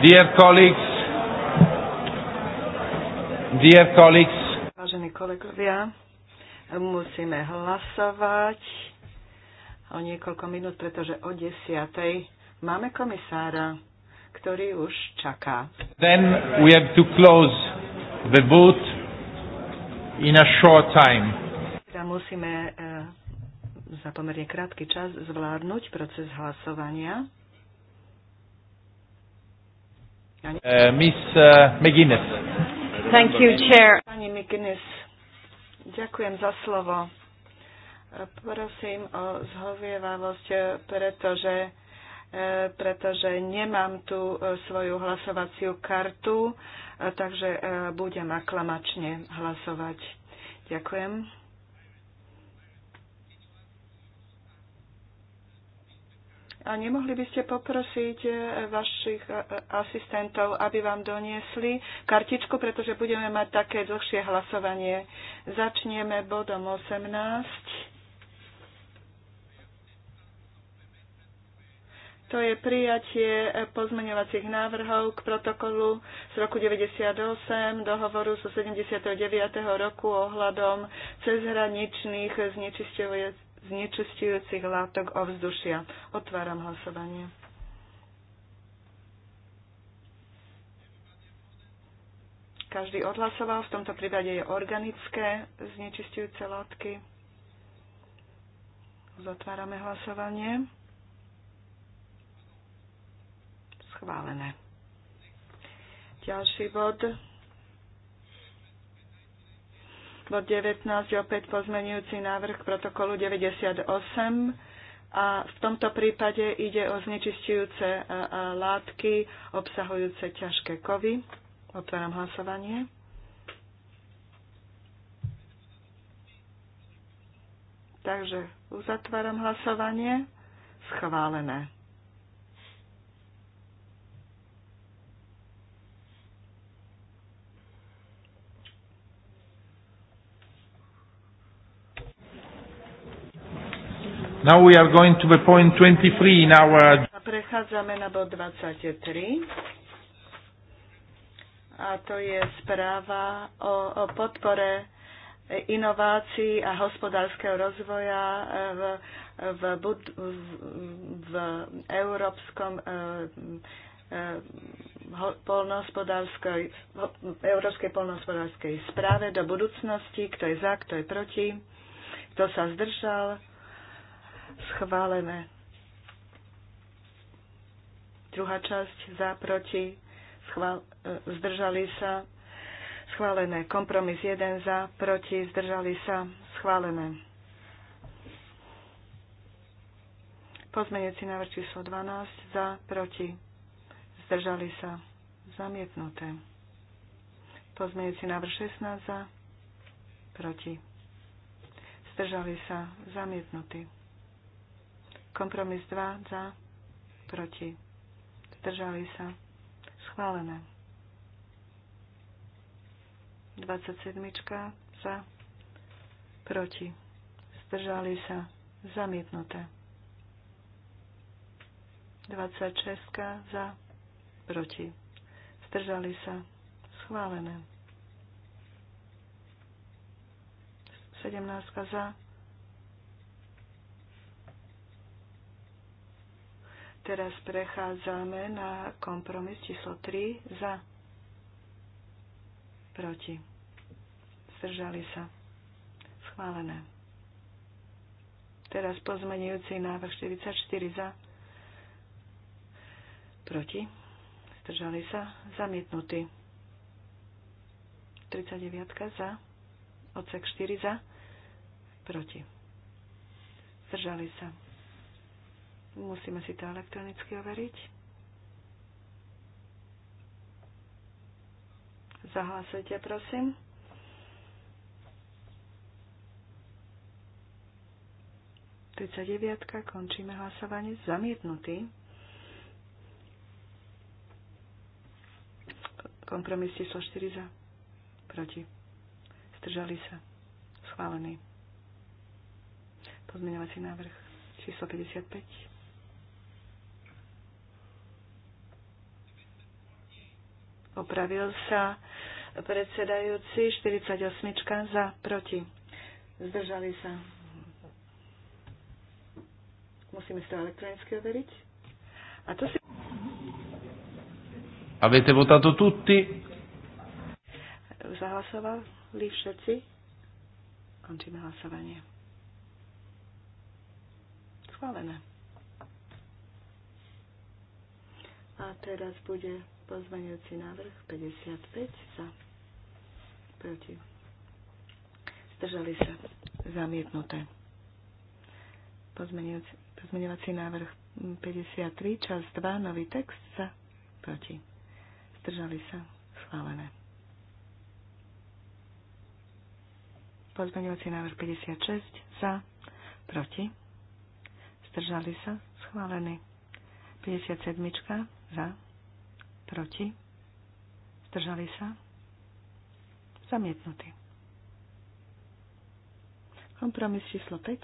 Dear colleagues, dear colleagues, Vážení kolegovia, musíme hlasovať o niekoľko minút, pretože o desiatej máme komisára, ktorý už čaká. Then we have to close the boot in a short time. Teda musíme eh, za pomerne krátky čas zvládnuť proces hlasovania. Eh, Miss uh, McGuinness. Thank you, Chair. Pani McGuinness, ďakujem za slovo. Eh, prosím o zhovievavosť, pretože pretože nemám tu svoju hlasovaciu kartu, takže budem aklamačne hlasovať. Ďakujem. A nemohli by ste poprosiť e, vašich e, asistentov, aby vám doniesli kartičku, pretože budeme mať také dlhšie hlasovanie. Začneme bodom 18. To je prijatie e, pozmeňovacích návrhov k protokolu z roku 98 dohovoru zo 79. roku ohľadom cezhraničných znečisťujúcich znečistujúcich látok ovzdušia. Otváram hlasovanie. Každý odhlasoval, v tomto prípade je organické znečistujúce látky. Zatvárame hlasovanie. Schválené. Ďalší bod bod 19, opäť pozmenujúci návrh k protokolu 98 a v tomto prípade ide o znečistujúce e, e, látky obsahujúce ťažké kovy. Otváram hlasovanie. Takže uzatváram hlasovanie. Schválené. Now we are going to the point 23 in our... Prechádzame na bod 23. A to je správa o, o podpore inovácií a hospodárskeho rozvoja v, v, bud, v, v európskom e, e, polnohospodárskej, európskej polnohospodárskej správe do budúcnosti, kto je za, kto je proti, kto sa zdržal, schválené. Druhá časť za, proti, schvál, e, zdržali sa, schválené. Kompromis 1 za, proti, zdržali sa, schválené. Pozmenujúci návrh číslo 12 za, proti, zdržali sa, zamietnuté. Pozmenujúci návrh 16 za, proti, zdržali sa, zamietnutý. Kompromis 2 za, proti. Zdržali sa. Schválené. 27 za, proti. Zdržali sa. Zamietnuté. 26 za, proti. Zdržali sa. Schválené. 17 za, Teraz prechádzame na kompromis číslo 3 za. Proti. Zdržali sa. Schválené. Teraz pozmenujúci návrh 44 za. Proti. Zdržali sa. Zamietnutý. 39 za. Odsek 4 za. Proti. Zdržali sa Musíme si to elektronicky overiť. Zahlasujte, prosím. deviatka, končíme hlasovanie, zamietnutý. Kompromis číslo 4 za, proti. Zdržali sa. Schválený. Pozmeňovací návrh číslo 55. Opravil sa predsedajúci 48 za proti. Zdržali sa. Musíme si to elektronicky overiť. A to si... Avete votato tutti? Zahlasovali všetci? Končíme hlasovanie. Schválené. A teraz bude Pozmeňujúci návrh 55 za. Proti. Zdržali sa. Zamietnuté. Pozmeňovací návrh 53, čas 2, nový text za. Proti. Zdržali sa. Schválené. Pozmeňovací návrh 56 za. Proti. Zdržali sa. Schválený. 57 za Proti? Zdržali sa? Zamietnutý. Kompromis číslo 5.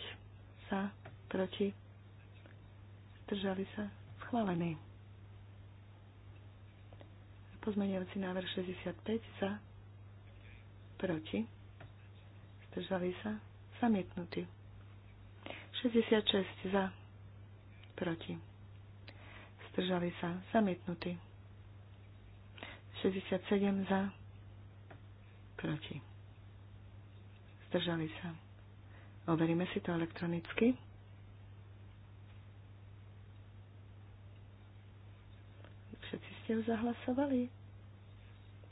Za, proti, zdržali sa, schválený. Pozmeňovací návrh 65 za, proti, zdržali sa, zamietnutý. 66 za, proti, zdržali sa, zamietnutý. 67 za, proti. Zdržali sa. Overíme si to elektronicky. Všetci ste už zahlasovali?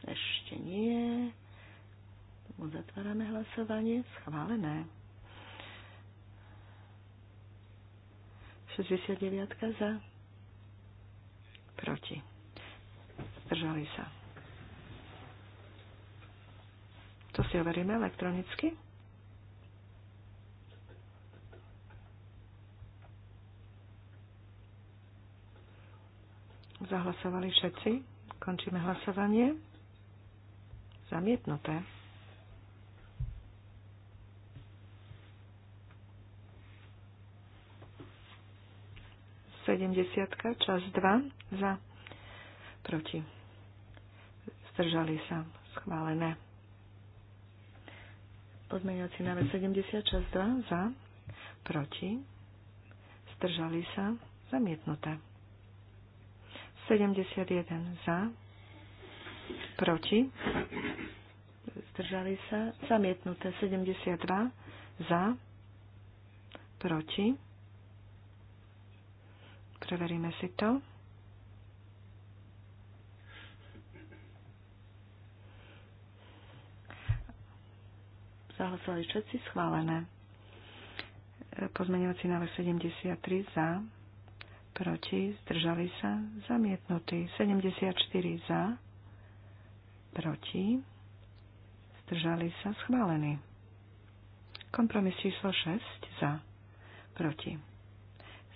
Ešte nie. Uzatvárame hlasovanie. Schválené. 69 za. Proti. Zdržali sa To si overíme elektronicky. Zahlasovali všetci. Končíme hlasovanie. Zamietnuté. Sedemdesiatka, čas 2, za, proti. Zdržali sa, schválené. Pozmeňovací návrh 76 2 za, proti, zdržali sa, zamietnuté. 71 za, proti, zdržali sa, zamietnuté. 72 za, proti. Preveríme si to. Zahlasovali všetci schválené. Pozmeňovací návrh 73 za, proti, zdržali sa, zamietnutý. 74 za, proti, zdržali sa, schválený. Kompromis číslo 6 za, proti,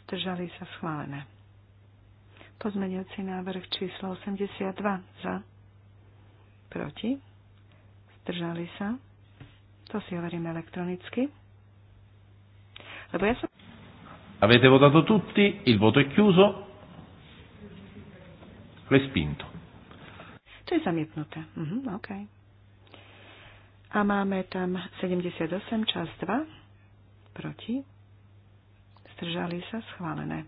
zdržali sa, schválené. Pozmeňovací návrh číslo 82 za, proti, zdržali sa, to si hovorím elektronicky. Lebo ja som... Avete votato tutti, il voto è chiuso, respinto. To je zamietnuté. Mhm, OK. A máme tam 78, čas 2, proti. Zdržali sa, schválené.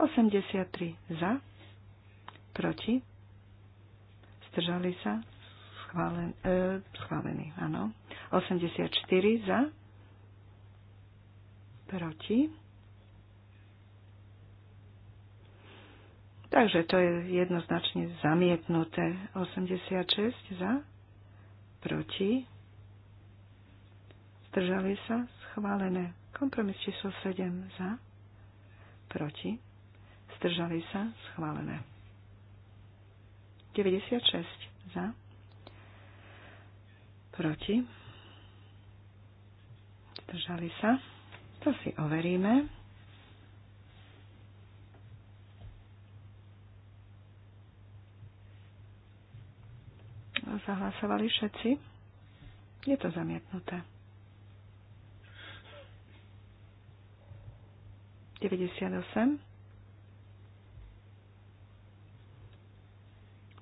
83 za, proti. Zdržali sa, schválen, e, schválený, áno. 84 za, proti. Takže to je jednoznačne zamietnuté. 86 za, proti. Zdržali sa, schválené. Kompromis číslo 7 za, proti. Zdržali sa, schválené. 96 za, proti zdržali sa. To si overíme. Zahlasovali všetci. Je to zamietnuté. 98.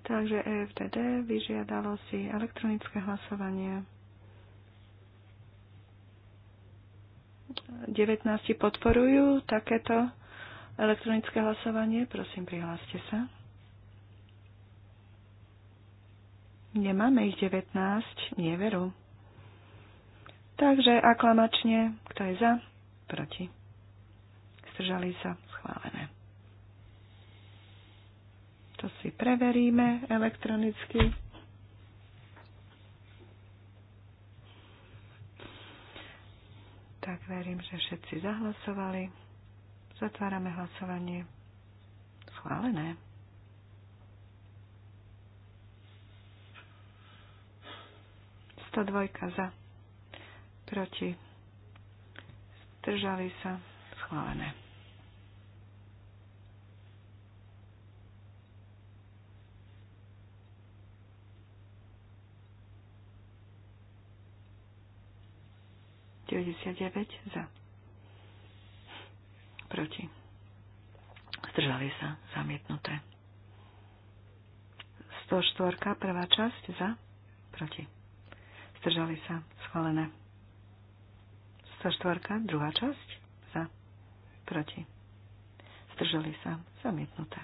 Takže EFTD vyžiadalo si elektronické hlasovanie. 19 podporujú takéto elektronické hlasovanie. Prosím, prihláste sa. Nemáme ich 19, nie veru. Takže aklamačne, kto je za, proti. Zdržali sa, schválené. To si preveríme elektronicky. verím, že všetci zahlasovali. Zatvárame hlasovanie. Schválené. Sto dvojka za. Proti. Zdržali sa. Schválené. 99 za. Proti. Zdržali sa. Zamietnuté. 104. Prvá časť za. Proti. Zdržali sa. Schválené. 104. Druhá časť za. Proti. Zdržali sa. Zamietnuté.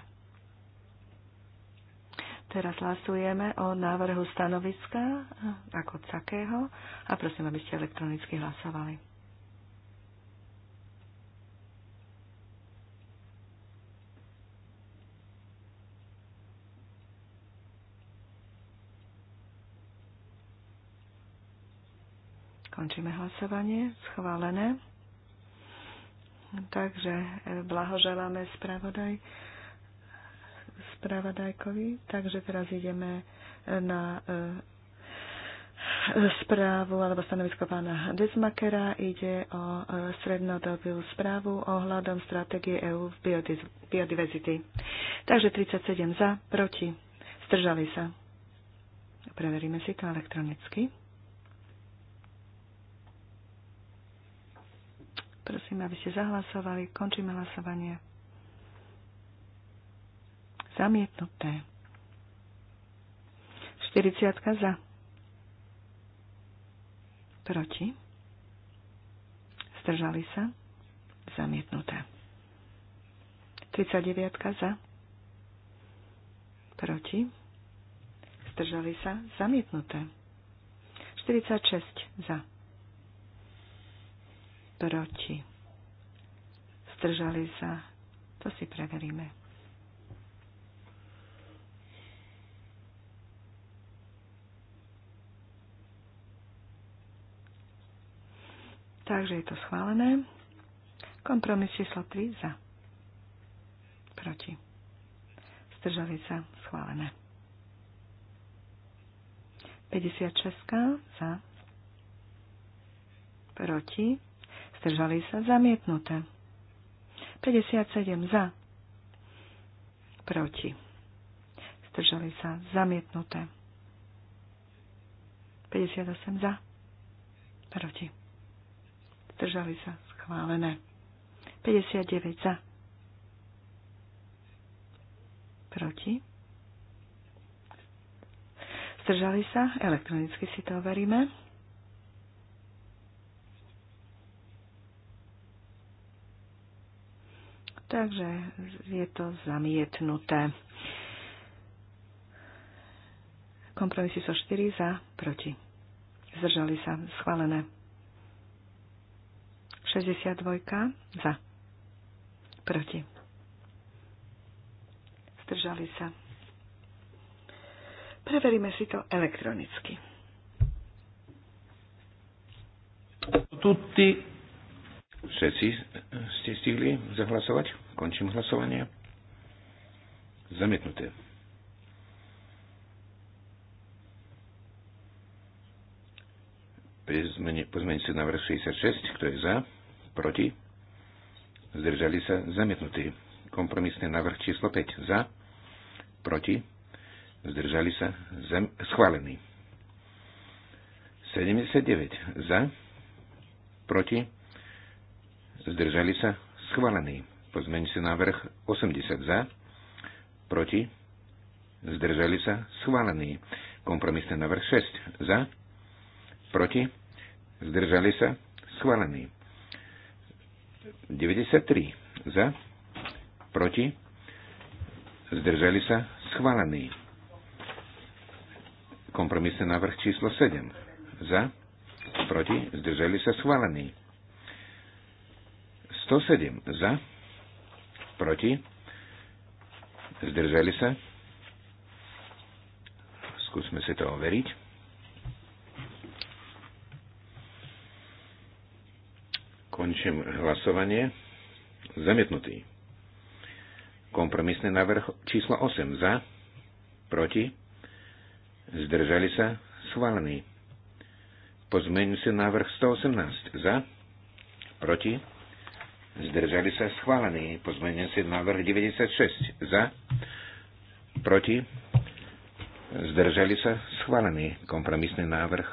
Teraz hlasujeme o návrhu stanoviska ako takého a prosím, aby ste elektronicky hlasovali. Končíme hlasovanie. Schválené. Takže eh, blahoželáme spravodaj spravodajkovi. Takže teraz ideme e, na e, správu alebo stanovisko pána Desmakera. Ide o e, srednodobú správu ohľadom stratégie EÚ v biodiverzity. Takže 37 za, proti, zdržali sa. Preveríme si to elektronicky. Prosím, aby ste zahlasovali. Končíme hlasovanie. Zamietnuté. 40 za. Proti. Zdržali sa. Zamietnuté. 39 za. Proti. Zdržali sa. Zamietnuté. 46 za. Proti. Zdržali sa. To si preveríme. Takže je to schválené. Kompromis číslo 3 za. Proti. Zdržali sa. Schválené. 56 za. Proti. Zdržali sa. Zamietnuté. 57 za. Proti. Zdržali sa. Zamietnuté. 58 za. Proti zdržali sa, schválené. 59 za, proti, zdržali sa, elektronicky si to overíme. Takže je to zamietnuté. Kompromisy so 4 za, proti. Zdržali sa, schválené. 62 za. Proti. Zdržali sa. Preveríme si to elektronicky. Tutti. Všetci ste stihli zahlasovať? Končím hlasovanie. Zamietnuté. Pozmeň, pozmeň na vrch 66, kto je za? proti, zdržali sa zamietnutí. Kompromisný návrh číslo 5 za, proti, zdržali sa zem, schválený. 79 za, proti, zdržali sa schválený. Pozmeňujúci návrh 80 za, proti, zdržali sa schválený. Kompromisný návrh 6 za, proti, zdržali sa schválený. 93 za, proti, zdržali sa, schválený. Kompromisný návrh číslo 7 za, proti, zdržali sa, schválený. 107 za, proti, zdržali sa. Skúsme si to overiť. Končím hlasovanie. Zamietnutý. Kompromisný návrh číslo 8 za, proti, zdržali sa, schválený. Pozmeňujúci návrh 118 za, proti, zdržali sa, schválený. Pozmeňujúci návrh 96 za, proti, zdržali sa, schválený. Kompromisný návrh.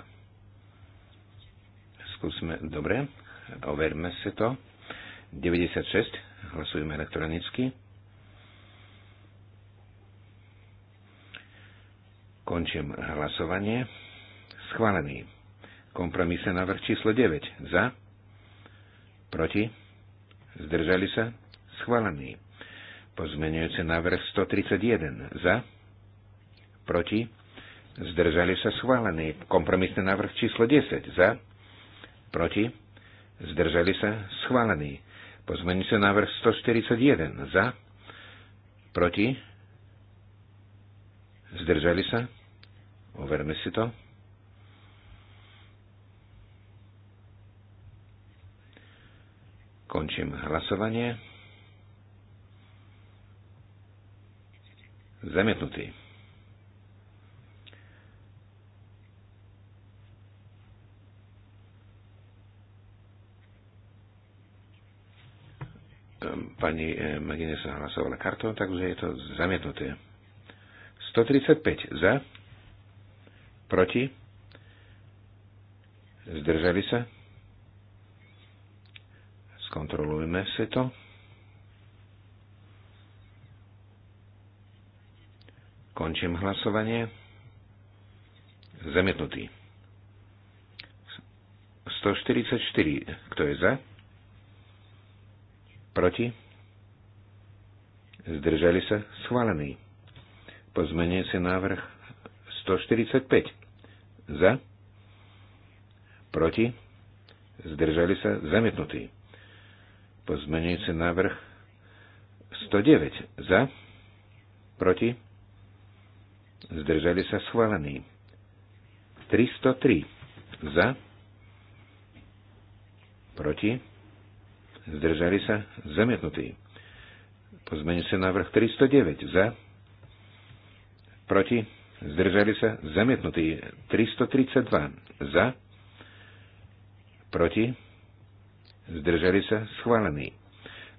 Skúsme, dobre, Overme si to. 96. Hlasujeme elektronicky. Končím hlasovanie. Schválený. Kompromisný návrh číslo 9. Za. Proti. Zdržali sa. Schválený. Pozmenujúci návrh 131. Za. Proti. Zdržali sa schválený. Kompromisný návrh číslo 10. Za. Proti zdržali sa, schválený. sa návrh 141 za, proti, zdržali sa, overme si to. Končím hlasovanie. Zamietnutý. pani e, Magine sa hlasovala kartou, takže je to zamietnuté. 135 za, proti, zdržali sa. Skontrolujme si to. Končím hlasovanie. Zamietnutý. 144. Kto je za? Proti? Zdržali sa? Schválený. si návrh 145. Za? Proti? Zdržali sa? Zamietnutý. si návrh 109. Za? Proti? Zdržali sa? Schválený. 303. Za? Proti? zdržali sa, zamietnutý. Pozmeňujúci návrh 309 za, proti, zdržali sa, zamietnutý. 332 za, proti, zdržali sa, schválený.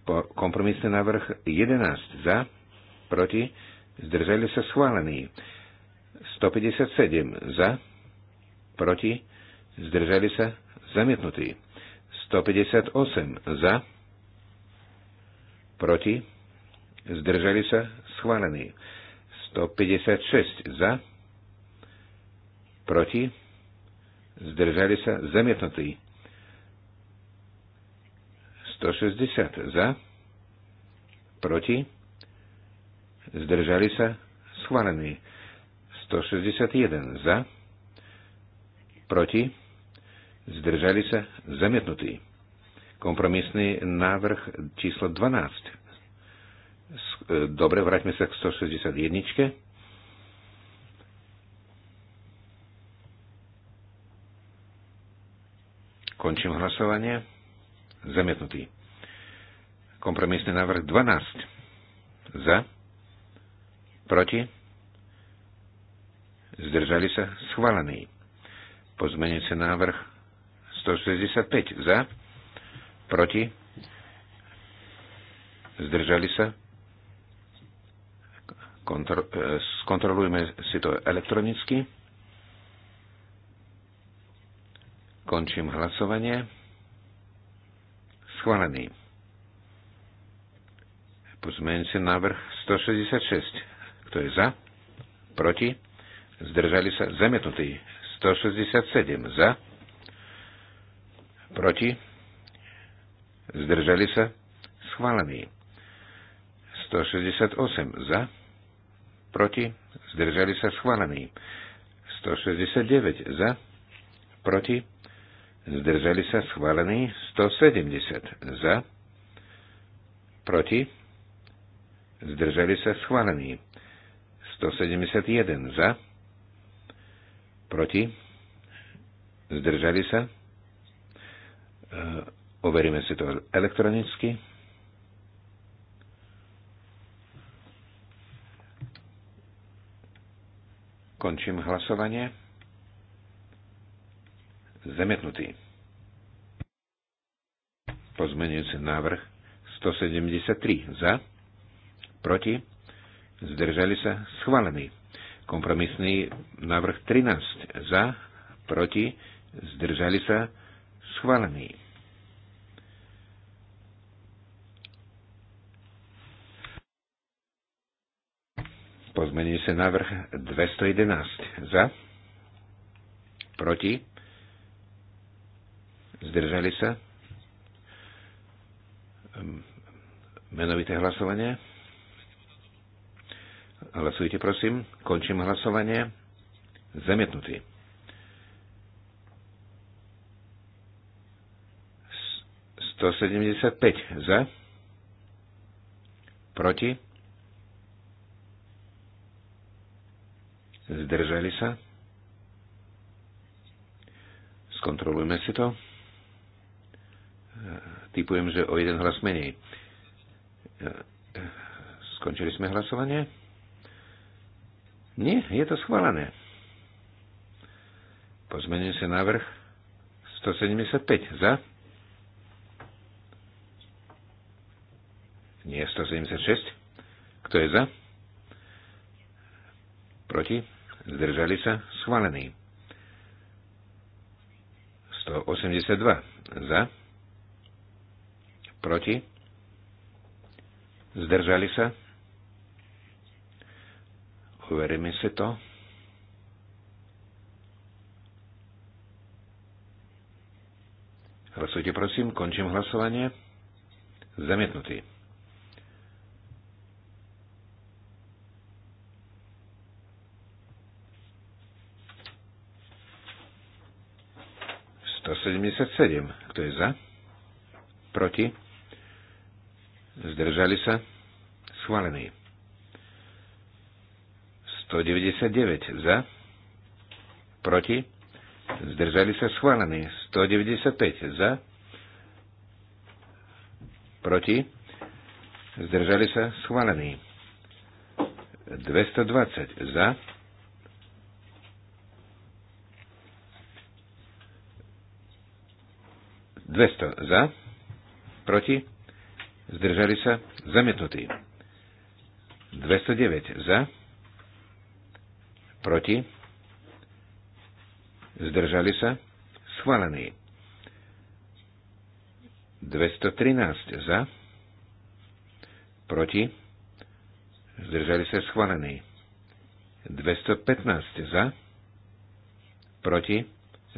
Po kompromisný návrh 11 za, proti, zdržali sa, schválený. 157 za, proti, zdržali sa, zamietnutý. 158 za, proti, zdržali sa, schválený. 156 za, proti, zdržali sa, zamietnutý. 160 za, proti, zdržali sa, schválený. 161 za, proti, zdržali sa, zdržali sa, zamietnutý. Kompromisný návrh číslo 12. E, dobre, vráťme sa k 161. Končím hlasovanie. Zamietnutý. Kompromisný návrh 12. Za. Proti. Zdržali sa. Schválený. Pozmenujúci návrh 165 za, proti, zdržali sa. Kontro, e, skontrolujme si to elektronicky. Končím hlasovanie. Schválený. si návrh 166. Kto je za? Proti? Zdržali sa Zemetnutý. 167 za Proti? Zdržali sa? Schválený. 168 za. Proti? Zdržali sa? Schválený. 169 za. Proti? Zdržali sa? Schválený. 170 za. Proti? Zdržali sa? Schválený. 171 za. Proti? Zdržali sa? Eh, overíme si to elektronicky. Končím hlasovanie. Zamietnutý. Pozmenujúci návrh 173 za, proti, zdržali sa, schválený. Kompromisný návrh 13 za, proti, zdržali sa, Schválený. Pozmení sa návrh 211. Za? Proti? Zdržali sa? Hm, menovité hlasovanie? Hlasujte, prosím. Končím hlasovanie. Zamietnutý. 175 za, proti, zdržali sa. Skontrolujme si to. Typujem, že o jeden hlas menej. Skončili sme hlasovanie? Nie, je to schválené. Pozmením sa návrh 175 za Nie 176. Kto je za? Proti? Zdržali sa? Schválený. 182. Za? Proti? Zdržali sa? Uveríme si to. Hlasujte prosím, končím hlasovanie. Zamietnutý. 177. Kto je za? Proti? Zdržali sa? Schválený. 199 za. Proti? Zdržali sa Schválený. 195 za. Proti? Zdržali sa Schválený. 220 za 200 za, proti, zdržali sa, zamietnutí. 209 za, proti, zdržali sa, schválený. 213 za, proti, zdržali sa, schválený. 215 za, proti,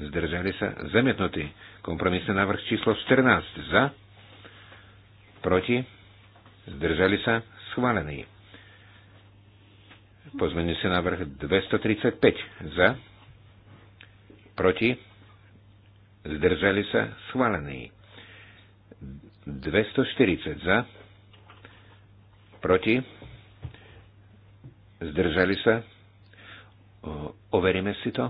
zdržali sa, zamietnutí. Kompromisný návrh číslo 14 za, proti, zdržali sa, schválený. Pozmeňujúci návrh 235 za, proti, zdržali sa, schválený. 240 za, proti, zdržali sa, overíme si to.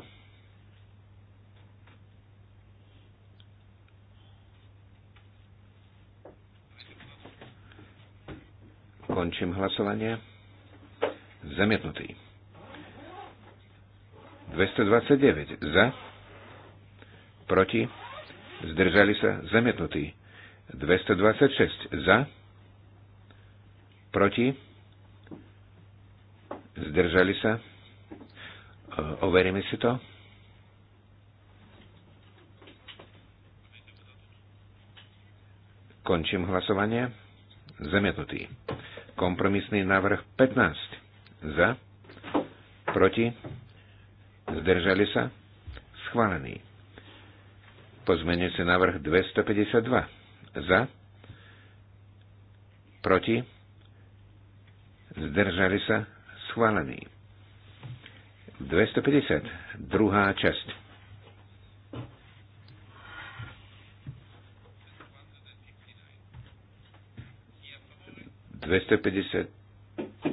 Končím hlasovanie. Zamietnutý. 229 za. Proti. Zdržali sa. Zamietnutý. 226 za. Proti. Zdržali sa. E, overíme si to. Končím hlasovanie. Zamietnutý. Kompromisný návrh 15. Za. Proti. Zdržali sa. Schválený. Pozmenujúci návrh 252. Za. Proti. Zdržali sa. Schválený. 250. Druhá časť. 259.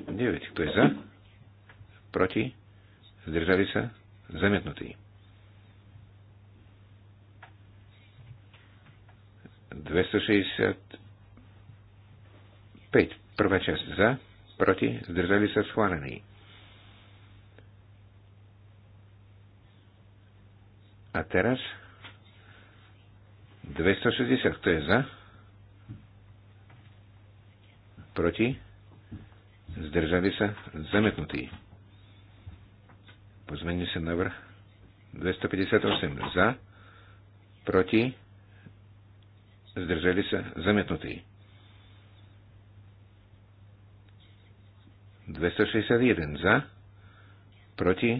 Kto je za? Proti? Zdržali sa? Zamietnutý. 265. Prvá časť za, proti, zdržali sa schválený. A teraz 260. Kto je za? proti, zdržali sa, zamietnutý. Pozmeňme sa vrch. 258 za, proti, zdržali sa, zamietnutý. 261 za, proti,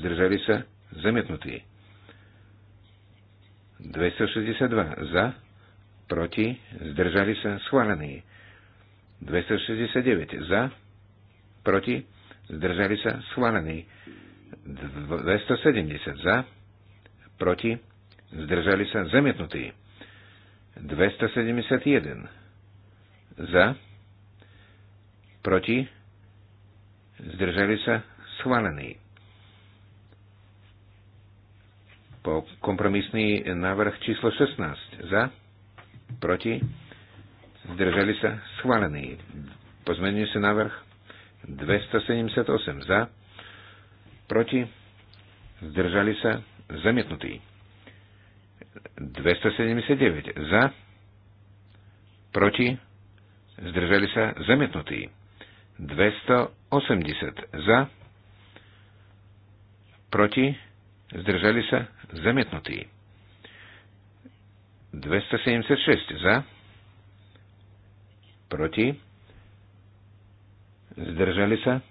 zdržali sa, zamietnutí. 262 za, proti, zdržali sa, schválení. 269 za, proti, zdržali sa, schválený. 270 za, proti, zdržali sa, zamietnutý. 271 za, proti, zdržali sa, schválený. Po kompromisný návrh číslo 16 za, proti, zdržali sa, schválený. Pozmenuje sa návrh 278 za, proti, zdržali sa, zamietnutý. 279 za, proti, zdržali sa, zamietnutý. 280 za, proti, zdržali sa, zamietnutý. 276 za, proti, zdržali sa,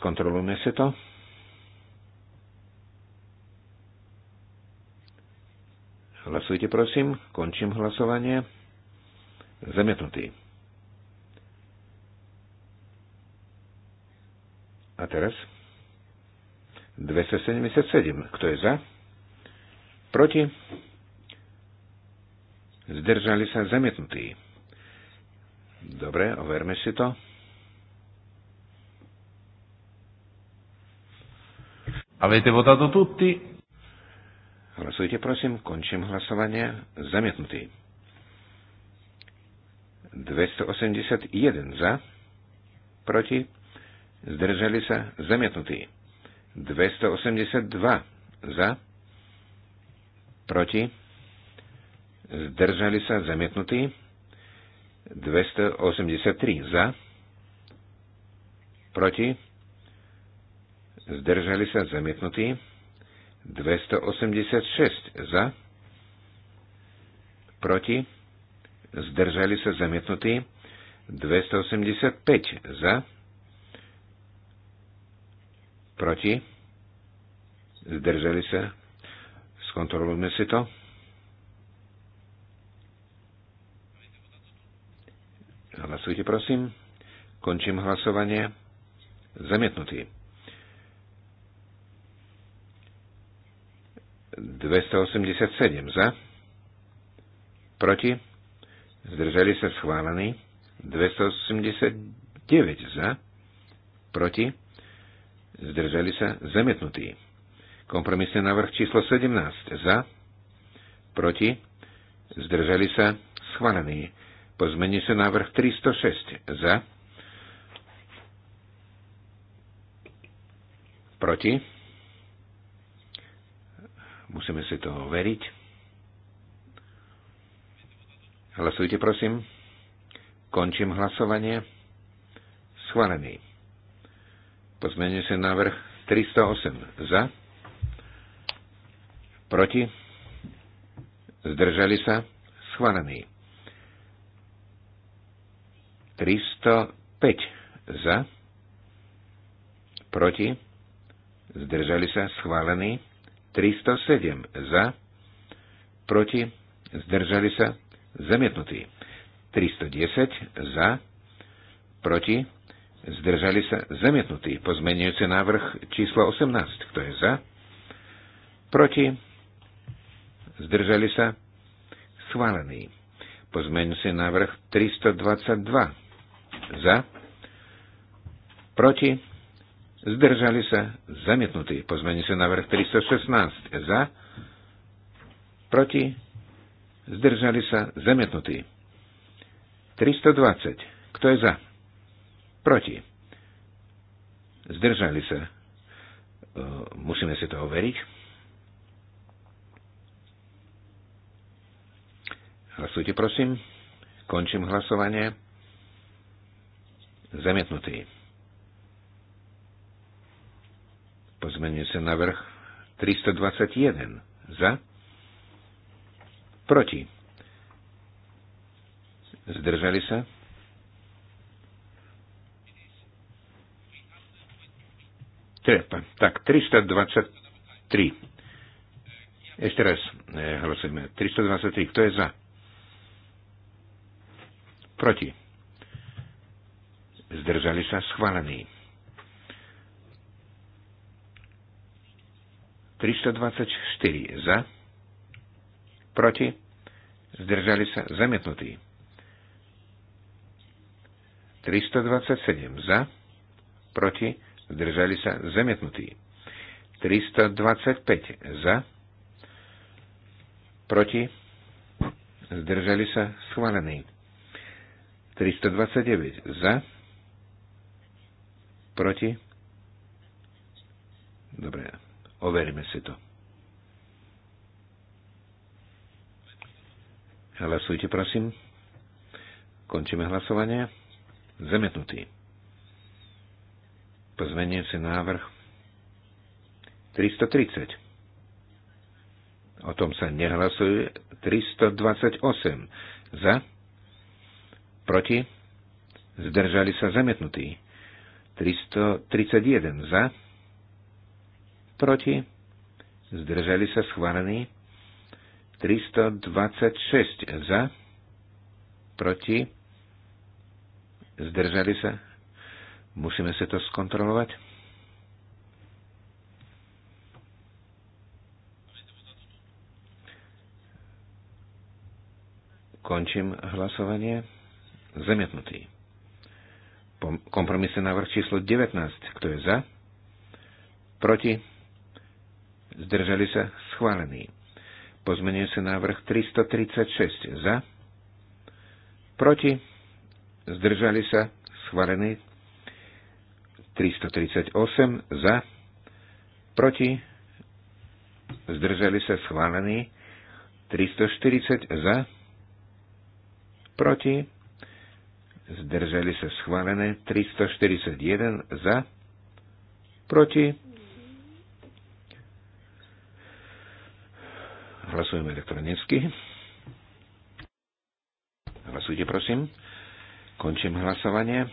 skontrolujme si to. Hlasujte prosím, končím hlasovanie. Zamietnutý. A teraz 277. Kto je za? Proti? Zdržali sa zamietnutí. Dobre, overme si to. Avete votato tutti? Hlasujte prosím, končím hlasovanie. Zamietnutý. 281 za, proti, zdržali sa, zamietnutý. 282 za, proti, zdržali sa, zamietnutý. 283 za, proti, zdržali sa zamietnutí, 286 za, proti, zdržali sa zamietnutí, 285 za, proti, zdržali sa, skontrolujme si to, Hlasujte, prosím. Končím hlasovanie. Zamietnutý. 287 za. Proti. Zdržali sa schválení. 289 za. Proti. Zdržali sa zamietnutí. Kompromisný návrh číslo 17 za. Proti. Zdržali sa schválení. Pozmení sa návrh 306. Za. Proti. Musíme si to overiť. Hlasujte, prosím. Končím hlasovanie. Schválený. Pozmení sa návrh 308. Za. Proti. Zdržali sa. Schválený. 305 za, proti, zdržali sa, schválený. 307 za, proti, zdržali sa, zamietnutý. 310 za, proti, zdržali sa, zamietnutý. Pozmenujúci návrh číslo 18. Kto je za? Proti, zdržali sa, schválený. Pozmenujúci návrh 322 za, proti, zdržali sa, zamietnutý. Pozmení sa návrh 316 za, proti, zdržali sa, zamietnutý. 320. Kto je za? Proti. Zdržali sa. E, musíme si to overiť. Hlasujte, prosím. Končím hlasovanie. Zamietnutý. sa na vrch 321. Za. Proti. Zdržali sa. Trepa. Tak, 323. Ešte raz eh, hlasujeme. 323. Kto je za? Proti zdržali sa schválení. 324 za, proti, zdržali sa zamietnutí. 327 za, proti, zdržali sa zamietnutí. 325 za, proti, zdržali sa schválení. 329 za, Proti? Dobre, overíme si to. Hlasujte, prosím. Končíme hlasovanie. Zemetnutý. si návrh 330. O tom sa nehlasuje 328. Za? Proti? Zdržali sa zemetnutí. 331 za, proti, zdržali sa schválení, 326 za, proti, zdržali sa, musíme sa to skontrolovať. Končím hlasovanie. Zamietnutý. Kompromisný návrh číslo 19. Kto je za? Proti? Zdržali sa? Schválený. Pozmenujúci návrh 336. Za? Proti? Zdržali sa? Schválený. 338. Za? Proti? Zdržali sa? Schválený. 340. Za? Proti? zdržali sa schválené 341 za, proti. Hlasujeme elektronicky. Hlasujte, prosím. Končím hlasovanie.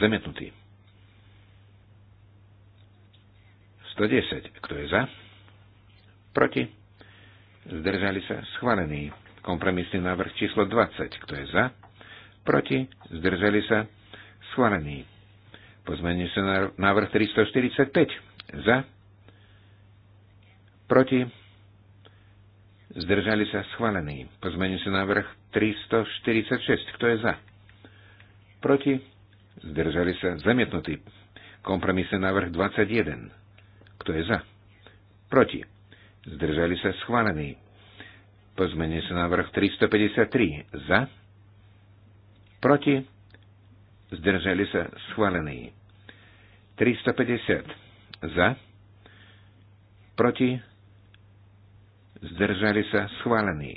Zemetnutý. 110. Kto je za? Proti. Zdržali sa. Schválený. Kompromisný návrh číslo 20. Kto je za? proti, zdržali sa, schválený. Pozmenie sa návrh 345, za, proti, zdržali sa, schválený. Pozmenie sa návrh 346, kto je za, proti, zdržali sa, zamietnutý. Kompromisný návrh 21, kto je za, proti, zdržali sa, schválený. Pozmenie sa návrh 353, za, proti, zdržali sa schválení. 350 za, proti, zdržali sa schválení.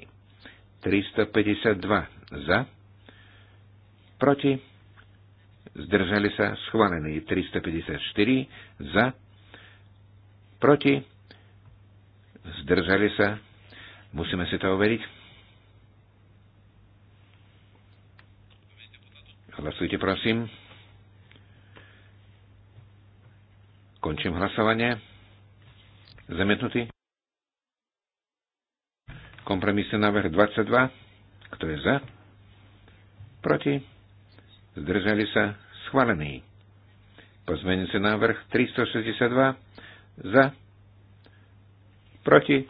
352 za, proti, zdržali sa schválení. 354 za, proti, zdržali sa. Musíme si to overiť. Hlasujte, prosím. Končím hlasovanie. Zamietnutý. Kompromisný návrh 22. Kto je za? Proti? Zdržali sa? Schválený. Pozmenujúci návrh 362. Za? Proti?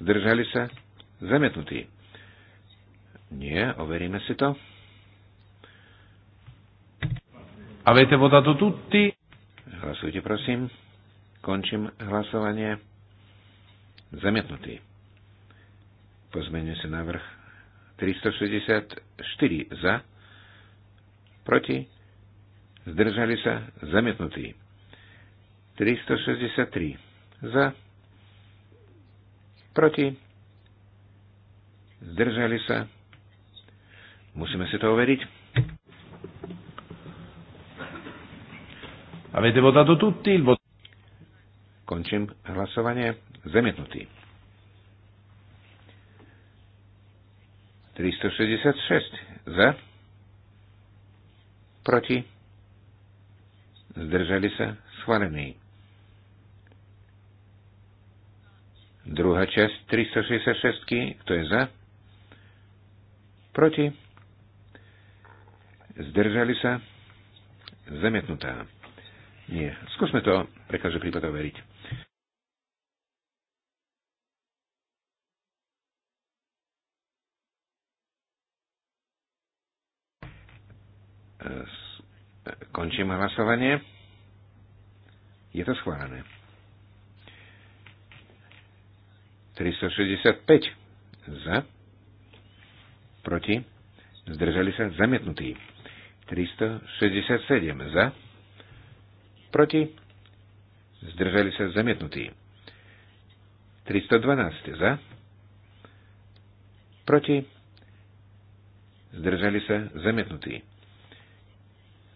Zdržali sa? Zamietnutý. Nie, overíme si to. Avete votato tutti? Hlasujte, prosím. Končím hlasovanie. Zamietnutý. Pozmenuje sa návrh 364 za, proti, zdržali sa, zamietnutý. 363 za, proti, zdržali sa. Musíme si to overiť. Avete votato tutti il voto? Končím hlasovanie. Zamietnutý. 366 za. Proti. Zdržali sa. Schválený. Druhá časť 366. Kto je za? Proti. Zdržali sa. Zamietnutá. Nie. Skúsme to pre každý prípad overiť. E, e, končím hlasovanie. Je to schválené. 365 za, proti, zdržali sa zamietnutí. 367 za, proti, zdržali sa zamietnutí. 312 za, proti, zdržali sa zamietnutí.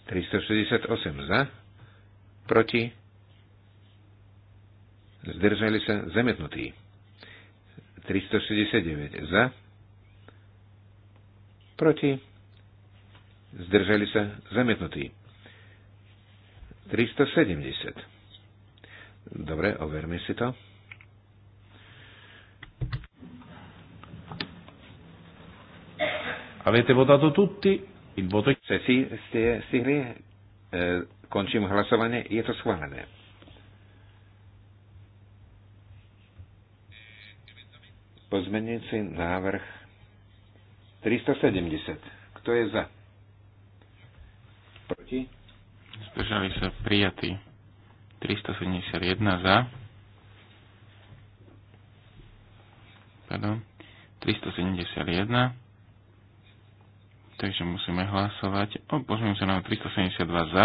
368 za, proti, zdržali sa zamietnutí. 369 za, proti, zdržali sa zamietnutí. 370. Dobre, overme si to. Avete votato tutti? Il voto è... Se si, ste stihli, eh, končím hlasovanie, je to schválené. Pozmenujúci návrh 370. Kto je za? Proti? zdržali sa prijatí 371 za, pardon, 371, takže musíme hlasovať o sa na 372 za,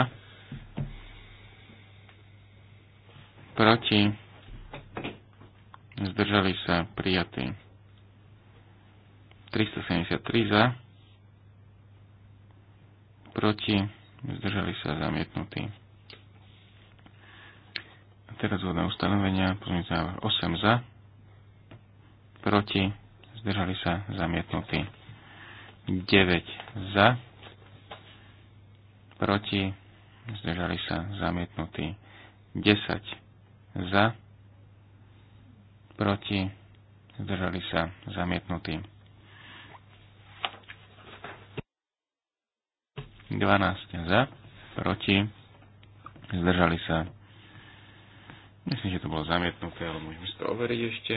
proti, zdržali sa prijatí 373 za, proti, zdržali sa zamietnutí. A teraz vodné ustanovenia, pozmeňujúci 8 za, proti, zdržali sa zamietnutí. 9 za, proti, zdržali sa zamietnutí. 10 za, proti, zdržali sa zamietnutí. 12 za, proti, zdržali sa. Myslím, že to bolo zamietnuté, ale môžeme si to overiť ešte.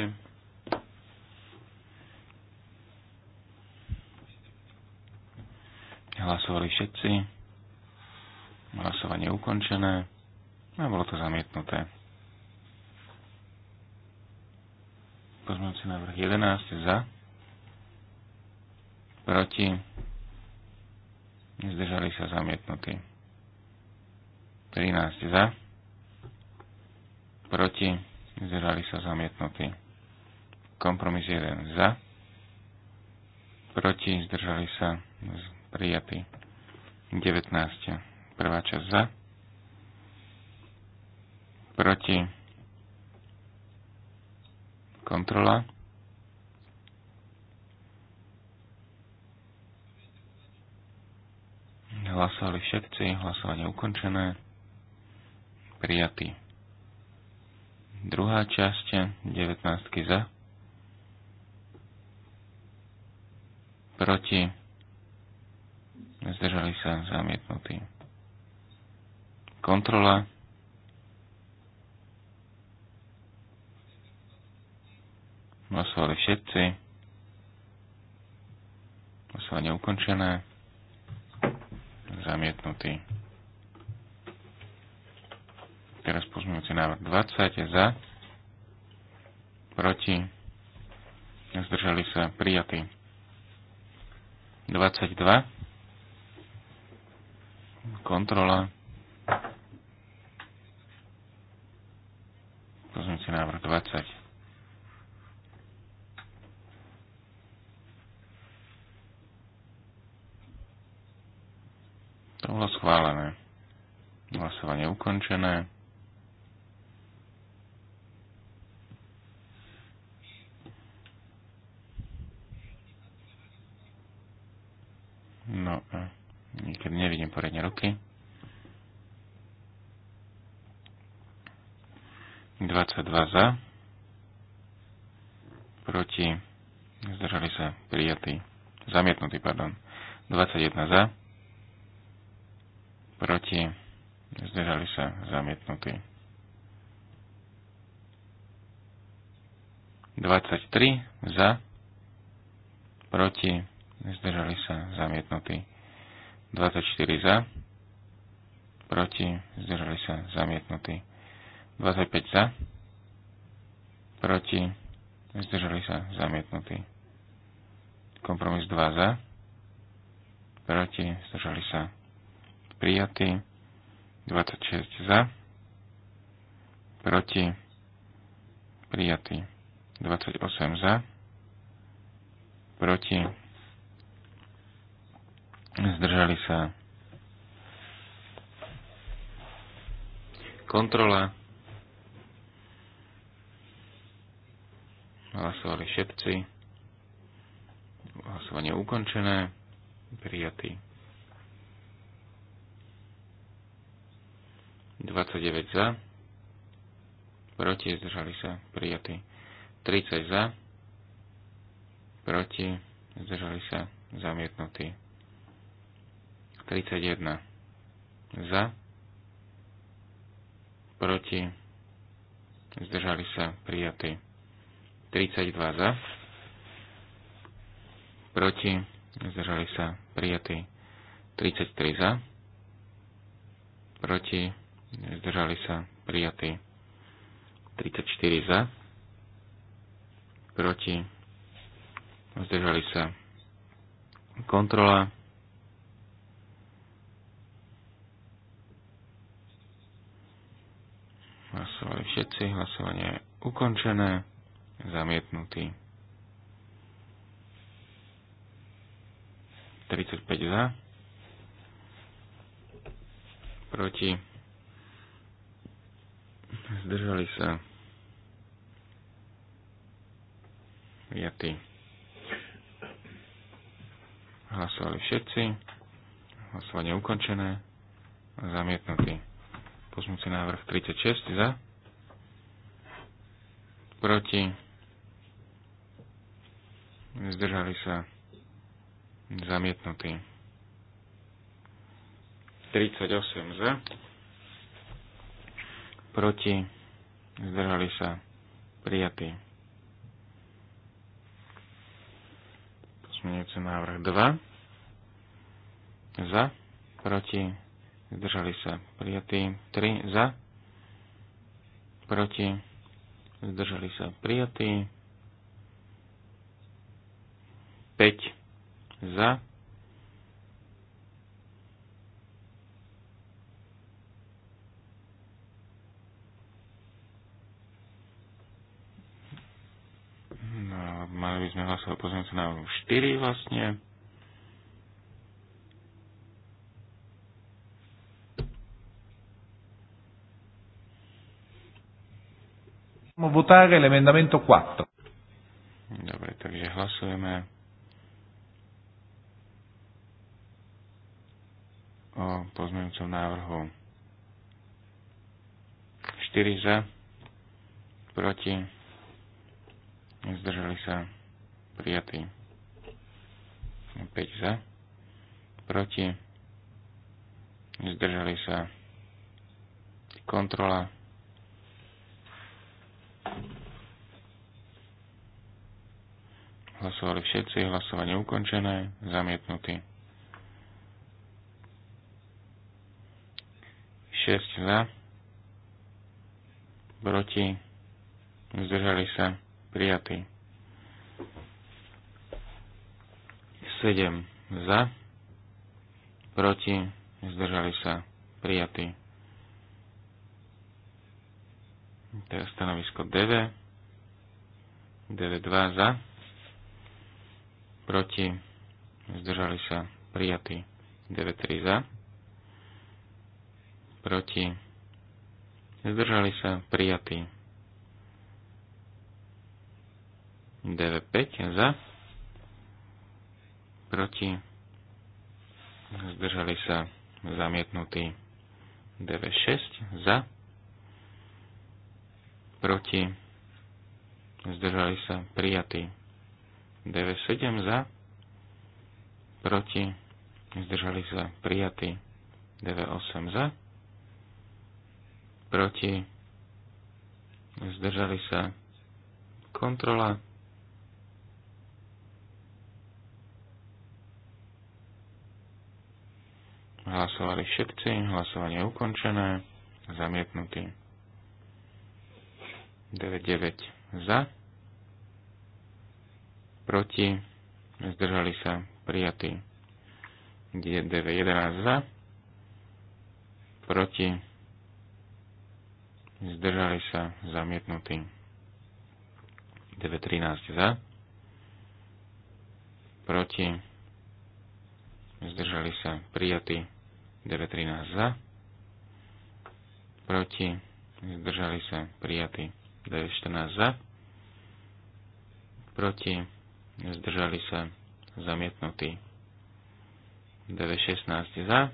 Hlasovali všetci. Hlasovanie ukončené. A bolo to zamietnuté. Pozmeňujúci návrh 11 za. Proti zdržali sa zamietnutí. 13 za, proti, zdržali sa zamietnutí. Kompromis 1 za, proti, zdržali sa prijatí. 19. Prvá časť za, proti, kontrola. Hlasovali všetci. Hlasovanie ukončené. Prijatý. Druhá časť 19 za. Proti. Zdržali sa zamietnutí. Kontrola. Hlasovali všetci. Hlasovanie ukončené zamietnutý. Teraz pozmujúci návrh 20 je za, proti, zdržali sa, prijatí. 22, kontrola, pozmujúci návrh 20 To bolo schválené. Hlasovanie ukončené. No, niekedy nevidím poriadne ruky. 22 za, proti, zdržali sa prijatí, zamietnutí, pardon, 21 za, proti, zdržali sa zamietnutí. 23 za, proti, zdržali sa zamietnutí. 24 za, proti, zdržali sa zamietnutí. 25 za, proti, zdržali sa zamietnutí. Kompromis 2 za, proti, zdržali sa prijatý. 26 za, proti, prijatý. 28 za, proti, zdržali sa. Kontrola. Hlasovali všetci. Hlasovanie ukončené. Prijatý. 29 za, proti, zdržali sa, prijatí. 30 za, proti, zdržali sa, zamietnutí. 31 za, proti, zdržali sa, prijatí. 32 za, proti, zdržali sa, prijatí. 33 za, proti, zdržali sa prijatí 34 za, proti, zdržali sa kontrola, hlasovali všetci, hlasovanie je ukončené, zamietnutý 35 za, proti, Zdržali sa. Prijatý. Hlasovali všetci. Hlasovanie ukončené. Zamietnutý. Pozmúci návrh 36 za. Proti. Zdržali sa. Zamietnutý. 38 za proti, zdržali sa, prijatí, Pozmeňujúci návrh 2, za, proti, zdržali sa, prijatí, 3, za, proti, zdržali sa, prijatí, 5, za, mali by sme hlasovať pozornosť na 4 vlastne. votare l'emendamento 4. Dobre, takže hlasujeme o pozmeňujúcom návrhu 4 za, proti Zdržali sa prijatí. 5 za. Proti. Zdržali sa. Kontrola. Hlasovali všetci, hlasovanie ukončené, zamietnutý. 6 za, proti, zdržali sa, prijatý. 7 za, proti, zdržali sa, prijatý. Teraz stanovisko DV. DV2 za, proti, zdržali sa, prijatý. DV3 za, proti, zdržali sa, prijatý. DV5 za, proti, zdržali sa zamietnutí DV6 za, proti, zdržali sa prijatí DV7 za, proti, zdržali sa prijatí DV8 za, proti, zdržali sa kontrola Hlasovali všetci, hlasovanie je ukončené, zamietnutý. 99 za, proti, zdržali sa, prijatý. 911 za, proti, zdržali sa, zamietnutý. 913 za, proti, zdržali sa prijatí 9.13 za, proti, zdržali sa prijatí 9.14 za, proti, zdržali sa zamietnutí 9.16 za,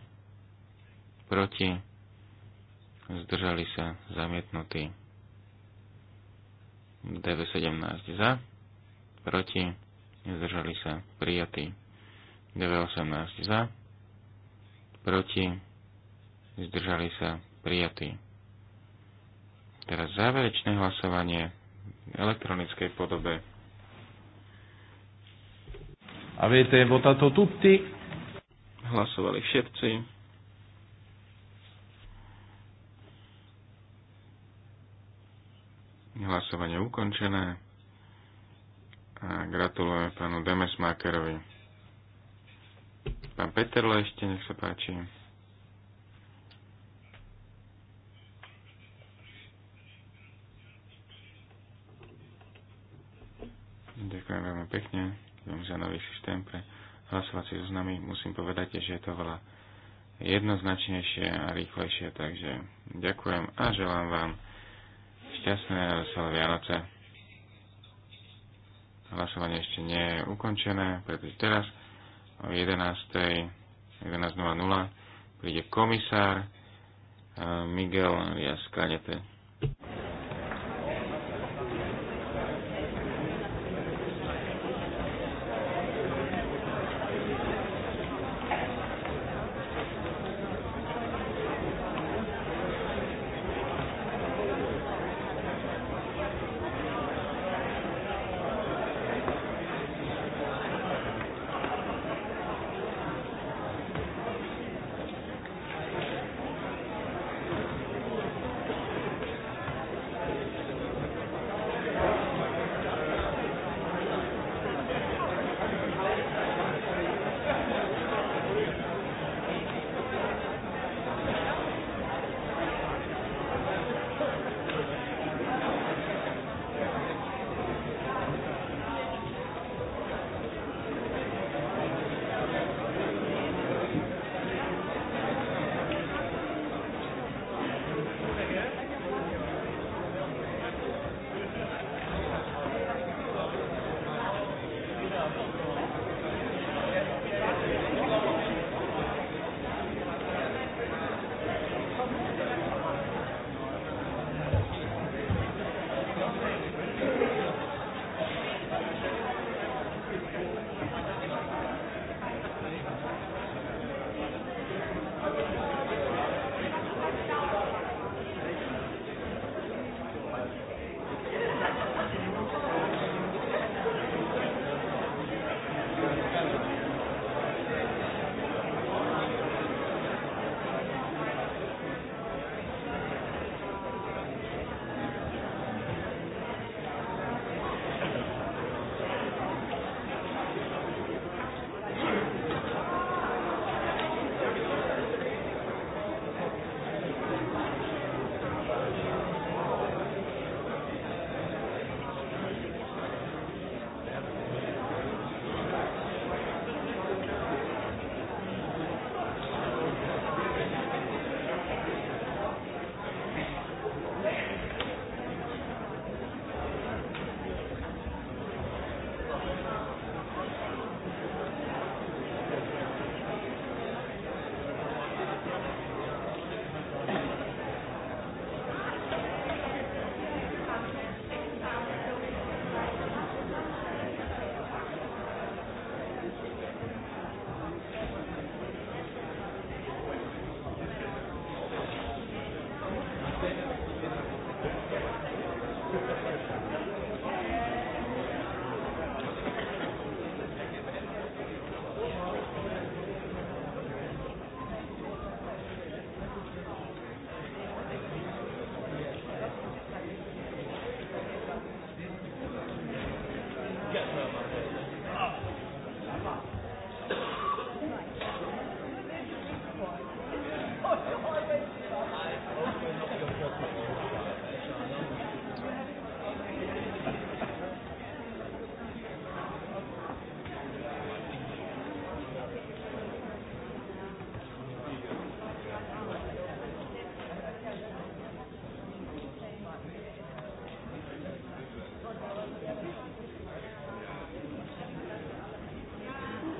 proti, zdržali sa zamietnutí 9.17 za, proti, zdržali sa prijatí 918 za, proti, zdržali sa prijatí. Teraz záverečné hlasovanie v elektronickej podobe. A Avete votato tutti? Hlasovali všetci. Hlasovanie ukončené. A gratulujeme pánu Demesmakerovi. Pán Peterle ešte, nech sa páči. Ďakujem veľmi pekne za nový systém pre hlasovacie zoznamy. Musím povedať, že je to veľa jednoznačnejšie a rýchlejšie, takže ďakujem a želám vám šťastné a veselé Vianoce. Hlasovanie ešte nie je ukončené, pretože teraz o 11.00 11 príde komisár Miguel Rias Kanete.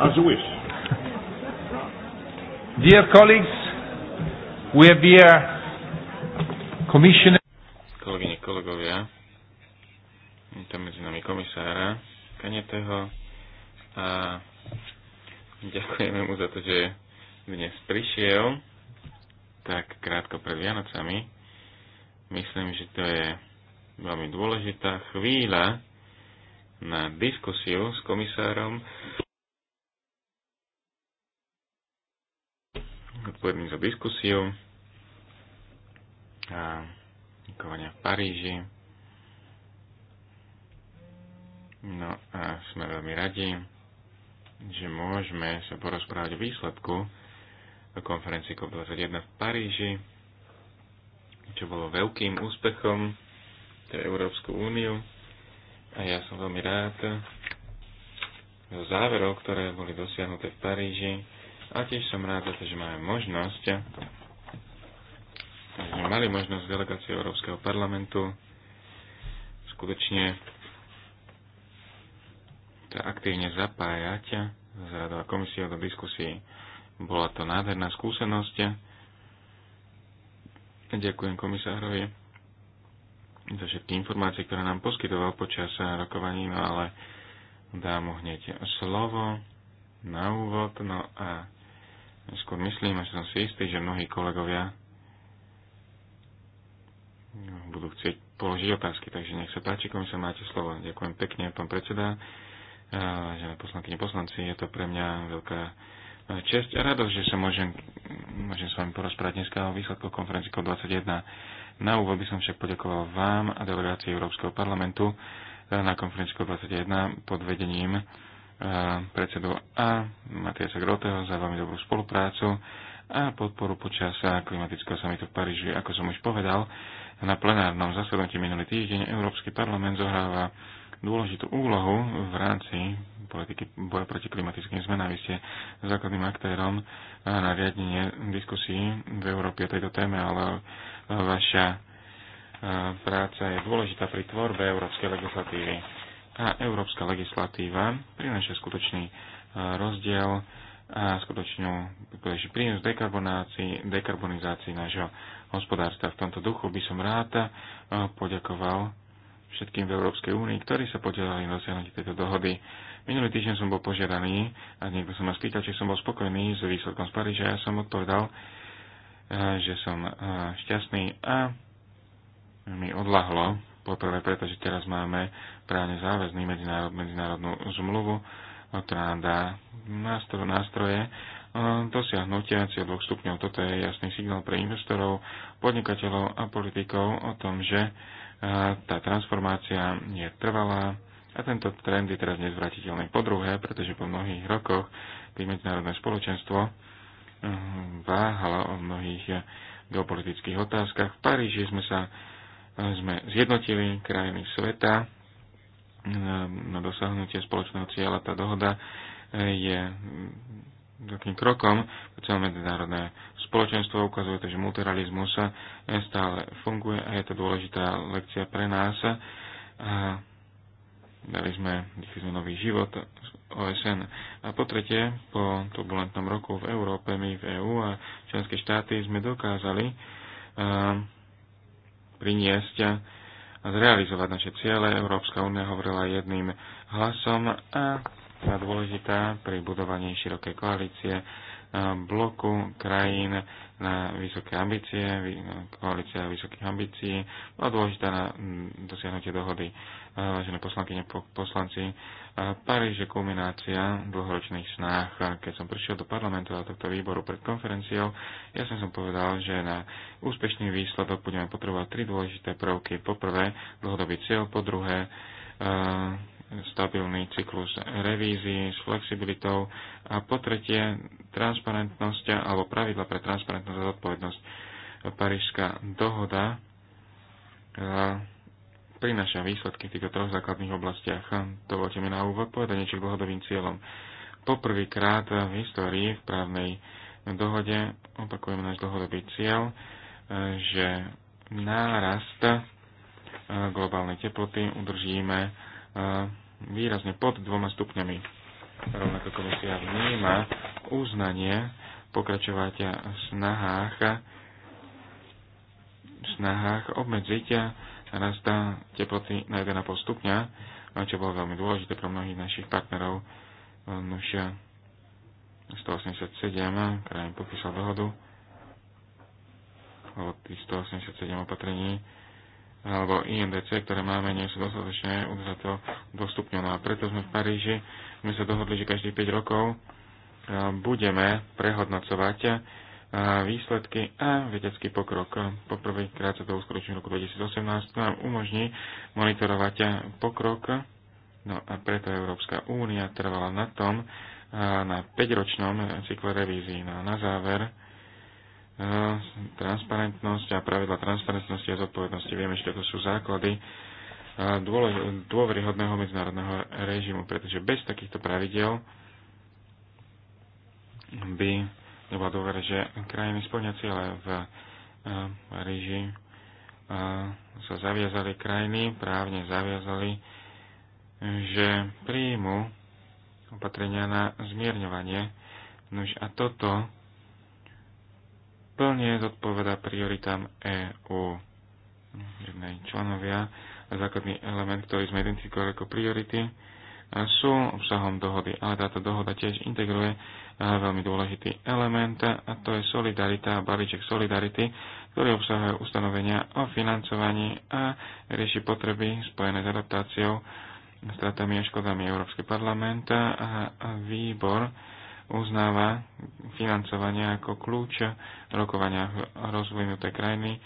as you wish. Dear colleagues, we have here commissioner. Kolegyne, kolegovia, medzi nami komisára Kaneteho a ďakujeme mu za to, že dnes prišiel tak krátko pred Vianocami. Myslím, že to je veľmi dôležitá chvíľa na diskusiu s komisárom konferenciu a kovania v Paríži. No a sme veľmi radi, že môžeme sa porozprávať o výsledku konferencie COP21 v Paríži, čo bolo veľkým úspechom pre Európsku úniu. A ja som veľmi rád zo záverov, ktoré boli dosiahnuté v Paríži, a tiež som rád za to, že máme možnosť, že sme mali možnosť delegácie Európskeho parlamentu skutočne sa aktívne zapájať z radová komisia do diskusí. Bola to nádherná skúsenosť. Ďakujem komisárovi za všetky informácie, ktoré nám poskytoval počas rokovaní, no ale dám mu hneď slovo na úvod, no a skôr myslím, že som si istý, že mnohí kolegovia no, budú chcieť položiť otázky, takže nech sa páči, sa máte slovo. Ďakujem pekne, pán predseda, vážené poslankyne, poslanci, je to pre mňa veľká e, čest a radosť, že sa môžem, môžem s vami porozprávať dneska o výsledku konferencie COP21. Na úvod by som však poďakoval vám a delegácii Európskeho parlamentu e, na konferencii COP21 pod vedením predsedu a Matiasa Groteho za veľmi dobrú spoluprácu a podporu počas klimatického samitu v Paríži. Ako som už povedal, na plenárnom zasadnutí minulý týždeň Európsky parlament zohráva dôležitú úlohu v rámci politiky boja proti klimatickým zmenám. Vy ste základným aktérom na riadenie diskusí v Európe o tejto téme, ale vaša e, práca je dôležitá pri tvorbe európskej legislatívy a európska legislatíva prináša skutočný e, rozdiel a skutočnú prínos dekarbonácii, dekarbonizácii nášho hospodárstva. V tomto duchu by som rád e, poďakoval všetkým v Európskej únii, ktorí sa podielali na dosiahnutí tejto dohody. Minulý týždeň som bol požiadaný a niekto sa ma spýtal, či som bol spokojný s výsledkom z Paríža. Ja som odpovedal, e, že som šťastný a mi odlahlo Poprvé preto, že teraz máme právne záväzný medzinárod, medzinárodnú zmluvu, ktorá nám dá nástroje, nástroje dosiahnuť cieľ dvoch stupňov. Toto je jasný signál pre investorov, podnikateľov a politikov o tom, že e, tá transformácia je trvalá a tento trend je teraz nezvratiteľný. Po druhé, pretože po mnohých rokoch, keď medzinárodné spoločenstvo e, váhalo o mnohých geopolitických otázkach, v Paríži sme sa sme zjednotili krajiny sveta na dosahnutie spoločného cieľa. Tá dohoda eh, je mm, takým krokom pre celé medzinárodné spoločenstvo. Ukazuje to, že multiralizmus eh, stále funguje a je to dôležitá lekcia pre nás. A dali sme, sme nový život OSN. A po tretie, po turbulentnom roku v Európe, my v EÚ a členské štáty sme dokázali eh, priniesť a zrealizovať naše ciele. Európska únia hovorila jedným hlasom a tá dôležitá pri budovaní širokej koalície bloku krajín na vysoké ambície, koalícia vysokých ambícií, bola dôležitá na dosiahnutie dohody. Vážené poslankyne, poslanci, Paríž je kulminácia dlhoročných snách. Keď som prišiel do parlamentu a tohto výboru pred konferenciou, ja som som povedal, že na úspešný výsledok budeme potrebovať tri dôležité prvky. Po prvé, dlhodobý cieľ, po druhé, e, stabilný cyklus revízií s flexibilitou a po tretie, transparentnosť alebo pravidla pre transparentnosť a zodpovednosť. Parížská dohoda e, prináša výsledky v týchto troch základných oblastiach. Dovolte mi na úvod povedať niečo k dlhodobým cieľom. Poprvýkrát v histórii v právnej dohode opakujeme náš dlhodobý cieľ, že nárast eh, globálnej teploty udržíme eh, výrazne pod dvoma stupňami. Rovnako komisia vníma uznanie pokračovať v snahách, v snahách obmedziť eh, rasta teploty na 1,5 stupňa, čo bolo veľmi dôležité pre mnohých našich partnerov. Nuž 187 krajín podpísal dohodu o tých 187 opatrení alebo INDC, ktoré máme, nie sú dostatočné udržateľ dostupňov. No a preto sme v Paríži, sme sa dohodli, že každých 5 rokov budeme prehodnocovať výsledky a vedecký pokrok. Poprvýkrát sa to uskutoční v roku 2018 nám umožní monitorovať pokrok. No a preto Európska únia trvala na tom, na 5-ročnom cykle revízií. No a na záver, e, transparentnosť a pravidla transparentnosti a zodpovednosti. Vieme, že to sú základy e, dôveryhodného medzinárodného režimu, pretože bez takýchto pravidel by nebola dôvera, že krajiny splňa ale eh, v Paríži eh, sa zaviazali krajiny, právne zaviazali, že príjmu opatrenia na zmierňovanie. Nož a toto plne zodpoveda prioritám EÚ. Jednej členovia, základný element, ktorý sme identifikovali ako priority, sú obsahom dohody, ale táto dohoda tiež integruje eh, veľmi dôležitý element a to je solidarita, balíček solidarity, ktorý obsahuje ustanovenia o financovaní a rieši potreby spojené s adaptáciou, stratami a škodami Európsky parlament a výbor uznáva financovanie ako kľúč rokovania rozvinuté krajiny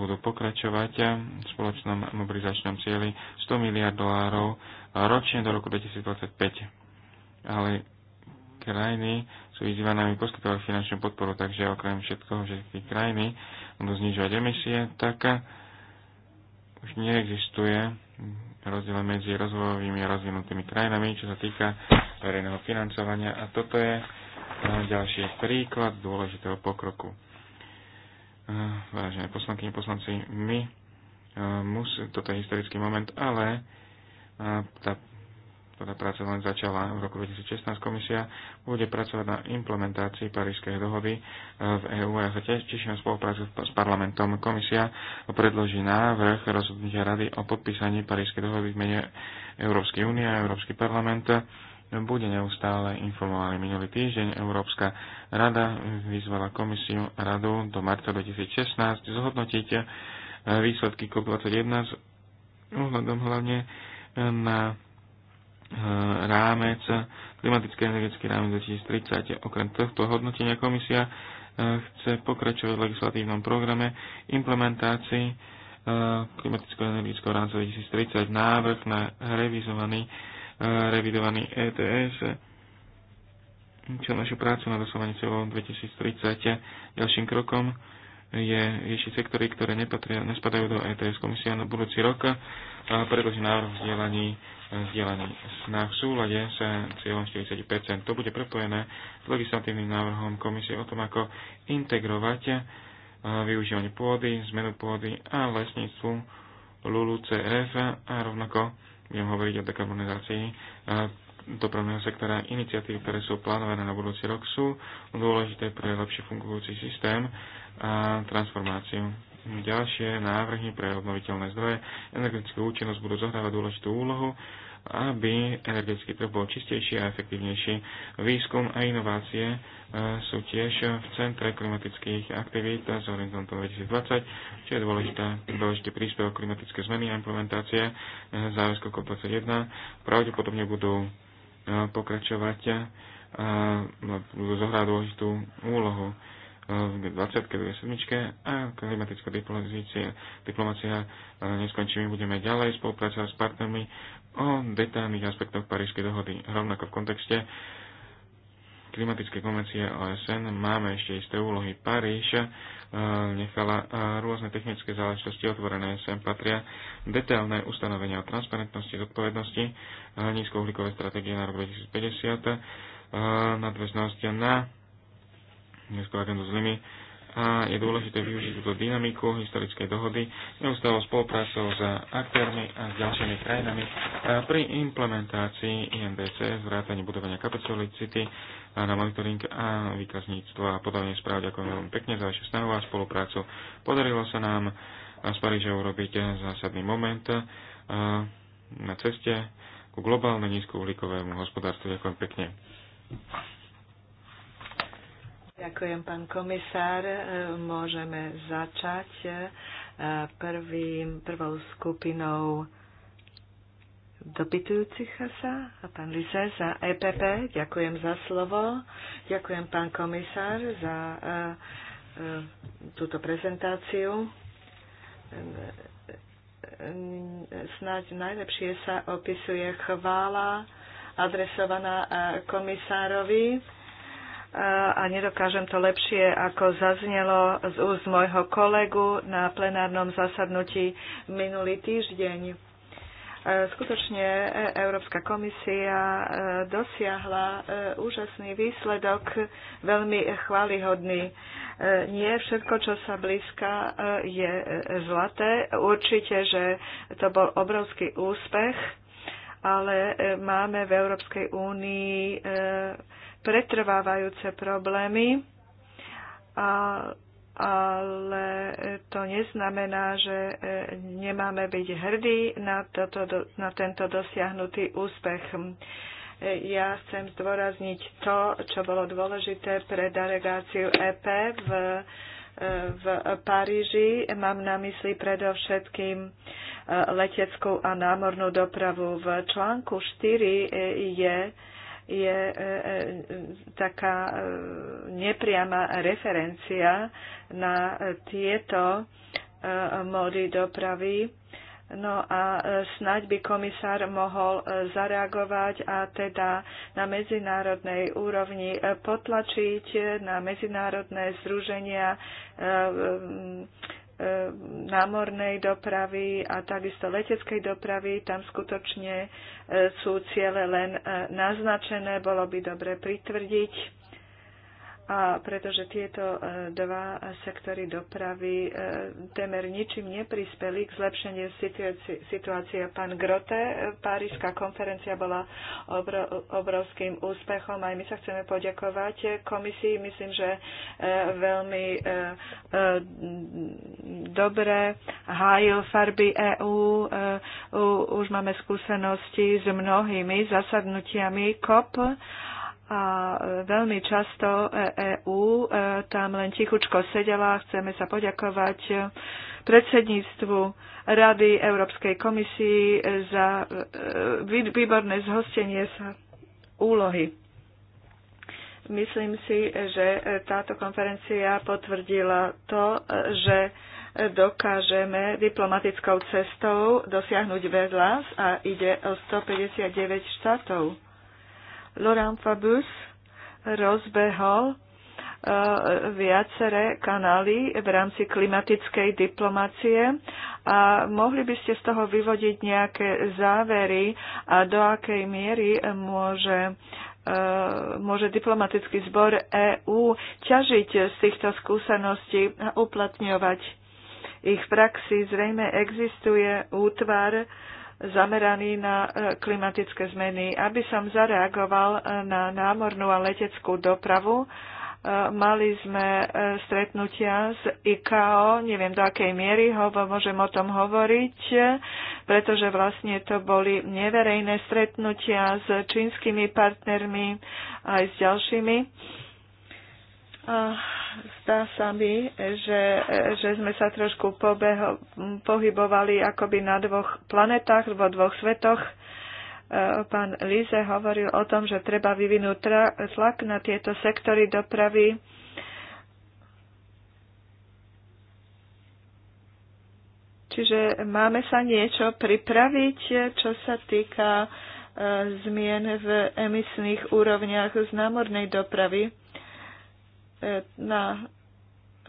budú pokračovať v spoločnom mobilizačnom cieli 100 miliard dolárov ročne do roku 2025. Ale krajiny sú vyzývané, aby poskytovali finančnú podporu, takže okrem všetkoho, že tie krajiny budú znižovať emisie, tak už neexistuje rozdiel medzi rozvojovými a rozvinutými krajinami, čo sa týka verejného financovania. A toto je e, ďalší príklad dôležitého pokroku. E, vážené poslanky, poslanci, my e, toto je historický moment, ale tá, tá práca len začala v roku 2016. Komisia bude pracovať na implementácii Parížskej dohody e, v EÚ a ja sa tiež teším spoluprácu s parlamentom. Komisia predloží návrh rozhodnutia rady o podpísaní Parížskej dohody v mene Európskej únie a Európsky parlament bude neustále informovaný. Minulý týždeň Európska rada vyzvala komisiu a radu do marca 2016 zhodnotiť e, výsledky COP21 s ohľadom hlavne na e, rámec, e, klimatický energetický rámec 2030. Okrem tohto hodnotenia komisia e, chce pokračovať v legislatívnom programe implementácii klimatického energetického rámca 2030 návrh na revizovaný, revidovaný ETS čo našu prácu na dosávanie celom 2030 ďalším krokom je riešiť sektory, ktoré nepatria, nespadajú do ETS. Komisia na budúci rok predloží návrh vzdielaní, vzdielaní eh, Na v súlade s eh, cieľom 40 To bude prepojené s legislatívnym návrhom komisie o tom, ako integrovať eh, využívanie pôdy, zmenu pôdy a lesníctvu LULU CF a rovnako budem hovoriť o dekarbonizácii dopravného sektora iniciatívy, ktoré sú plánované na budúci rok, sú dôležité pre lepšie fungujúci systém a transformáciu. Ďalšie návrhy pre obnoviteľné zdroje, energetickú účinnosť budú zohrávať dôležitú úlohu, aby energetický trh bol čistejší a efektívnejší. Výskum a inovácie e, sú tiež v centre klimatických aktivít s horizontu 2020, čo je dôležité, dôležitý príspevok klimatické zmeny a implementácie e, záväzku COP21. Pravdepodobne budú pokračovať no, zohrá dôležitú úlohu v 20. 27. a klimatická diplomácia neskončíme, budeme ďalej spolupracovať s partnermi o detálnych aspektoch Parížskej dohody, rovnako v kontexte klimatickej konvencie OSN máme ešte isté úlohy. Paríž e, nechala e, rôzne technické záležitosti otvorené. Sem patria detailné ustanovenia o transparentnosti, zodpovednosti, e, nízkouhlíkové stratégie na rok 2050, nadväznosť na nízkou agendu s a je dôležité využiť túto dynamiku historickej dohody neustávou spoluprácou s aktérmi a s ďalšími krajinami pri implementácii INDC, zvrátanie budovania kapacity na monitoring a výkazníctvo a podávanie správ. Ďakujem veľmi pekne za vaše snahu a spoluprácu. Podarilo sa nám z Paríža urobiť zásadný moment na ceste ku globálne nízkouhlíkovému hospodárstvu. Ďakujem pekne. Ďakujem, pán komisár. E, môžeme začať e, prvým, prvou skupinou dopytujúcich sa a pán Lise za EPP. Ďakujem za slovo. Ďakujem pán komisár za e, túto prezentáciu. Snaď najlepšie sa opisuje chvála adresovaná komisárovi a nedokážem to lepšie, ako zaznelo z úst môjho kolegu na plenárnom zasadnutí minulý týždeň. E, skutočne e, Európska komisia e, dosiahla úžasný výsledok, veľmi chválihodný. Nie všetko, čo sa blízka, je zlaté. Určite, že to bol obrovský úspech, ale máme v Európskej únii pretrvávajúce problémy, ale to neznamená, že e, nemáme byť hrdí na, toto, na tento dosiahnutý úspech e, ja chcem zdôrazniť to, čo bolo dôležité pre delegáciu EP v, e, v Paríži. Mám na mysli predovšetkým leteckú a námornú dopravu. V článku 4 je je e, e, taká e, nepriama referencia na tieto módy dopravy. No a snaď by komisár mohol zareagovať a teda na medzinárodnej úrovni potlačiť na medzinárodné združenia E, námornej dopravy a takisto leteckej dopravy. Tam skutočne e, sú ciele len e, naznačené, bolo by dobre pritvrdiť a pretože tieto e, dva sektory dopravy e, temer ničím neprispeli k zlepšeniu situácie. Pán Grote, e, Párižská konferencia bola obrovským úspechom. Aj my sa chceme poďakovať komisii. Myslím, že veľmi dobre hájil farby EÚ. Už máme skúsenosti s mnohými zasadnutiami COP a e, veľmi často EÚ e e, tam len tichučko sedela. Chceme sa poďakovať predsedníctvu Rady Európskej komisii za výborné zhostenie sa úlohy. Myslím si, že táto konferencia potvrdila to, že dokážeme diplomatickou cestou dosiahnuť vedľa a ide o 159 štátov Laurent Fabus rozbehol eh, viaceré kanály v rámci klimatickej diplomácie a mohli by ste z toho vyvodiť nejaké závery a do akej miery môže eh, môže diplomatický zbor EÚ ťažiť z týchto skúseností a uplatňovať ich v praxi. Zrejme existuje útvar, zameraný na e, klimatické zmeny. Aby som zareagoval e, na námornú a leteckú dopravu, e, mali sme stretnutia s IKO, neviem do akej miery ho môžem o tom hovoriť, pretože vlastne to boli neverejné stretnutia s čínskymi partnermi aj s ďalšími Zdá sa mi, že, že sme sa trošku pobeho, pohybovali akoby na dvoch planetách, vo dvoch svetoch. E, pán Líze hovoril o tom, že treba vyvinúť tlak na tieto sektory dopravy. Čiže máme sa niečo pripraviť, čo sa týka e, zmien v emisných úrovniach z námornej dopravy E, na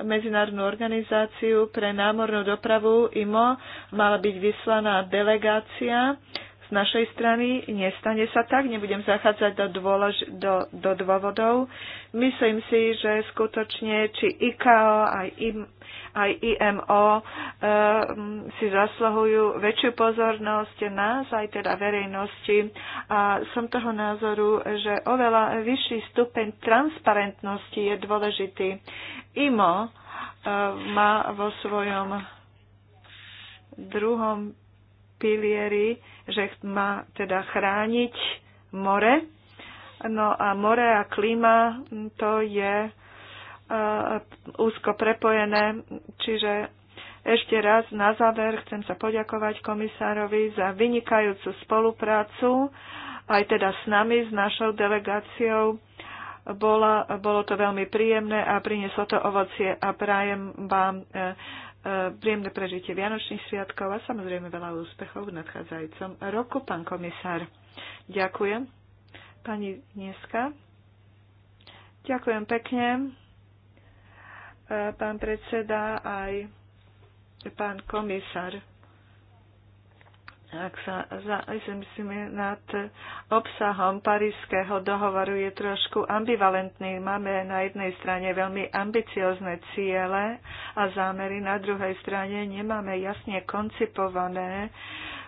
medzinárodnú organizáciu pre námornú dopravu IMO mala byť vyslaná delegácia z našej strany. Nestane sa tak, nebudem zachádzať do, dôlož, do, do dôvodov. Myslím si, že skutočne či IKO aj, im, aj IMO e, eh, si zasluhujú väčšiu pozornosť nás, aj teda verejnosti. A som toho názoru, že oveľa vyšší stupeň transparentnosti je dôležitý. IMO e, eh, má vo svojom druhom pilieri, že má teda chrániť more. No a more a klíma to je e, úzko prepojené, čiže ešte raz na záver chcem sa poďakovať komisárovi za vynikajúcu spoluprácu, aj teda s nami, s našou delegáciou. Bola, bolo to veľmi príjemné a prinieslo to ovocie a prajem vám e, príjemné prežitie Vianočných sviatkov a samozrejme veľa úspechov v nadchádzajúcom roku, pán komisár. Ďakujem. Pani Dneska. Ďakujem pekne. Eh, pán predseda aj pán komisár ak sa zamyslíme nad obsahom parískeho dohovoru, je trošku ambivalentný. Máme na jednej strane veľmi ambiciozne ciele a zámery, na druhej strane nemáme jasne koncipované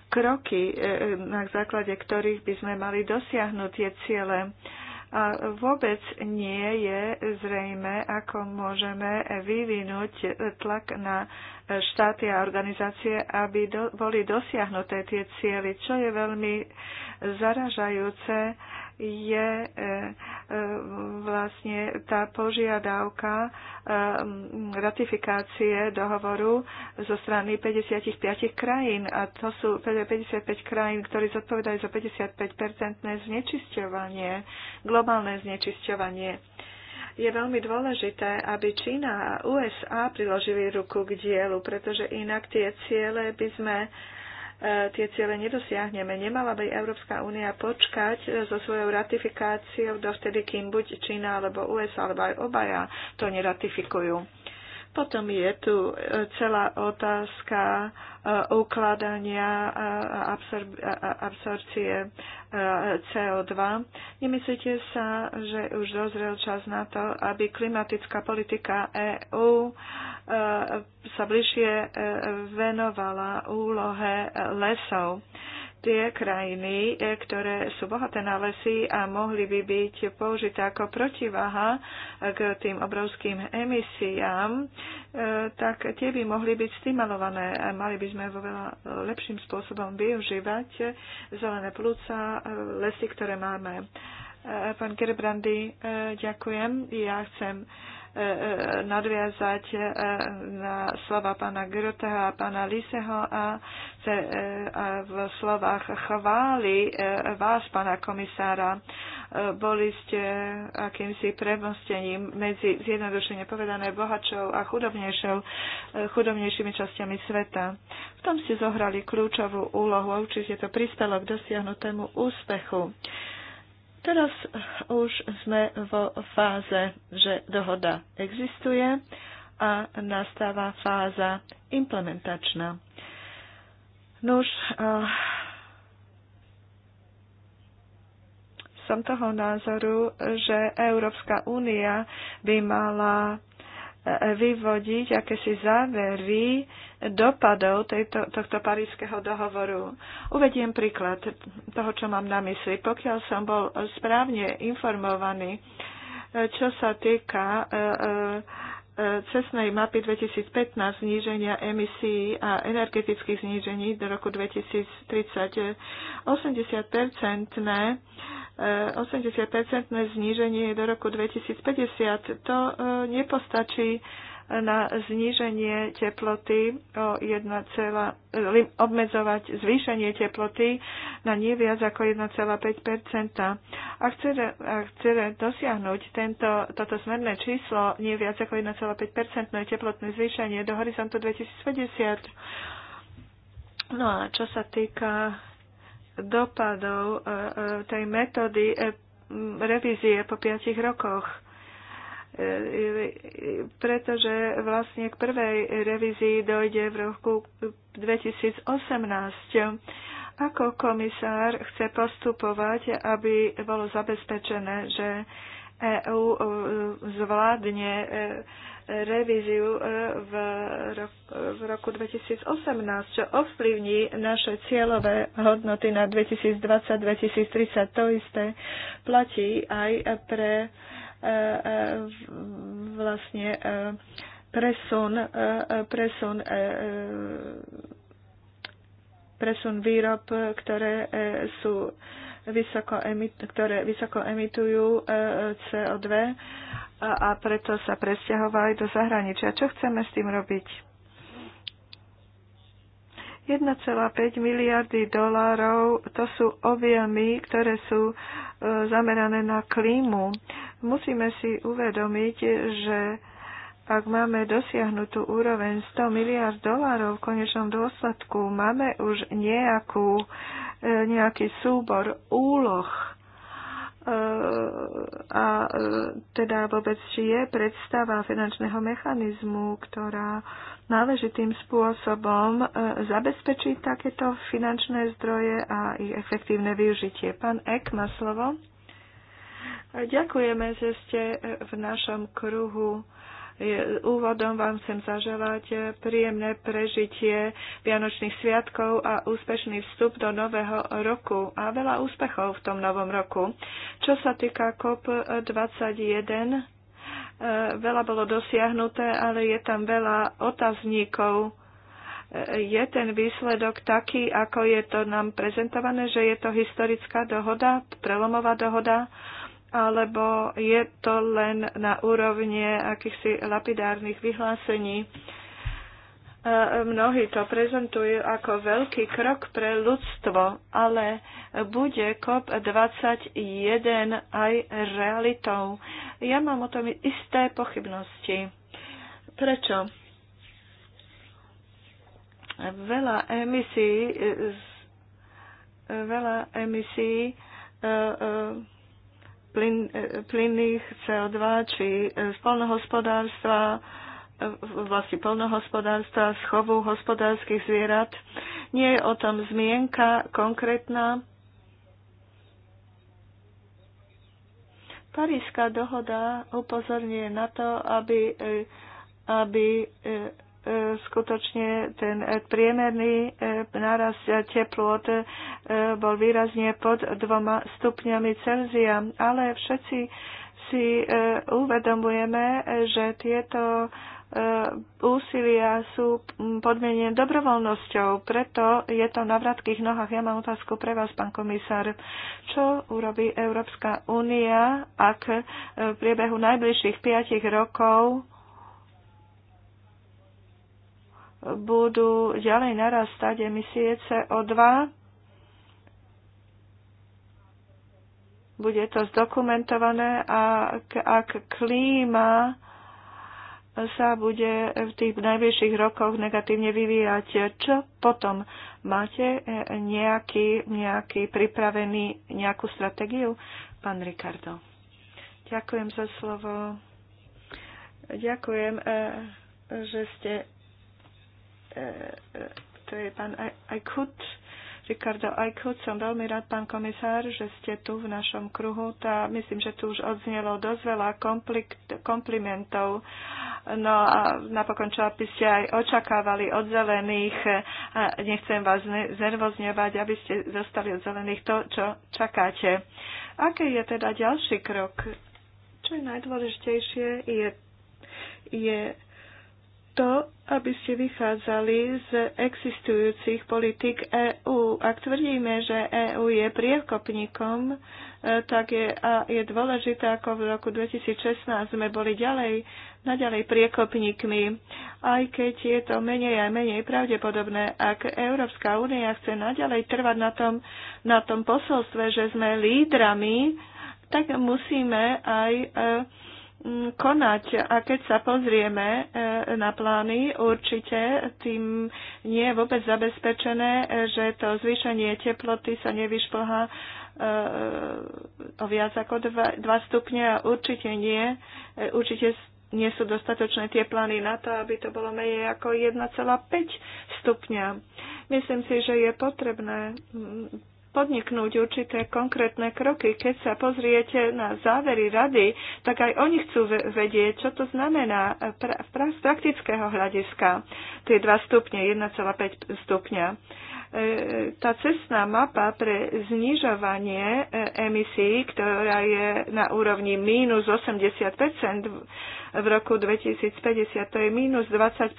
kroky, e, e, na základe ktorých by sme mali dosiahnuť tie ciele. A vôbec nie je zrejme, ako môžeme vyvinúť tlak na štáty a organizácie, aby do, boli dosiahnuté tie cieľy. Čo je veľmi zaražajúce, je e, e, vlastne tá požiadavka e, ratifikácie dohovoru zo strany 55 krajín. A to sú 55 krajín, ktorí zodpovedajú za 55-percentné znečisťovanie, globálne znečisťovanie je veľmi dôležité, aby Čína a USA priložili ruku k dielu, pretože inak tie ciele by sme e, tie ciele nedosiahneme. Nemala by Európska únia počkať e, so svojou ratifikáciou dovtedy, kým buď Čína alebo USA alebo aj obaja to neratifikujú. Potom je tu e, celá otázka e, ukladania e, absorpcie CO2. Nemyslíte sa, že už dozrel čas na to, aby klimatická politika EÚ sa bližšie venovala úlohe lesov? tie krajiny, e, ktoré sú bohaté na lesy a mohli by byť použité ako protivaha e, k tým obrovským emisiám, e, tak tie by mohli byť stimulované. Mali by sme vo veľa lepším spôsobom využívať zelené plúca, lesy, ktoré máme. Pán Gerbrandy, ďakujem. Ja chcem E, e, nadviazať e, na slova pána Grotha a pána Liseho a, v slovách chváli vás, pána komisára. Boli ste akýmsi premostením medzi zjednodušene povedané bohačou a chudobnejšími časťami sveta. V tom ste zohrali kľúčovú úlohu a určite to prispelo k dosiahnutému úspechu. Teraz už sme vo fáze, že dohoda existuje a nastáva fáza implementačná. Nuž, uh, som toho názoru, že Európska únia by mala vyvodiť akési závery dopadov tejto, tohto parískeho dohovoru. Uvediem príklad toho, čo mám na mysli. Pokiaľ som bol správne informovaný, čo sa týka e, e, cestnej mapy 2015 zníženia emisí a energetických znížení do roku 2030 80-percentné 80-percentné zníženie do roku 2050. To e, nepostačí na zníženie teploty o 1, e, obmedzovať zvýšenie teploty na nie viac ako 1,5 A chce, chce dosiahnuť tento, toto smerné číslo nie viac ako 1,5 teplotné zvýšenie do horizontu 2050. No a čo sa týka dopadov e, e, tej metódy e, revízie po piatich rokoch pretože vlastne k prvej revízii dojde v roku 2018. Ako komisár chce postupovať, aby bolo zabezpečené, že EU e, zvládne e, revíziu e, v, v roku 2018, čo ovplyvní naše cieľové hodnoty na 2020-2030. To isté platí aj pre vlastne presun, presun presun výrob, ktoré sú vysoko emit, ktoré vysoko emitujú e, CO2 a, a preto sa presťahovali do zahraničia. Čo chceme s tým robiť? 1,5 miliardy dolárov to sú objemy, ktoré sú e, zamerané na klímu. Musíme si uvedomiť, že ak máme dosiahnutú úroveň 100 miliard dolárov v konečnom dôsledku, máme už nejakú uh, E, nejaký súbor úloh e, a e, teda vôbec, či je predstava finančného mechanizmu, ktorá náležitým spôsobom zabezpečí takéto finančné zdroje a ich efektívne využitie. Pán Ek má slovo. Ďakujeme, že ste v našom kruhu Úvodom vám chcem zaželať eh, príjemné prežitie Vianočných sviatkov a úspešný vstup do nového roku a veľa úspechov v tom novom roku. Čo sa týka COP21, eh, veľa bolo dosiahnuté, ale je tam veľa otazníkov eh, je ten výsledok taký, ako je to nám prezentované, že je to historická dohoda, prelomová dohoda alebo je to len na úrovni akýchsi lapidárnych vyhlásení. E, mnohí to prezentujú ako veľký krok pre ľudstvo, ale bude COP21 aj realitou. Ja mám o tom isté pochybnosti. Prečo? Veľa emisí, veľa emisí uh, uh, plyn, plynných CO2 či e, z polnohospodárstva, vlastne polnohospodárstva, schovu hospodárskych zvierat. Nie je o tom zmienka konkrétna. Paríska dohoda upozorňuje na to, aby, e, aby skutočne ten priemerný e, náraz e, teplot e, bol výrazne pod dvoma stupňami Celzia, ale všetci si uvedomujeme, že tieto úsilia sú podmienené dobrovoľnosťou, preto je to na vratkých nohách. Ja mám otázku pre vás, pán komisár. Čo urobí Európska únia, ak v priebehu najbližších piatich rokov budú ďalej narastať emisie CO2. Bude to zdokumentované a ak klíma sa bude v tých najbližších rokoch negatívne vyvíjať, čo potom? Máte e, nejaký, nejaký pripravený, nejakú stratégiu? Pán Ricardo. Ďakujem za slovo. Ďakujem, e, že ste E, e, to je pán Ajkut. Ricardo Ajkut, som veľmi rád, pán komisár, že ste tu v našom kruhu. Tá, myslím, že tu už odznelo dosť veľa komplimentov. No a napokon, čo by ste aj očakávali od zelených, e, a nechcem vás znervozňovať, aby ste zostali od zelených to, čo čakáte. Aký je teda ďalší krok? Čo je najdôležitejšie, je, je to, aby ste vychádzali z existujúcich politik EÚ. Ak tvrdíme, že EÚ je priekopníkom, e, tak je, a je dôležité, ako v roku 2016 sme boli ďalej, naďalej priekopníkmi, aj keď je to menej a menej pravdepodobné. Ak Európska únia chce naďalej trvať na tom, na tom posolstve, že sme lídrami, tak musíme aj e, Mm, konať. A keď sa pozrieme e, na plány, určite tým nie je vôbec zabezpečené, e, že to zvýšenie teploty sa nevyšplhá e, o viac ako 2 stupne a určite nie. Určite nie sú dostatočné tie plány na to, aby to bolo menej ako 1,5 stupňa. Myslím si, že je potrebné mm, podniknúť určité konkrétne kroky. Keď sa pozriete na závery rady, tak aj oni chcú vedieť, čo to znamená eh, z praktického hľadiska. Tie 2 stupne, 1,5 stupňa. Eh, tá cestná mapa pre znižovanie eh, emisí, ktorá je na úrovni mínus 80 v roku 2050, to je mínus 25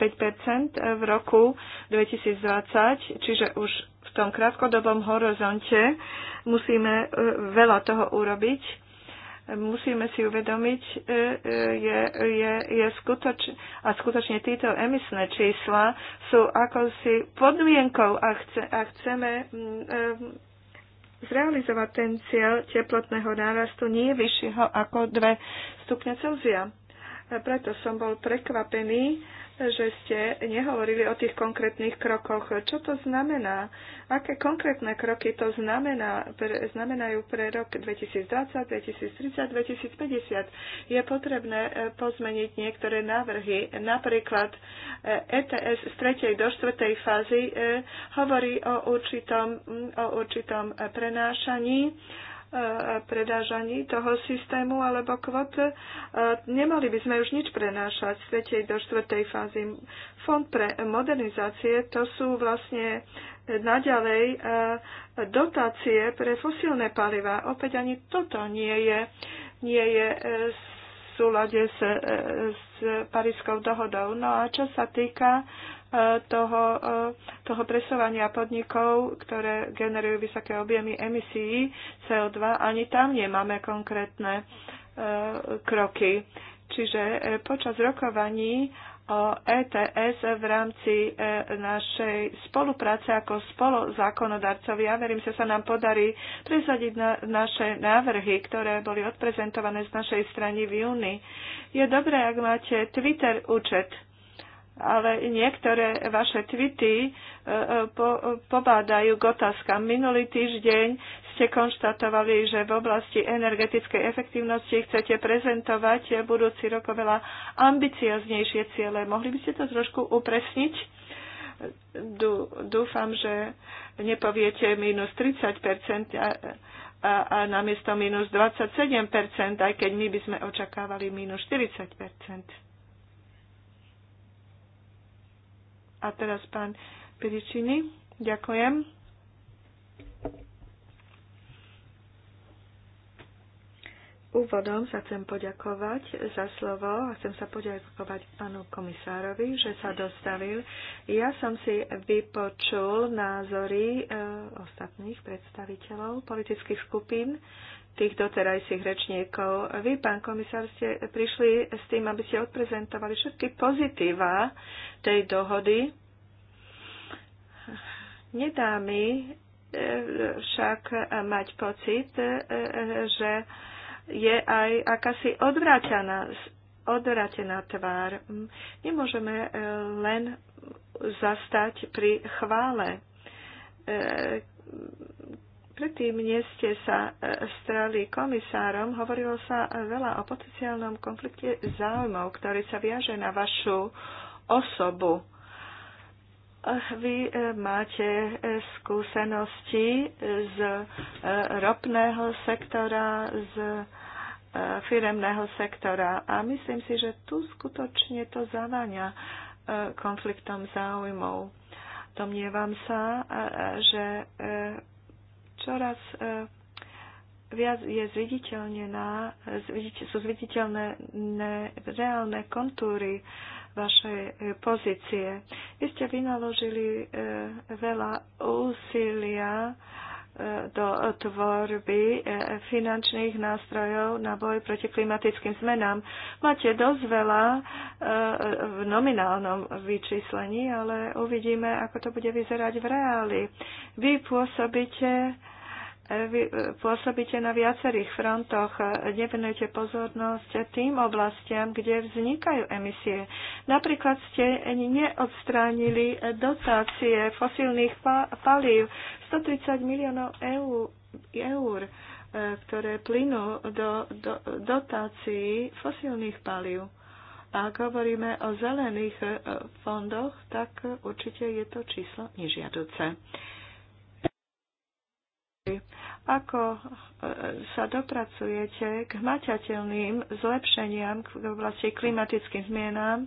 v roku 2020, čiže už v tom krátkodobom horizonte musíme e, veľa toho urobiť. Musíme si uvedomiť, e, e, je, je, je skutoč, a skutočne títo emisné čísla sú ako si podmienkou, a chce, ak chceme mm, zrealizovať ten cieľ teplotného nárastu nie vyššieho ako 2 stupne Celzia. Preto som bol prekvapený, že ste nehovorili o tých konkrétnych krokoch. Čo to znamená? Aké konkrétne kroky to znamená, pre, znamenajú pre rok 2020, 2030, 2050? Je potrebné e, pozmeniť niektoré návrhy. Napríklad ETS e z 3. do 4. fázy e, hovorí o určitom, o určitom prenášaní predážaní toho systému alebo kvot. Nemali by sme už nič prenášať z 3. do 4. fázy. Fond pre modernizácie to sú vlastne naďalej dotácie pre fosílne paliva. Opäť ani toto nie je, nie je e, súlade s, e, s Parískou dohodou. No a čo sa týka Eh, toho, eh, toho presovania podnikov, ktoré generujú vysoké objemy emisí CO2, ani tam nemáme konkrétne eh, kroky. Čiže počas rokovaní o ETS v rámci našej spolupráce ako Ja Verím, že sa nám podarí presadiť na naše návrhy, ktoré boli odprezentované z našej strany v júni. Je dobré, ak máte Twitter účet ale niektoré vaše tweety e, e, po, pobádajú k otázkam. Minulý týždeň ste konštatovali, že v oblasti energetickej efektívnosti chcete prezentovať budúci rok oveľa ambicioznejšie ciele. Mohli by ste to trošku upresniť? Dúfam, že nepoviete minus 30 a, a namiesto minus 27 aj keď my by sme očakávali minus 40 A teraz pán Piričiny, ďakujem. Úvodom sa chcem poďakovať za slovo a chcem sa poďakovať panu komisárovi, že sa dostavil. Ja som si vypočul názory e, ostatných predstaviteľov politických skupín tých doterajších rečníkov. Vy, pán komisár, ste prišli s tým, aby ste odprezentovali všetky pozitíva tej dohody. Nedá mi e, však mať pocit, e, že je aj akási odvrátená, odvrátená tvár. Nemôžeme e, len zastať pri chvále Predtým, než ste sa e, strali komisárom, hovorilo sa veľa o potenciálnom konflikte záujmov, ktorý sa viaže na vašu osobu. E, vy e, máte skúsenosti z ropného sektora, z firemného sektora a myslím si, že tu skutočne to zaváňa konfliktom záujmov. Domnievam sa, že čoraz e, viac je zviditeľnená, sú zviditeľné reálne kontúry vašej e, pozície. Vy ste vynaložili e, veľa úsilia do tvorby e, finančných nástrojov na boj proti klimatickým zmenám. Máte dosť veľa e, v nominálnom vyčíslení, ale uvidíme, ako to bude vyzerať v reáli. Vy pôsobíte vy e, pôsobíte na viacerých frontoch, nevenujete pozornosť tým oblastiam, kde vznikajú emisie. Napríklad ste neodstránili dotácie fosílnych palív 130 miliónov eur, e, ktoré plynú do, do dotácií fosílnych palív. A Ak hovoríme o zelených e, fondoch, tak určite je to číslo nežiaduce ako e, sa dopracujete k hmatateľným zlepšeniam v oblasti klimatickým zmienám,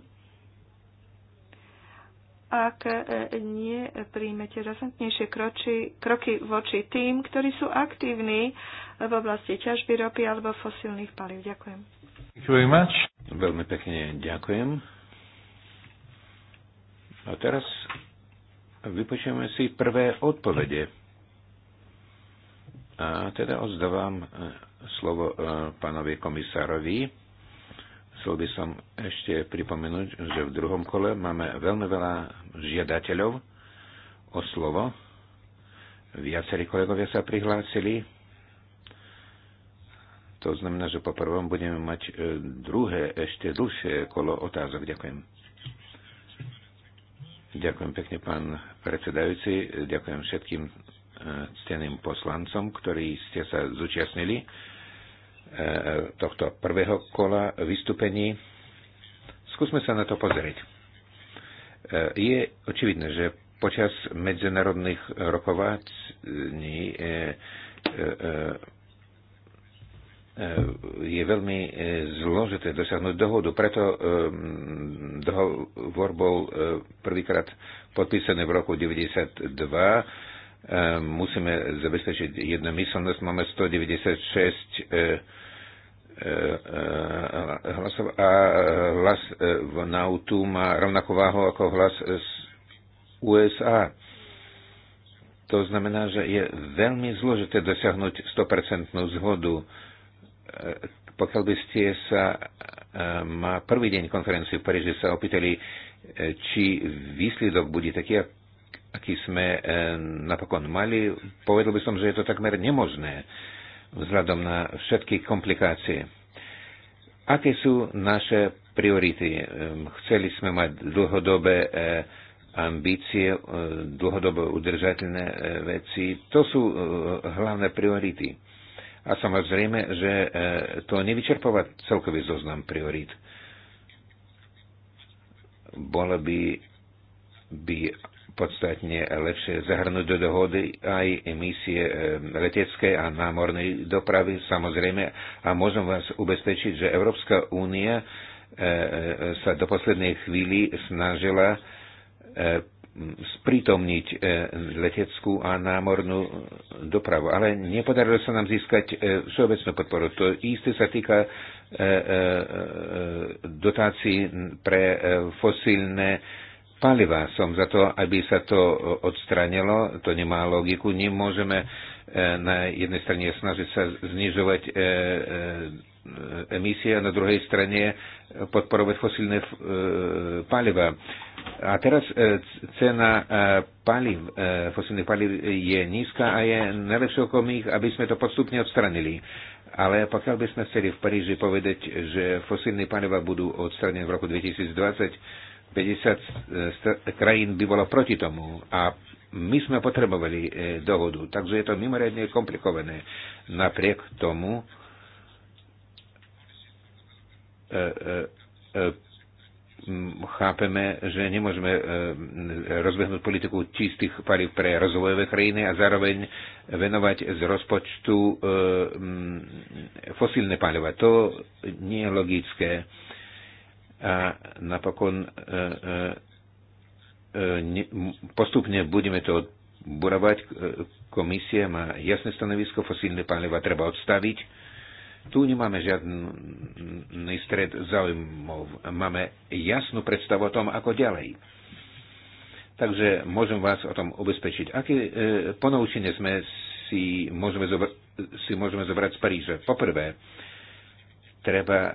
ak e, nie príjmete razantnejšie kroči, kroky voči tým, ktorí sú aktívni v oblasti ťažby ropy alebo fosílnych palív. Ďakujem. Veľmi pekne ďakujem. A teraz vypočujeme si prvé odpovede a teda odzdávam e, slovo e, pánovi komisárovi. Chcel by som ešte pripomenúť, že v druhom kole máme veľmi veľa žiadateľov o slovo. Viacerí kolegovia sa prihlásili. To znamená, že po prvom budeme mať e, druhé, ešte dlhšie kolo otázok. Ďakujem. Ďakujem pekne, pán predsedajúci. Ďakujem všetkým steným poslancom, ktorí ste sa zúčastnili e, tohto prvého kola vystúpení. Skúsme sa na to pozrieť. E, je očividné, že počas medzinárodných rokovací e, je veľmi zložité dosiahnuť dohodu. Preto dohovor bol prvýkrát podpísaný v roku 1992 Ehm, musíme zabezpečiť jednomyselnosť. Máme 196 eh, eh, eh, hlasov a hlas v Nautu má rovnakú váhu ako hlas z USA. To znamená, že je veľmi zložité dosiahnuť 100% zhodu. Pokiaľ by ste sa má prvý deň konferencie v Paríži sa opýtali, či výsledok bude taký, aký sme eh, napokon mali, povedal by som, že je to takmer nemožné vzhľadom na všetky komplikácie. Aké sú naše priority? Eh, chceli sme mať dlhodobé eh, ambície, dlhodobo udržateľné veci. To sú hlavné priority. A samozrejme, že to nevyčerpovať celkový zoznam priorít. Bolo by, by podstatne lepšie zahrnúť do dohody aj emisie e, leteckej a námornej dopravy, samozrejme. A môžem vás ubezpečiť, že Európska únia e, e, sa do poslednej chvíli snažila sprítomniť leteckú a námornú dopravu. Ale nepodarilo sa nám získať všeobecnú podporu. To isté sa týka dotácií pre fosílne paliva. Som za to, aby sa to e, odstranilo. To nemá logiku. Nemôžeme e, na jednej strane snažiť sa znižovať e, emisie a na druhej strane podporovať fosílne paliva. A teraz cena paliv, fosílnych paliv je nízka a je najlepšou komik, aby sme to postupne odstranili. Ale pokiaľ by sme chceli v Paríži povedať, že fosílne paliva budú odstranené v roku 2020, 50 e, krajín by bolo proti tomu a my sme potrebovali e, dohodu, takže je to mimoriadne komplikované. Napriek tomu e, chápeme, že nemôžeme rozbehnúť politiku čistých palív pre rozvojové krajiny a zároveň venovať z rozpočtu fosílne paliva. To nie je logické a napokon e, e, e, postupne budeme to odburovať. Komisie má jasné stanovisko, fosílne paliva treba odstaviť. Tu nemáme žiadny stred zaujímav. Máme jasnú predstavu o tom, ako ďalej. Takže môžem vás o tom ubezpečiť. Aké e, ponaučenie sme si môžeme, zobra- si môžeme zobrať z Paríža? Poprvé, treba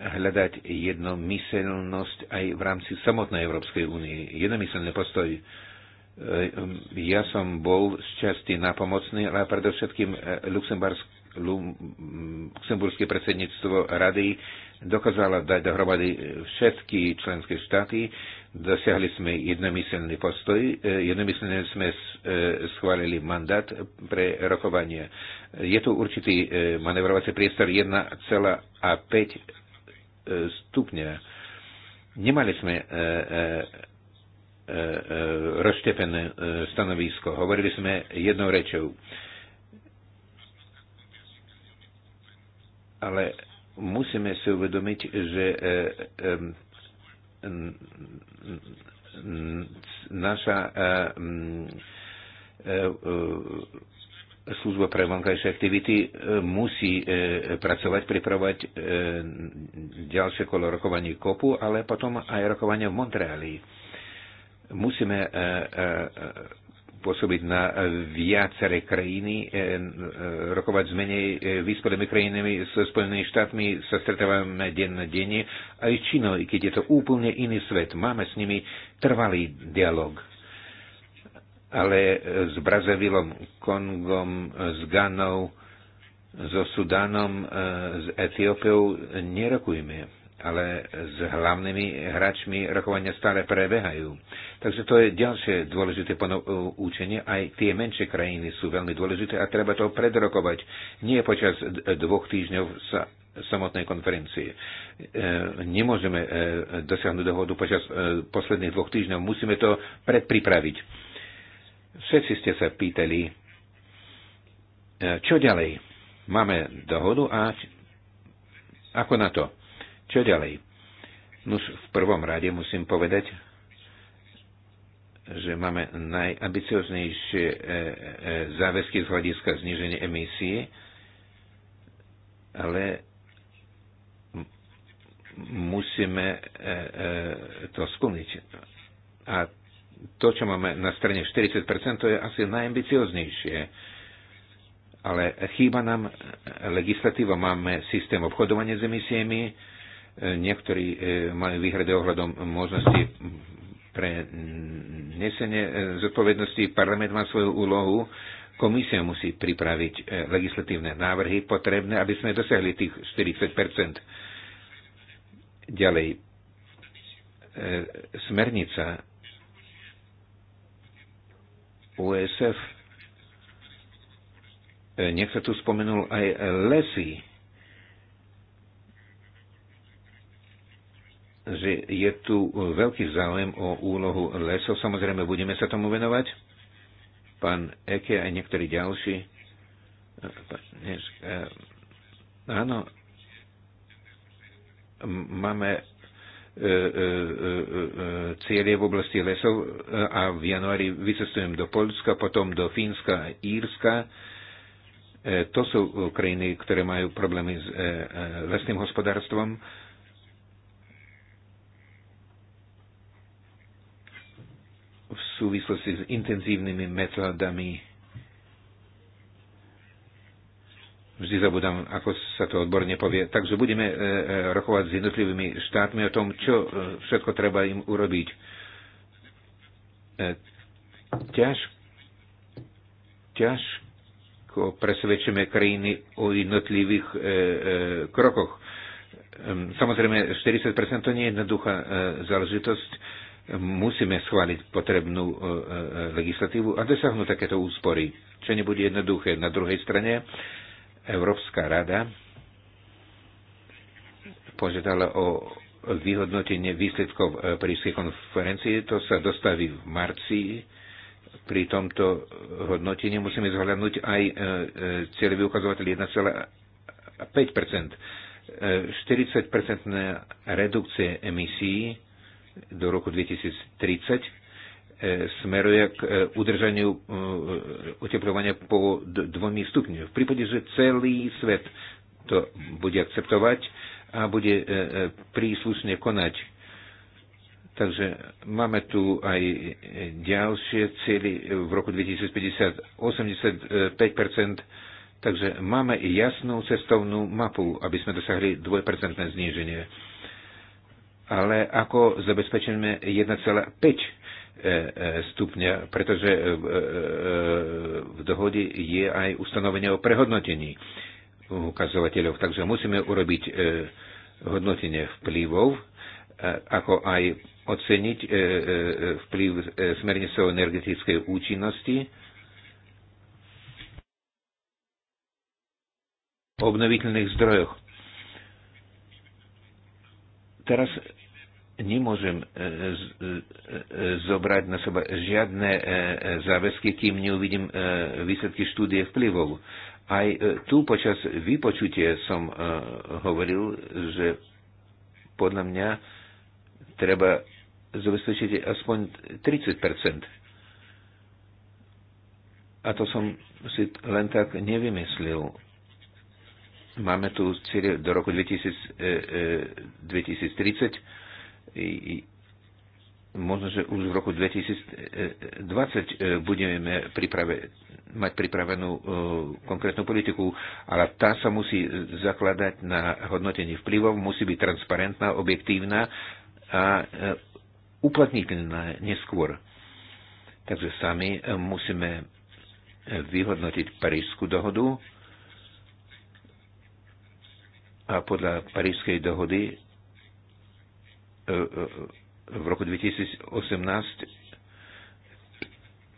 hľadať jednomyselnosť aj v rámci samotnej Európskej únie. Jednomyselný postoj. E, ja som bol z časti napomocný, ale predovšetkým e, luxemburské predsedníctvo rady dokázalo dať dohromady e, všetky členské štáty. Dosiahli sme jednomyselný postoj, jednomyselne sme schválili mandát pre rokovanie. Je tu určitý manevrovací priestor 1,5 stupňa. Nemali sme rozštepené stanovisko. Hovorili sme jednou rečou. Ale musíme si uvedomiť, že naša služba pre vonkajšie aktivity e, musí e, pracovať, pripravovať e, ďalšie kolo rokovaní kopu, ale potom aj rokovanie v Montreali. Musíme pôsobiť na viaceré krajiny, rokovať s menej vyspelými krajinami, so Spojenými štátmi sa stretávame deň na denne, aj Čínou, keď je to úplne iný svet. Máme s nimi trvalý dialog ale e, s Brazavilom, Kongom, e, s Ganou, so Sudanom, e, s Etiópiou nerokujme, ale s hlavnými hráčmi rokovania stále prebehajú. Takže to je ďalšie dôležité učenie. Aj tie menšie krajiny sú veľmi dôležité a treba to predrokovať. Nie počas dvoch týždňov sa samotnej konferencie. Nemôžeme dosiahnuť dohodu počas posledných dvoch týždňov. Musíme to predpripraviť Všetci ste sa pýtali, e, čo ďalej? Máme dohodu a ako na to? Čo ďalej? No, v prvom rade musím povedať, že máme najambicioznejšie e, e, záväzky z hľadiska zniženia emisie, ale musíme to skúmiť. A to, čo máme na strane 40%, to je asi najambicioznejšie. Ale chýba nám legislatíva, máme systém obchodovania s emisiemi, niektorí e, majú výhrady ohľadom možnosti pre nesenie e, zodpovednosti. Parlament má svoju úlohu, komisia musí pripraviť e, legislatívne návrhy potrebné, aby sme dosiahli tých 40 Ďalej, smernica USF. E, niekto tu spomenul aj lesy, že je tu veľký záujem o úlohu lesov. Samozrejme, budeme sa tomu venovať. Pán Eke aj niektorí ďalší. E, e, áno, máme E, e, e, cieľe v oblasti lesov a v januári vycestujem do Polska, potom do Fínska a Írska. To sú krajiny, ktoré majú problémy s lesným hospodárstvom. V súvislosti s intenzívnymi metódami vždy zabudám, ako sa to odborne povie. Takže budeme e, e, rokovať s jednotlivými štátmi o tom, čo e, všetko treba im urobiť. Ťaž, ťažko presvedčíme krajiny o jednotlivých krokoch. Samozrejme, 40% to nie je jednoduchá záležitosť. Musíme schváliť potrebnú legislatívu a dosiahnuť takéto úspory, čo nebude jednoduché. Na druhej strane, Európska rada požiadala o vyhodnotenie výsledkov e, Parížskej konferencie. To sa dostaví v marci. Pri tomto hodnotení musíme zhľadnúť aj e, e, cieľe vyukazovateľ 1,5 40-percentná redukcie emisí do roku 2030 smeruje k e, udržaniu oteplovania e, po dvomi stupňov. V prípade, že celý svet to bude akceptovať a bude e, príslušne konať. Takže máme tu aj ďalšie cieľy v roku 2050 85 Takže máme i jasnú cestovnú mapu, aby sme dosahli 2% zníženie. Ale ako zabezpečíme 1,5 E, e, stupňa, pretože e, v dohode je aj ustanovenie o prehodnotení ukazovateľov. Takže musíme urobiť hodnotenie vplyvov, ako aj oceniť vplyv smernice o energetickej účinnosti, obnoviteľných zdrojoch. Teraz nemôžem e, e, e, zobrať na seba žiadne záväzky, kým neuvidím výsledky štúdie vplyvov. Aj tu počas vypočutie som hovoril, že podľa mňa treba zabezpečiť aspoň 30 A to som si len tak nevymyslel. Máme tu cieľ do roku 2000, 2030 možno, že už v roku 2020 e, budeme priprave, mať pripravenú e, konkrétnu politiku, ale tá sa musí zakladať na hodnotení vplyvov, musí byť transparentná, objektívna a e, uplatniteľná neskôr. Takže sami musíme vyhodnotiť Parížskú dohodu a podľa Parížskej dohody v roku 2018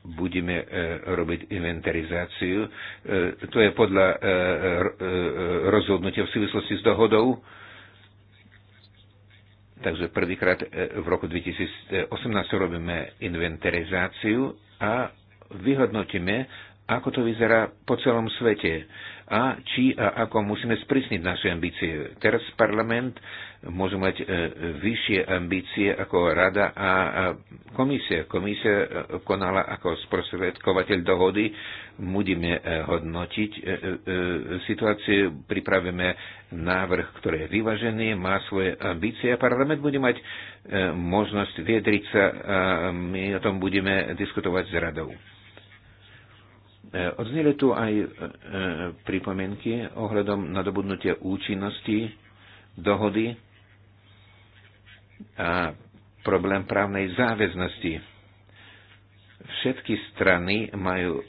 budeme e, robiť inventarizáciu. E, to je podľa e, rozhodnutia v súvislosti s dohodou. Takže prvýkrát v roku 2018 robíme inventarizáciu a vyhodnotíme, ako to vyzerá po celom svete a či a ako musíme sprísniť naše ambície. Teraz parlament môže mať e, vyššie ambície ako rada a komisia. Komisia e, konala ako sprostredkovateľ dohody. Budeme e, hodnotiť situáciu, pripravíme návrh, ktorý je vyvažený, má svoje ambície a parlament bude mať možnosť viedriť sa a my o tom budeme diskutovať s radou. E, Odzneli tu aj e, pripomienky ohľadom nadobudnutia účinnosti dohody a problém právnej záväznosti. Všetky strany majú e,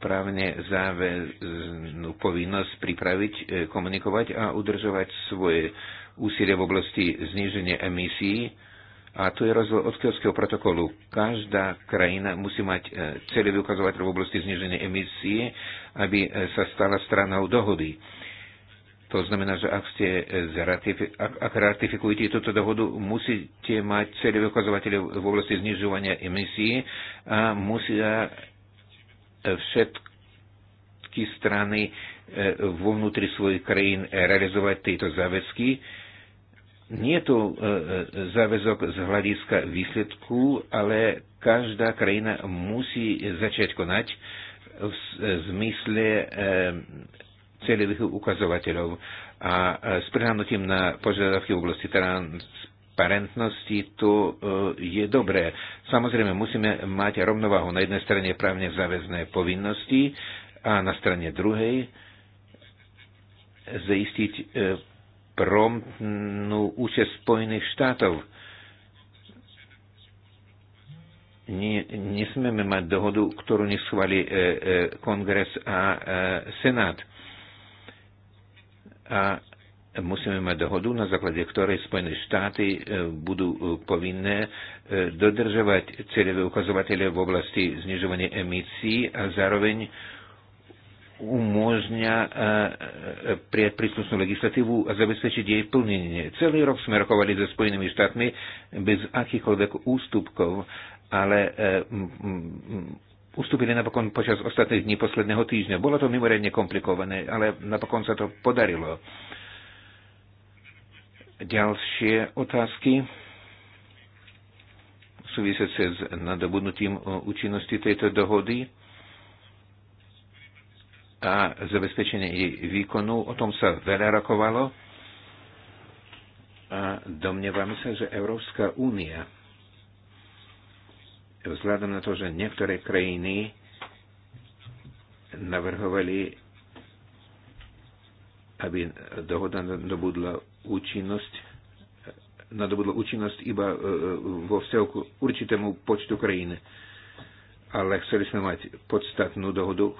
právne záväznú povinnosť pripraviť, komunikovať a udržovať svoje úsilie v oblasti zníženia emisí a tu je rozdiel od Kielského protokolu. Každá krajina musí mať e, celý vyukazovať v oblasti zniženia emisie, aby e, sa stala stranou dohody. To znamená, že ak, ste e, zratifi- ak, ak ratifikujete túto dohodu, musíte mať celý vykazovateľ v oblasti znižovania emisí a musia všetky strany vo vnútri svojich krajín realizovať tieto záväzky nie je to e, e, záväzok z hľadiska výsledku, ale každá krajina musí začať konať v e, zmysle celých ukazovateľov a s prihľadnutím na požiadavky v oblasti transparentnosti to je dobré. Samozrejme, musíme mať rovnováhu na jednej strane právne záväzné povinnosti a na strane druhej zaistiť promptnú účasť Spojených štátov. Nie, nesmieme mať dohodu, ktorú neschvali e, e, kongres a e, senát. A musíme mať dohodu, na základe ktorej Spojené štáty e, budú e, povinné e, dodržovať cieľové ukazovatele v oblasti znižovania emisí a zároveň e, umožňa e, e, prijať príslušnú legislatívu a zabezpečiť jej plnenie. Celý rok sme rokovali so Spojenými štátmi bez akýchkoľvek ústupkov, ale e, ustúpili napokon počas ostatných dní posledného týždňa. Bolo to mimoriadne komplikované, ale napokon sa to podarilo. Ďalšie otázky súvisiace s nadobudnutím účinnosti tejto dohody a zabezpečenie jej výkonu. O tom sa veľa rokovalo a domnievame sa, že Európska únia vzhľadom na to, že niektoré krajiny navrhovali, aby dohoda nadobudla účinnosť nadobudla účinnosť iba e, e, vo vzťahu k určitému počtu krajín. Ale chceli sme mať podstatnú dohodu,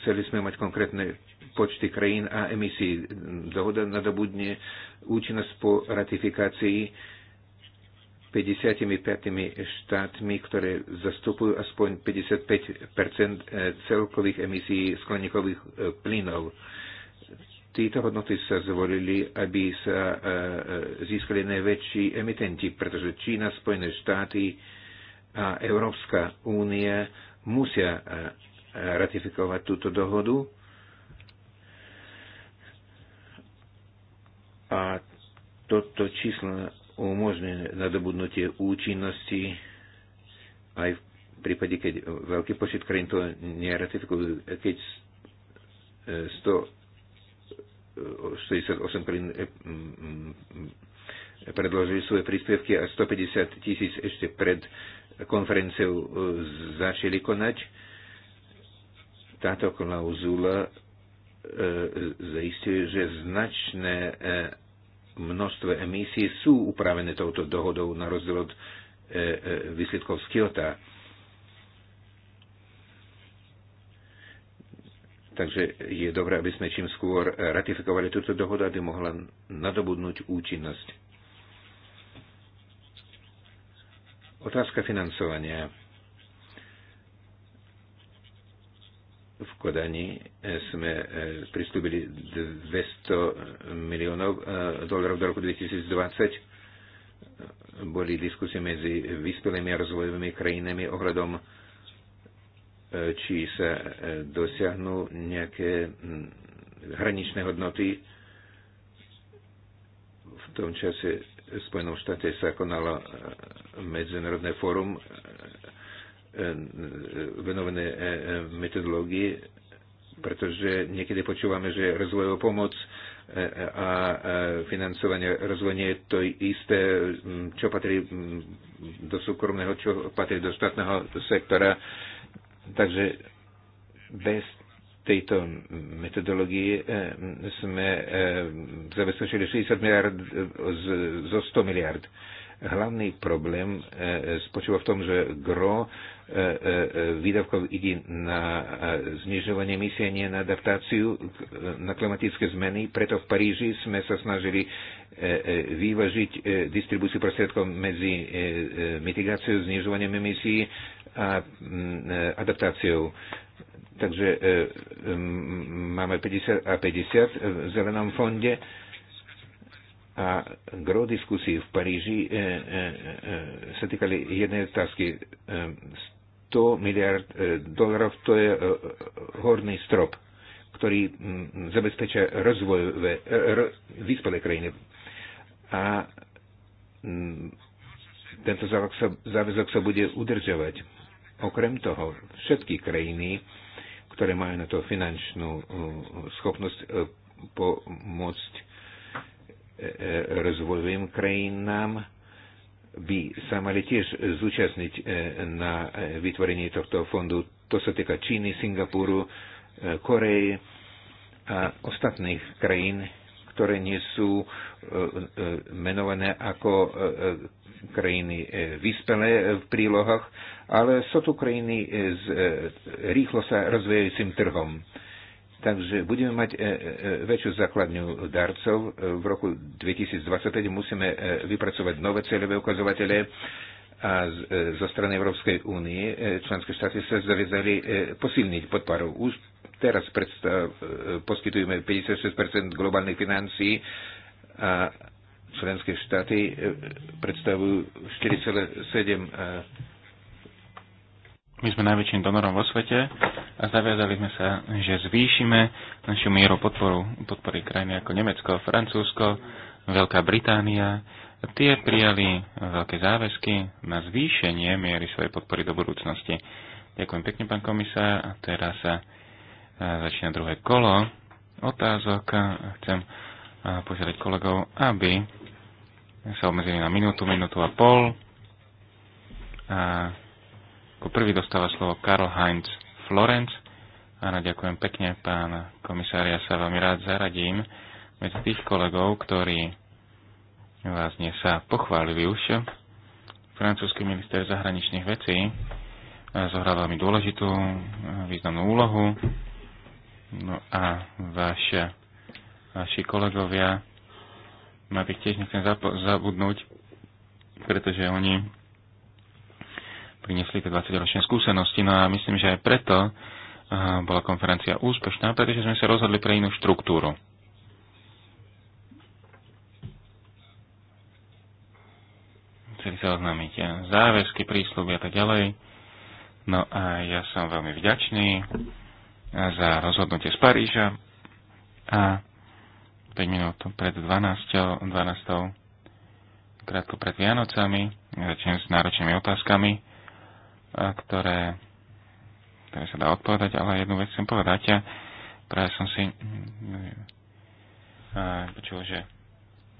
Chceli sme mať konkrétne počty krajín a emisí. Dohoda nadobudne účinnosť po ratifikácii 55 štátmi, ktoré zastupujú aspoň 55 celkových emisí skleníkových e, plynov. Títo hodnoty sa zvolili, aby sa e, e, získali najväčší emitenti, pretože Čína, Spojené štáty a Európska únia musia ratifikovať túto dohodu. A toto číslo umožňuje nadobudnutie účinnosti aj v prípade, keď veľký počet krajín to neratifikujú, keď 168 krajín eh, mm, predložili svoje príspevky a 150 tisíc ešte pred konferenciou eh, začali konať táto klauzula e, zaistuje, že značné e, množstvo emisí sú upravené touto dohodou na rozdiel od e, výsledkov z Kyoto. Takže je dobré, aby sme čím skôr ratifikovali túto dohodu, aby mohla nadobudnúť účinnosť. Otázka financovania. v Kodani eh, sme eh, pristúbili 200 miliónov eh, dolarov do roku 2020. Boli diskusie medzi vyspelými a rozvojovými krajinami ohľadom, či sa dosiahnu nejaké mm, hraničné hodnoty. V tom čase v Spojenom štáte sa konalo medzinárodné fórum E, e, venované e, metodológii, pretože niekedy počúvame, že rozvojová pomoc a financovanie rozvoja nie je to isté, čo patrí do súkromného, čo patrí do štátneho sektora. Takže bez tejto metodológie sme zabezpečili 60 miliard zo 100 miliard. Hlavný problém spočíva v tom, že gro E, e, výdavkov ide na e, znižovanie misie, nie na adaptáciu na klimatické zmeny. Preto v Paríži sme sa snažili vyvažiť distribúciu prostriedkov medzi mitigáciou, znižovaním emisí a adaptáciou. Takže máme 50 a 50 v zelenom fonde. A gro diskusí v Paríži e, e, e, sa týkali jednej otázky. 100 miliard e, dolarov, to je e, e, horný strop, ktorý zabezpečia rozvojové, vyspelé krajiny. A tento záväzok sa bude udržovať. Okrem toho, všetky krajiny, ktoré majú na to finančnú schopnosť pomôcť rozvojovým krajinám, by sa mali tiež zúčastniť e, na e, vytvorení tohto fondu. To sa týka Číny, Singapuru, e, Korei, a ostatných krajín, ktoré nie sú menované ako krajiny vyspelé v prílohách, ale sú tu krajiny s rýchlo sa rozvíjajúcim trhom. Takže budeme mať e, e, e, väčšiu základňu darcov. V roku 2025 musíme vypracovať nové cieľové ukazovatele a zo strany Európskej únie členské štáty sa zaviazali posilniť podporu. Už teraz predstav, poskytujeme 56 globálnych financií a členské štáty predstavujú 4,7 my sme najväčším donorom vo svete a zaviazali sme sa, že zvýšime našu mieru podporu, podpory krajiny ako Nemecko, Francúzsko, Veľká Británia. Tie prijali veľké záväzky na zvýšenie miery svojej podpory do budúcnosti. Ďakujem pekne, pán komisár. A teraz sa e, začína druhé kolo otázok. Chcem e, požiadať kolegov, aby sa obmedzili na minútu, minútu a pol. A ako prvý dostáva slovo Karl Heinz Florenc. Áno, ďakujem pekne, pán komisár, ja sa veľmi rád zaradím medzi tých kolegov, ktorí vás dnes sa pochválili už. Francúzsky minister zahraničných vecí zohral veľmi dôležitú významnú úlohu. No a vaše, vaši kolegovia, ma tiež nechcem zabudnúť, pretože oni priniesli tie 20-ročné skúsenosti. No a myslím, že aj preto bola konferencia úspešná, pretože sme sa rozhodli pre inú štruktúru. Chceli sa oznámiť záväzky, prísluby a tak ďalej. No a ja som veľmi vďačný za rozhodnutie z Paríža a 5 minút pred 12. 12. krátko pred Vianocami začnem s náročnými otázkami ktoré, ktoré sa dá odpovedať, ale jednu vec chcem povedať. Práve som si počul, že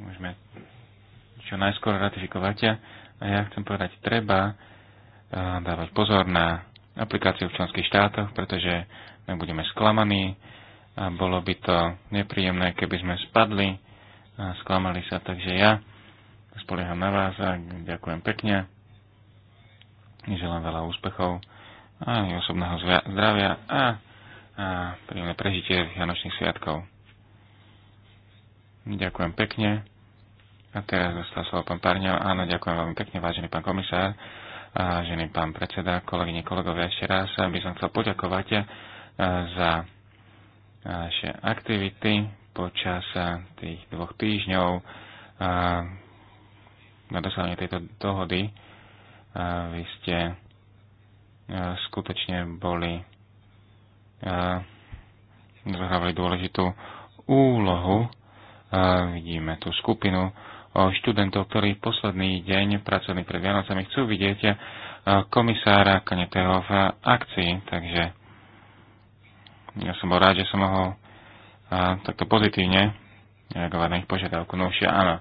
môžeme čo najskôr ratifikovať a ja chcem povedať, treba dávať pozor na aplikáciu v členských štátoch, pretože my budeme sklamaní a bolo by to nepríjemné, keby sme spadli a sklamali sa. Takže ja spolieham na vás a ďakujem pekne Želám veľa úspechov a aj osobného zdravia a, a príjemné prežitie Vianočných sviatkov. Ďakujem pekne. A teraz dostal slovo pán Parňo. Áno, ďakujem veľmi pekne, vážený pán komisár, vážený pán predseda, kolegyne, kolegovia, ešte raz by som chcel poďakovať za naše aktivity počas tých dvoch týždňov na dosahanie tejto dohody vy ste e, skutočne boli e, zohrávali dôležitú úlohu. E, vidíme tú skupinu študentov, ktorí posledný deň pracovný pred Vianocami chcú vidieť komisára Kaneteho v akcii. Takže ja som bol rád, že som mohol takto pozitívne reagovať na ich požiadavku. No už áno,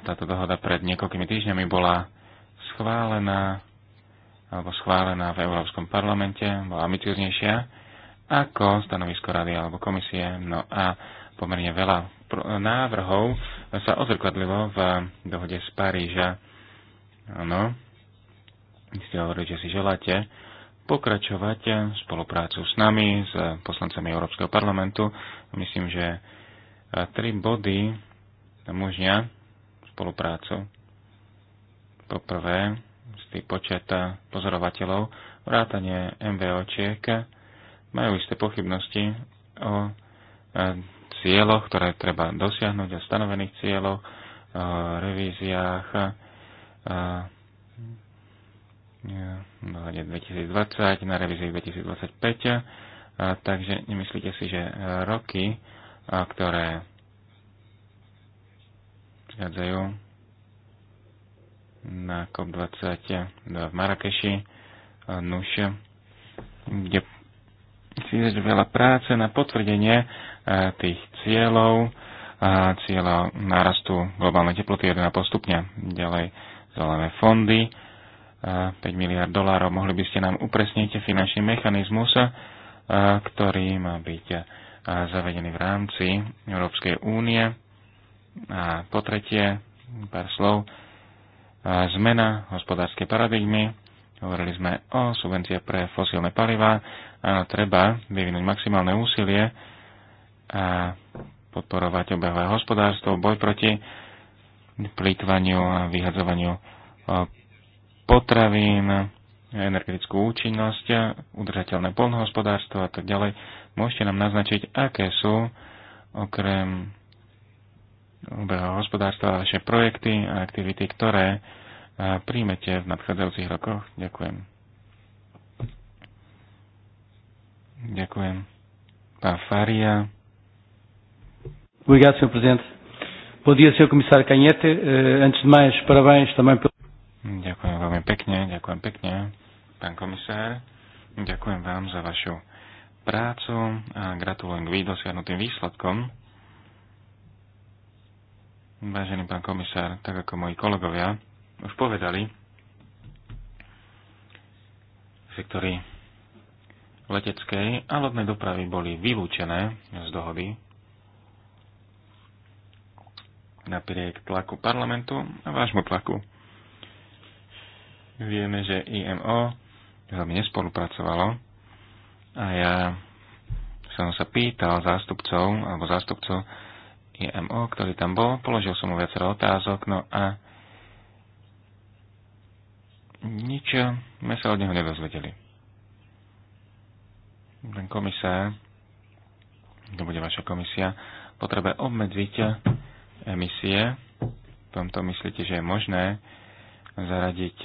táto dohoda pred niekoľkými týždňami bola schválená alebo schválená v Európskom parlamente, bola ambicioznejšia ako stanovisko rady alebo komisie. No a pomerne veľa návrhov sa ozrkadlilo v dohode z Paríža. Áno, ste hovorili, že si želáte pokračovať spoluprácu s nami, s poslancami Európskeho parlamentu. Myslím, že eh, tri body umožňa spoluprácu z tých počet eh, pozorovateľov, vrátanie MVOčiek, majú isté pochybnosti o eh, cieľoch, ktoré treba dosiahnuť o stanovených cieľoch, revíziách o eh, 2020, na revízii 2025. takže nemyslíte si, že roky, ktoré prichádzajú, na COP22 v Marrakeši, Nuš, kde si veľa práce na potvrdenie e, tých cieľov, cieľa nárastu globálnej teploty 1,5 stupňa. Ďalej zelené fondy, 5 e, miliard dolárov. Mohli by ste nám upresniť finančný mechanizmus, e, ktorý má byť zavedený v rámci Európskej únie. A po tretie, pár slov zmena hospodárskej paradigmy. Hovorili sme o subvenciách pre fosílne paliva. Áno, treba vyvinúť maximálne úsilie a podporovať obehové hospodárstvo, boj proti plýtvaniu a vyhadzovaniu potravín, energetickú účinnosť, udržateľné polnohospodárstvo a tak ďalej. Môžete nám naznačiť, aké sú okrem obeho hospodárstva a vaše projekty a aktivity, ktoré e, príjmete v nadchádzajúcich rokoch. Ďakujem. Ďakujem. Pán Faria. Obrigado, Sr. Presidente. Bom dia, Sr. Comissário Canhete. Eh, antes de mais, parabéns também pelo... Ďakujem veľmi pekne, ďakujem pekne, pán komisár. Ďakujem vám za vašu prácu a gratulujem k dosiahnutým výsledkom. Vážený pán komisár, tak ako moji kolegovia už povedali, sektory leteckej a lodnej dopravy boli vylúčené z dohody napriek tlaku parlamentu a vášmu tlaku. Vieme, že IMO veľmi nespolupracovalo a ja som sa pýtal zástupcov alebo zástupcov MO, ktorý tam bol. Položil som mu viacero otázok, no a nič sme sa od neho nedozvedeli. Ten komisár, to bude vaša komisia, potrebuje obmedziť emisie. V tomto myslíte, že je možné zaradiť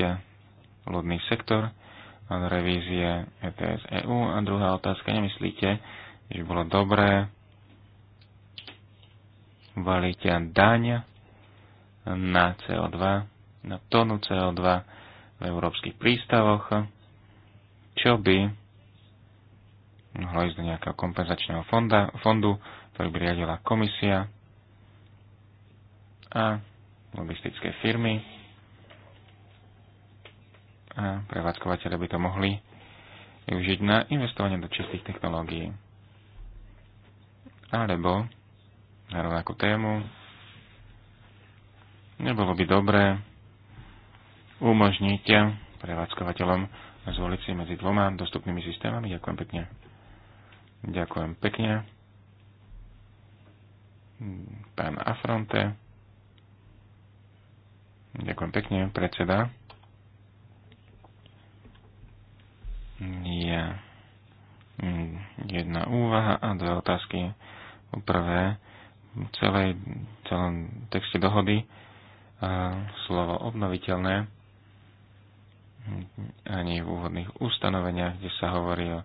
ľudný sektor do revízie ETS EU. A druhá otázka, nemyslíte, že bolo dobré uvaliť daň na CO2, na tonu CO2 v európskych prístavoch, čo by mohlo ísť do nejakého kompenzačného fonda, fondu, ktorý by riadila komisia a logistické firmy a prevádzkovateľe by to mohli využiť na investovanie do čistých technológií. Alebo na rovnakú tému. Nebolo by dobré umožniť prevádzkovateľom zvoliť si medzi dvoma dostupnými systémami. Ďakujem pekne. Ďakujem pekne. Pán Afronte. Ďakujem pekne, predseda. Je mm, jedna úvaha a dve otázky. Poprvé, celej, celom texte dohody a slovo obnoviteľné ani v úvodných ustanoveniach, kde sa hovorí o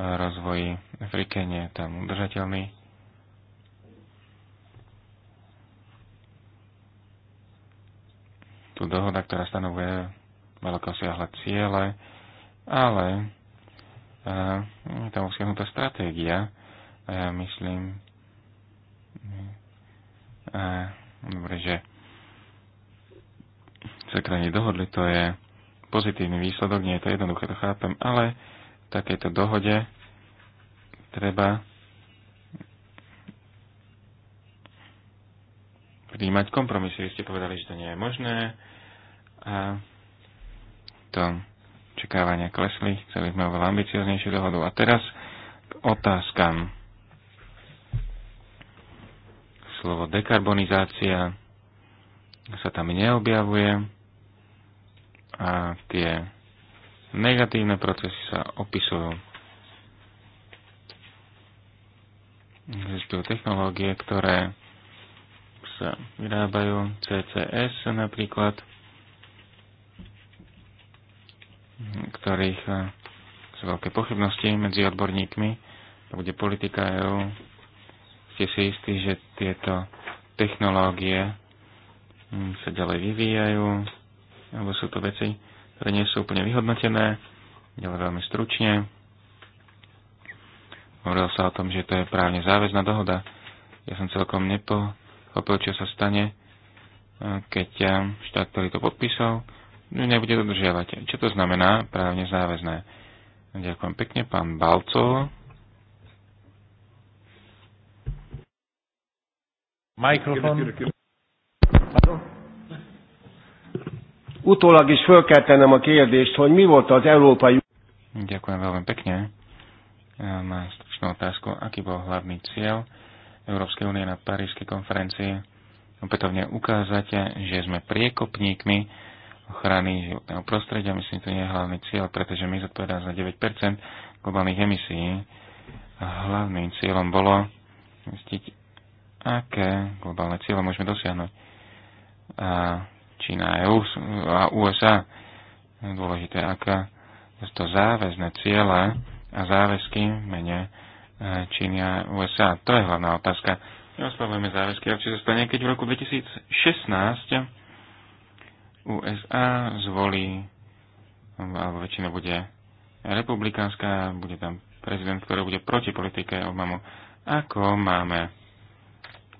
rozvoji Afrike, nie je tam udržateľný. Tu dohoda, ktorá stanovuje veľkosiahle ciele, ale je tam obsiahnutá stratégia a ja myslím, No. E, dobre, že sa krajine dohodli, to je pozitívny výsledok, nie je to jednoduché, to chápem, ale v takejto dohode treba príjmať kompromisy. Vy ste povedali, že to nie je možné a to očakávania klesli, chceli sme oveľa ambicioznejšiu dohodu. A teraz k otázkam. slovo dekarbonizácia sa tam neobjavuje a tie negatívne procesy sa opisujú. Existujú technológie, ktoré sa vyrábajú, CCS napríklad, ktorých sú veľké pochybnosti medzi odborníkmi, to bude politika EU, ste si istí, že tieto technológie mm, sa ďalej vyvíjajú, alebo sú to veci, ktoré nie sú úplne vyhodnotené, ďalej veľmi stručne. Hovoril sa o tom, že to je právne záväzná dohoda. Ja som celkom nepochopil, čo sa stane, e, keď e, štát, ktorý to podpísal, nebude dodržiavať. Čo to znamená právne záväzné? Ďakujem pekne, pán Balco. Mikrofon. Utólag is föl kell tennem a kérdést, hogy mi volt az európai... Ďakujem veľmi pekne. Má stručnú otázku, aký bol hlavný cieľ Európskej únie na Parížskej konferencii. Opätovne ukázať, že sme priekopníkmi ochrany životného prostredia. Myslím, to nie je hlavný cieľ, pretože my zodpovedáme za 9% globálnych emisí. Hlavným cieľom bolo zistiť, aké globálne cieľe môžeme dosiahnuť. A Čína e a EU a USA dôležité, aká to záväzne ciele a záväzky v mene e, Číny a USA. To je hlavná otázka. Neoslavujeme záväzky, ale či sa stane, keď v roku 2016 USA zvolí, alebo väčšina bude republikánska, bude tam prezident, ktorý bude proti politike Obamu. Ako máme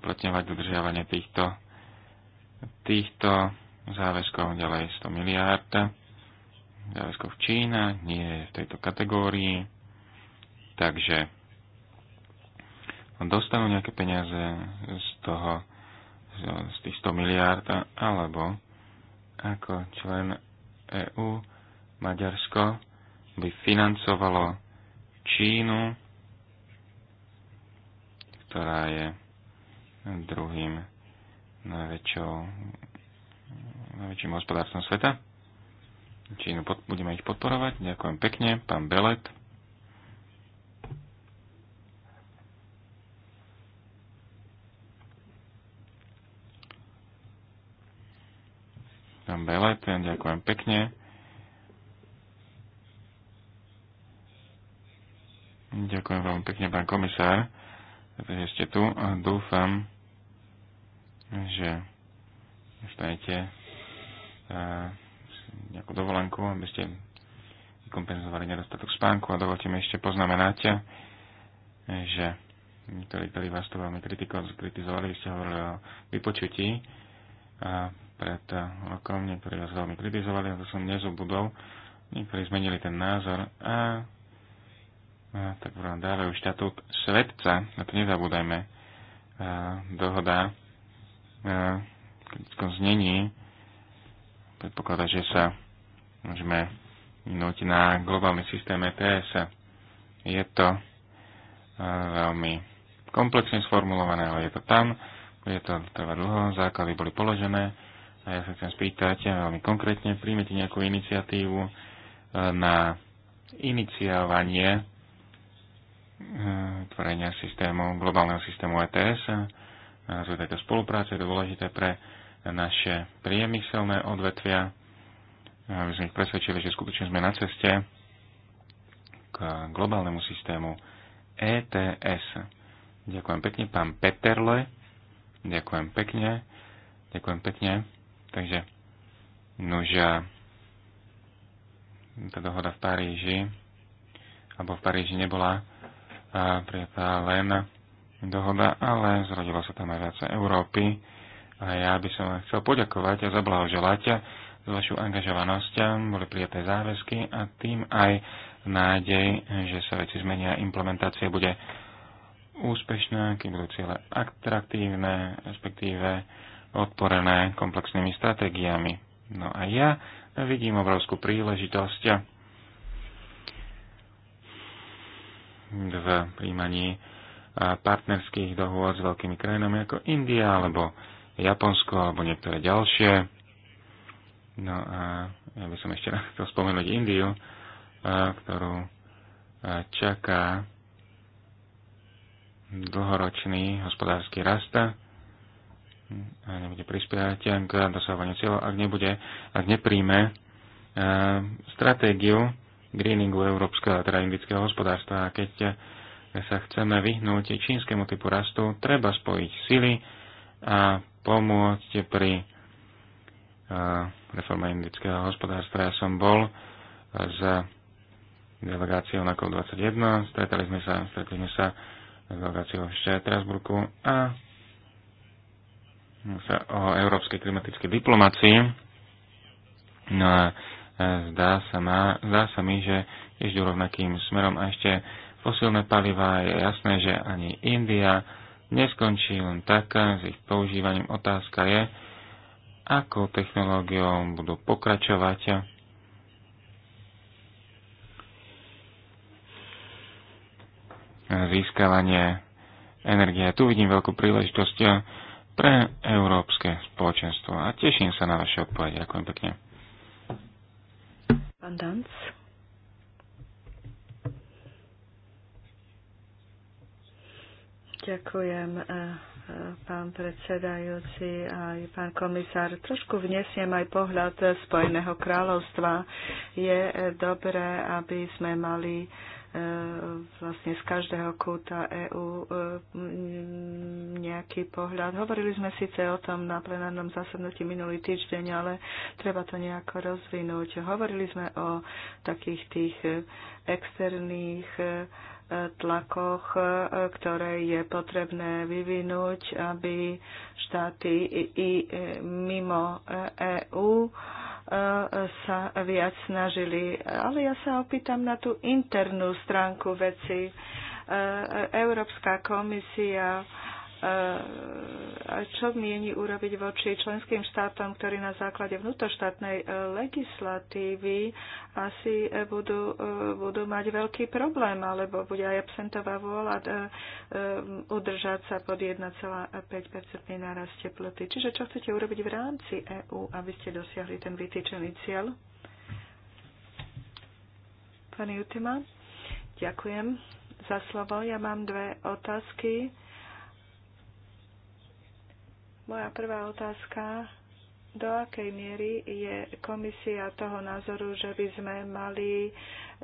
uplatňovať dodržiavanie týchto, týchto záväzkov ďalej 100 miliárd záväzkov Čína nie je v tejto kategórii, takže dostanú nejaké peniaze z toho, z tých 100 miliárd, alebo ako člen EÚ Maďarsko by financovalo Čínu, ktorá je druhým najväčšou, najväčším hospodárstvom sveta. Čínu pod, budeme ich podporovať. Ďakujem pekne, pán Belet. Pán Belet, ďakujem pekne. Ďakujem veľmi pekne, pán komisár, že ste tu. Dúfam, že dostanete e, nejakú dovolenku, aby ste kompenzovali nedostatok spánku a dovolte mi ešte poznamenať, že niektorí, ktorí vás tu veľmi kritizovali, ste hovorili o vypočutí a e, pred rokom, niektorí vás veľmi kritizovali a to som nezobudol, niektorí zmenili ten názor a, a tak vám dávajú štatút svetca, na to nezabúdajme, a, e, dohoda kritickom znení predpokladá, že sa môžeme minúť na globálny systém ETS. Je to e, veľmi komplexne sformulované, ale je to tam, bude to trvá dlho, základy boli položené a ja sa chcem spýtať veľmi konkrétne, príjmete nejakú iniciatívu e, na iniciovanie e, vytvorenia systému, globálneho systému ETS Rozvoj tejto spolupráce je dôležité pre naše priemyselné odvetvia, aby sme ich presvedčili, že skutočne sme na ceste k globálnemu systému ETS. Ďakujem pekne, pán Peterle. Ďakujem pekne. Ďakujem pekne. Takže, nože, tá dohoda v Paríži, alebo v Paríži nebola prijatá len dohoda, ale zrodilo sa tam aj viac Európy. A ja by som vám chcel poďakovať a zablahoželať za vašu angažovanosť. Boli prijaté záväzky a tým aj nádej, že sa veci zmenia, implementácia bude úspešná, keď budú cieľe atraktívne, respektíve odporené komplexnými stratégiami. No a ja vidím obrovskú príležitosť v príjmaní partnerských dohôd s veľkými krajinami ako India alebo Japonsko alebo niektoré ďalšie. No a ja by som ešte raz chcel spomenúť Indiu, ktorú čaká dlhoročný hospodársky rast a nebude prispievať k dosahovaniu cieľov, ak nebude, ak nepríjme stratégiu greeningu európskeho, teda indického hospodárstva. A keď sa chceme vyhnúť čínskemu typu rastu, treba spojiť sily a pomôcť pri e, reforme indického hospodárstva. Ja som bol e, s delegáciou na COP21, stretali sme sa, stretli sme sa s delegáciou v Štrasburku a sa o európskej klimatickej diplomácii. No a e, zdá sa, ma, zdá sa mi, že ešte rovnakým smerom a ešte Fosilné palivá je jasné, že ani India neskončí len tak s ich používaním. Otázka je, ako technológiou budú pokračovať. získavanie energie. Tu vidím veľkú príležitosť pre európske spoločenstvo a teším sa na vaše odpovede. Ďakujem pekne. Pán Danc. Ďakujem, eh, eh, pán predsedajúci aj pán komisár. Trošku vnesiem aj pohľad Spojeného kráľovstva. Je eh, dobré, aby sme mali vlastne z každého kúta EÚ nejaký pohľad. Hovorili sme síce o tom na plenárnom zasadnutí minulý týždeň, ale treba to nejako rozvinúť. Hovorili sme o takých tých externých tlakoch, e, ktoré je potrebné vyvinúť, aby štáty i e, mimo EÚ e sa viac snažili. Ale ja sa opýtam na tú internú stránku veci. Európska komisia čo mieni urobiť voči členským štátom, ktorí na základe vnútoštátnej e, legislatívy asi e, budú, e, budú mať veľký problém, alebo bude aj absentová vôľa udržať sa pod 1,5% nárast teploty. Čiže čo chcete urobiť v rámci EÚ, aby ste dosiahli ten vytýčený cieľ? Pani Utima, ďakujem za slovo. Ja mám dve otázky moja prvá otázka, do akej miery je komisia toho názoru, že by sme mali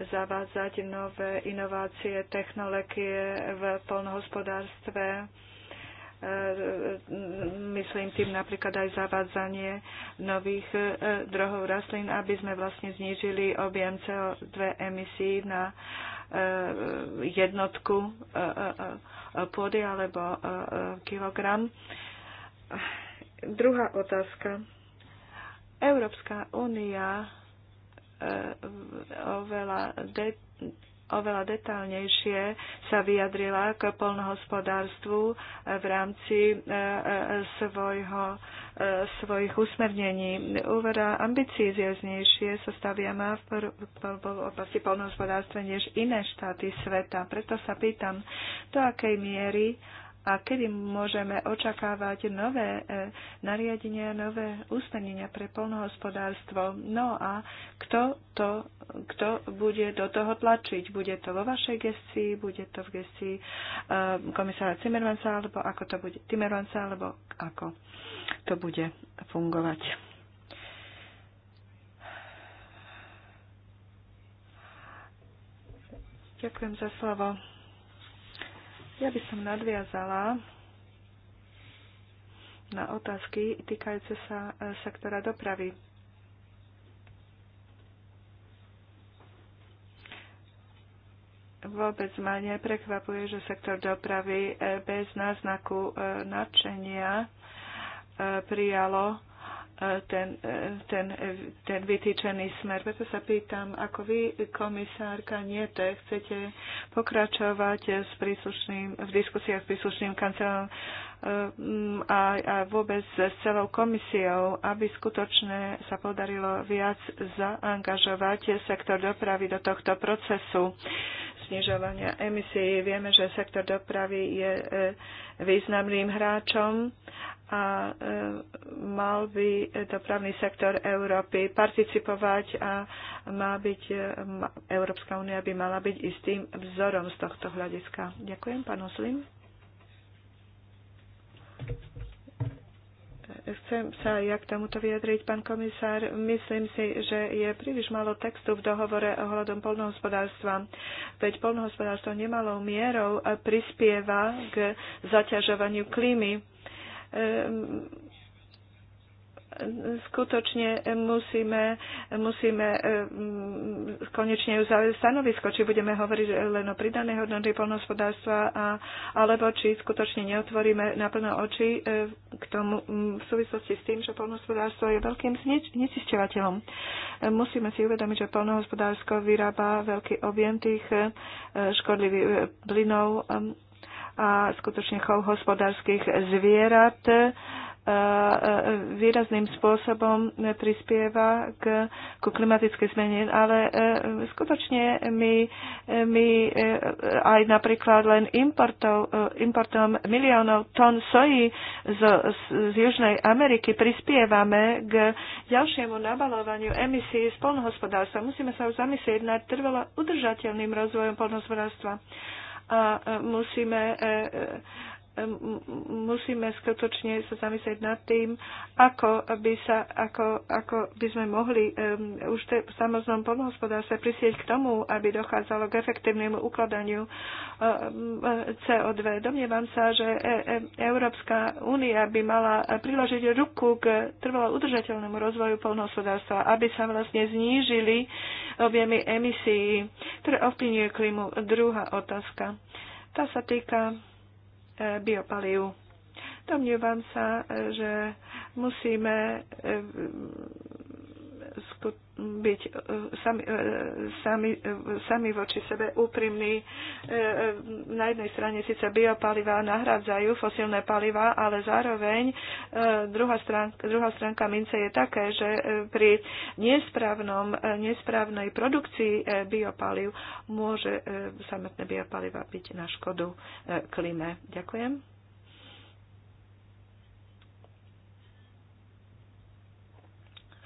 zavádzať nové inovácie, technológie v polnohospodárstve? E, myslím tým napríklad aj zavádzanie nových e, druhov rastlín, aby sme vlastne znížili objem CO2 emisí na e, jednotku pôdy alebo kilogram. Druhá otázka. Európska únia e, oveľa, de, oveľa detálnejšie sa vyjadrila k polnohospodárstvu v rámci e, e, svojho, svojich usmernení. Oveľa ambicioznejšie sa staviame v, v, oblasti polnohospodárstva než iné štáty sveta. Preto sa pýtam, do akej miery a kedy môžeme očakávať nové e, nariadenia, nové ustanenia pre polnohospodárstvo. No a kto, to, kto bude do toho tlačiť? Bude to vo vašej gestii, bude to v gestii e, komisára Timmermansa, alebo ako to bude, Timmermansa, alebo ako to bude fungovať? Ďakujem za slovo. Ja by som nadviazala na otázky týkajúce sa e, sektora dopravy. Vôbec ma neprekvapuje, že sektor dopravy e, bez náznaku e, nadšenia prijalo E, ten, e, ten, e, ten vytýčený smer. Preto sa pýtam, ako vy, komisárka te, chcete pokračovať s príslušným, v diskusiách s príslušným kancelom a, a vôbec s celou komisiou, aby skutočne sa podarilo viac zaangažovať sektor dopravy do tohto procesu znižovania emisí. Vieme, že sektor dopravy je e, významným hráčom a e, mal by dopravný sektor Európy participovať a má byť, e, Európska únia by mala byť istým vzorom z tohto hľadiska. Ďakujem, pán Oslim. Chcem sa ja k tomuto vyjadriť, pán komisár. Myslím si, že je príliš malo textu v dohovore ohľadom polnohospodárstva. Veď polnohospodárstvo nemalou mierou prispieva k zaťažovaniu klímy ehm, skutočne musíme, musíme e, konečne uzavrieť stanovisko, či budeme hovoriť len o pridanej hodnoty polnohospodárstva, a, alebo či skutočne neotvoríme naplno oči e, k tomu v súvislosti s tým, že polnohospodárstvo je veľkým znečisťovateľom. E, musíme si uvedomiť, že polnohospodárstvo vyrába veľký objem tých škodlivých plynov a skutočne chov hospodárskych zvierat výrazným spôsobom prispieva k, k klimatickej zmene, ale e, skutočne my, my e, aj napríklad len importov, e, importom miliónov tón soji z, z, z Južnej Ameriky prispievame k ďalšiemu nabalovaniu emisí z polnohospodárstva. Musíme sa už zamyslieť nad trvalo udržateľným rozvojom polnohospodárstva a musíme musíme skutočne sa zamyslieť nad tým, ako by, sa, ako, ako by sme mohli um, už te, v samoznom polnohospodárstve prisieť k tomu, aby dochádzalo k efektívnemu ukladaniu um, eh, CO2. Domnievam sa, že e, e, Európska únia by mala priložiť ruku k trvalo udržateľnému rozvoju polnohospodárstva, aby sa vlastne znížili objemy emisí, ktoré ovplyvňujú klimu. Druhá otázka. Tá sa týka biopalív. Domnievam sa, že musíme byť e, sami, e, sami, e, sami voči sebe úprimní. Na jednej strane síce biopalivá nahradzajú fosilné palivá, ale zároveň druhá stránka, druhá stránka mince je také, že pri nesprávnom, nesprávnej produkcii biopaliv môže samotné biopaliva byť na škodu klime. Ďakujem.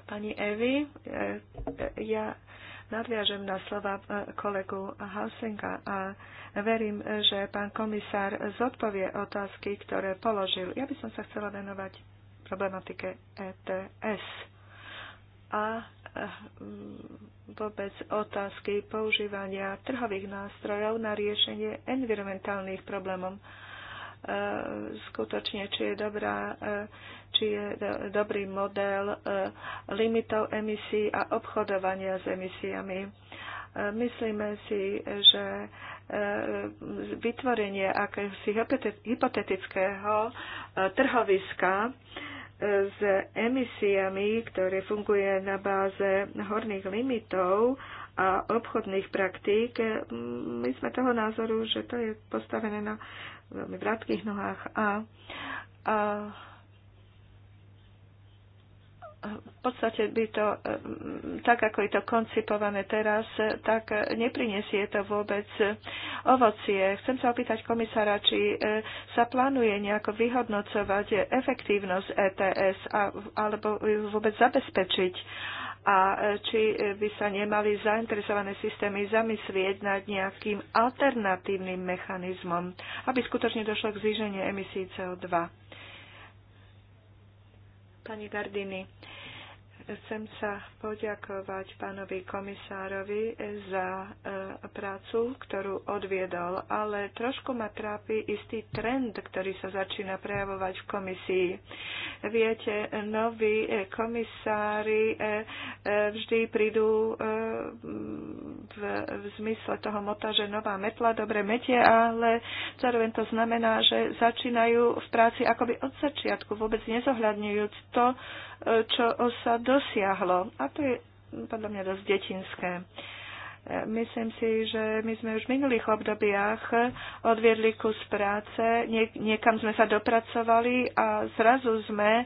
pani Evy. E, e, ja nadviažem na slova e, kolegu Hausinga a verím, že pán komisár zodpovie otázky, ktoré položil. Ja by som sa chcela venovať problematike ETS a vôbec otázky používania trhových nástrojov na riešenie environmentálnych problémov E, skutočne, či je, dobrá, e, či je dobrý model e, limitov emisí a obchodovania s emisiami. Myslíme si, že vytvorenie akéhosi hypotetického trhoviska s emisiami, ktoré funguje na báze horných limitov a obchodných praktík, my sme toho názoru, že to je postavené na veľmi vratkých nohách a, a v podstate by to, mm, tak ako je to koncipované teraz, tak neprinesie to vôbec ovocie. Chcem sa opýtať komisára, či e, sa plánuje nejako vyhodnocovať efektívnosť ETS alebo ju vôbec zabezpečiť a e, či e, by sa nemali zainteresované systémy zamyslieť nad nejakým alternatívnym mechanizmom, aby skutočne došlo k zíženiu emisí CO2. Pani Gardini, Chcem sa poďakovať pánovi komisárovi za e, prácu, ktorú odviedol, ale trošku ma trápi istý trend, ktorý sa začína prejavovať v komisii. Viete, noví e, komisári e, vždy prídu v, v zmysle toho mota, že nová metla dobre metie, ale zároveň to znamená, že začínajú v práci akoby od začiatku, vôbec nezohľadňujúc to, čo sa do dosiahlo. A to je podľa mňa dosť detinské. E, myslím si, že my sme už v minulých obdobiach odviedli kus práce, niekam sme sa dopracovali a zrazu sme e,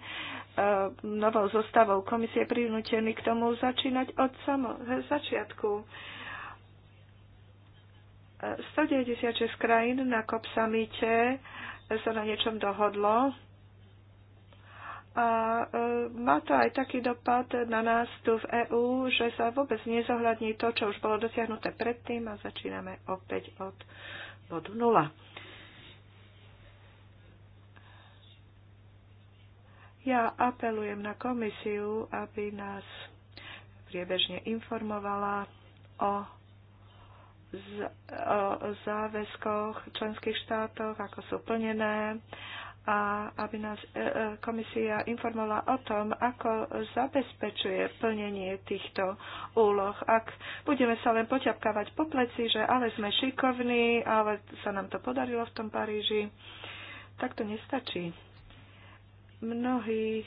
novou zostavou komisie prinútení k tomu začínať od samého e, začiatku. 196 krajín na COP samite sa na niečom dohodlo a e, má to aj taký dopad na nás tu v EÚ, že sa vôbec nezohľadní to, čo už bolo dosiahnuté predtým a začíname opäť od bodu nula. Ja apelujem na komisiu, aby nás priebežne informovala o, z, o záväzkoch členských štátoch, ako sú plnené, a aby nás e, e, komisia informovala o tom, ako zabezpečuje plnenie týchto úloh. Ak budeme sa len poťapkávať po pleci, že ale sme šikovní, ale sa nám to podarilo v tom Paríži, tak to nestačí. Mnohí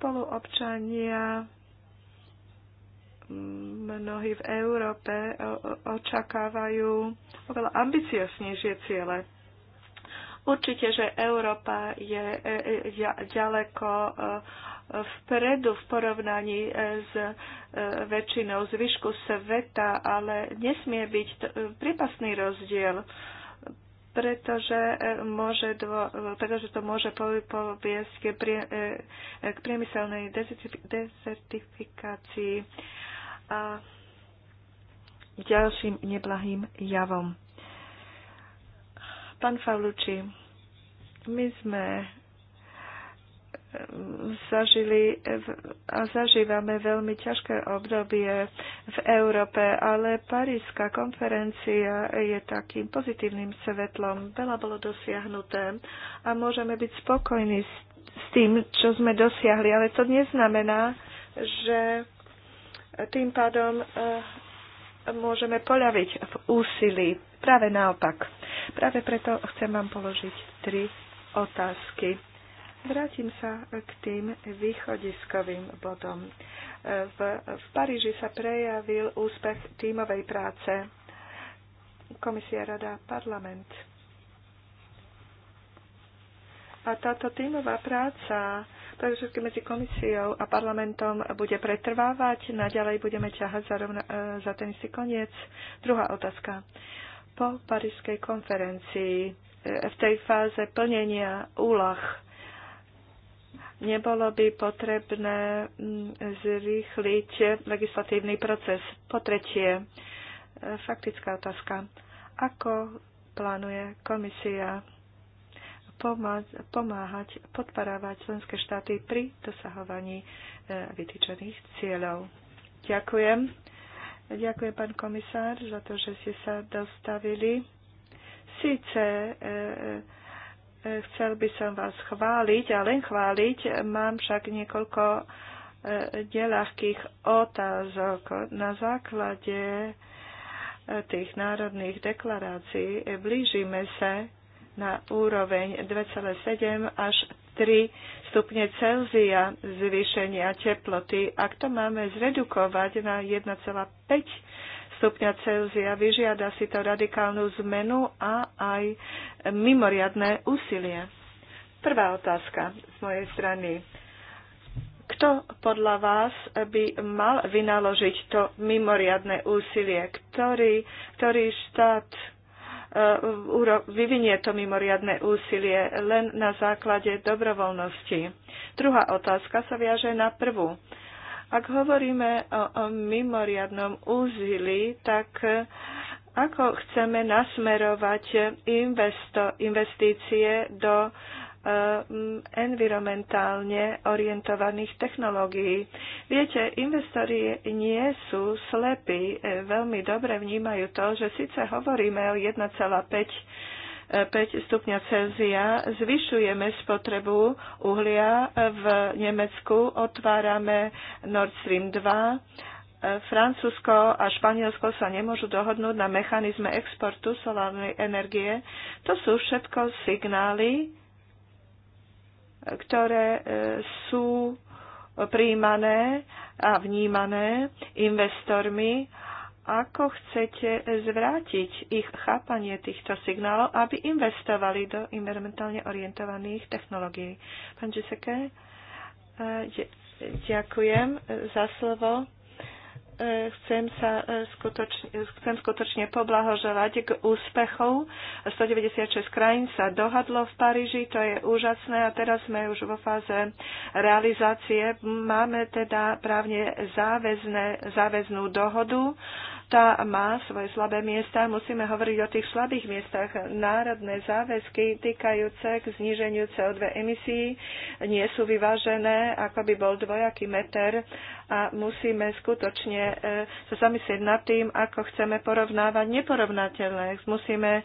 spoluobčania mnohí v Európe očakávajú oveľa ambicioznejšie ciele. Určite, že Európa je e, e, ďaleko e, vpredu v porovnaní s väčšinou zvyšku sveta, ale nesmie byť prípasný rozdiel pretože, môže dvo, pretože to môže poviesť k, prie, k priemyselnej desertifikácii. A ďalším neblahým javom. Pán Favluči, my sme ehm, zažili a zažívame veľmi ťažké obdobie v Európe, ale Parížská konferencia je takým pozitívnym svetlom. Veľa bolo dosiahnuté a môžeme byť spokojní s tým, čo sme dosiahli, ale to neznamená, že tým pádom eh, môžeme poľaviť v úsilí. Práve naopak. Práve preto chcem vám položiť tri otázky. Vrátim sa k tým východiskovým bodom. V, v Paríži sa prejavil úspech tímovej práce. Komisia Rada Parlament. A táto tímová práca Takže medzi komisiou a parlamentom bude pretrvávať, naďalej budeme ťahať za, rovna, e, za ten istý koniec. Druhá otázka. Po parískej konferencii e, v tej fáze plnenia úlah nebolo by potrebné mm, zrýchliť legislatívny proces. Po tretie, e, faktická otázka. Ako plánuje komisia pomáhať, podporávať členské štáty pri dosahovaní e, vytýčených cieľov. Ďakujem. Ďakujem, pán komisár, za to, že ste sa dostavili. Sice e, e, chcel by som vás chváliť a len chváliť, mám však niekoľko e, nelahkých otázok. Na základe e, tých národných deklarácií e, blížime sa na úroveň 2,7 až 3 stupne Celzia zvýšenia teploty. Ak to máme zredukovať na 1,5 stupňa Celzia, vyžiada si to radikálnu zmenu a aj mimoriadné úsilie. Prvá otázka z mojej strany. Kto podľa vás by mal vynaložiť to mimoriadne úsilie? Ktorý, ktorý štát E, vyvinie to mimoriadne úsilie len na základe dobrovoľnosti. Druhá otázka sa viaže na prvú. Ak hovoríme o, o mimoriadnom úzili, tak e, ako chceme nasmerovať investo, investície do Eh, environmentálne orientovaných technológií. Viete, investori nie sú slepí, eh, veľmi dobre vnímajú to, že síce hovoríme o 1,5 eh, stupňa Celzia, zvyšujeme spotrebu uhlia v Nemecku, otvárame Nord Stream 2, Francúzsko a Španielsko sa nemôžu dohodnúť na mechanizme exportu solárnej energie. To sú všetko signály, ktoré e, sú príjmané a vnímané investormi, ako chcete zvrátiť ich chápanie týchto signálov, aby investovali do environmentálne orientovaných technológií. Pán Giseke, e, ďakujem za slovo chcem sa e, skutočne, e, chcem skutočne poblahoželať k úspechov. 196 krajín sa dohadlo v Paríži, to je úžasné a teraz sme už vo fáze realizácie. Máme teda právne záväzne, záväznú dohodu tá má svoje slabé miesta. Musíme hovoriť o tých slabých miestach. Národné záväzky týkajúce k zníženiu CO2 emisí nie sú vyvážené, ako by bol dvojaký meter a musíme skutočne e, sa zamyslieť nad tým, ako chceme porovnávať neporovnateľné. Musíme e, e,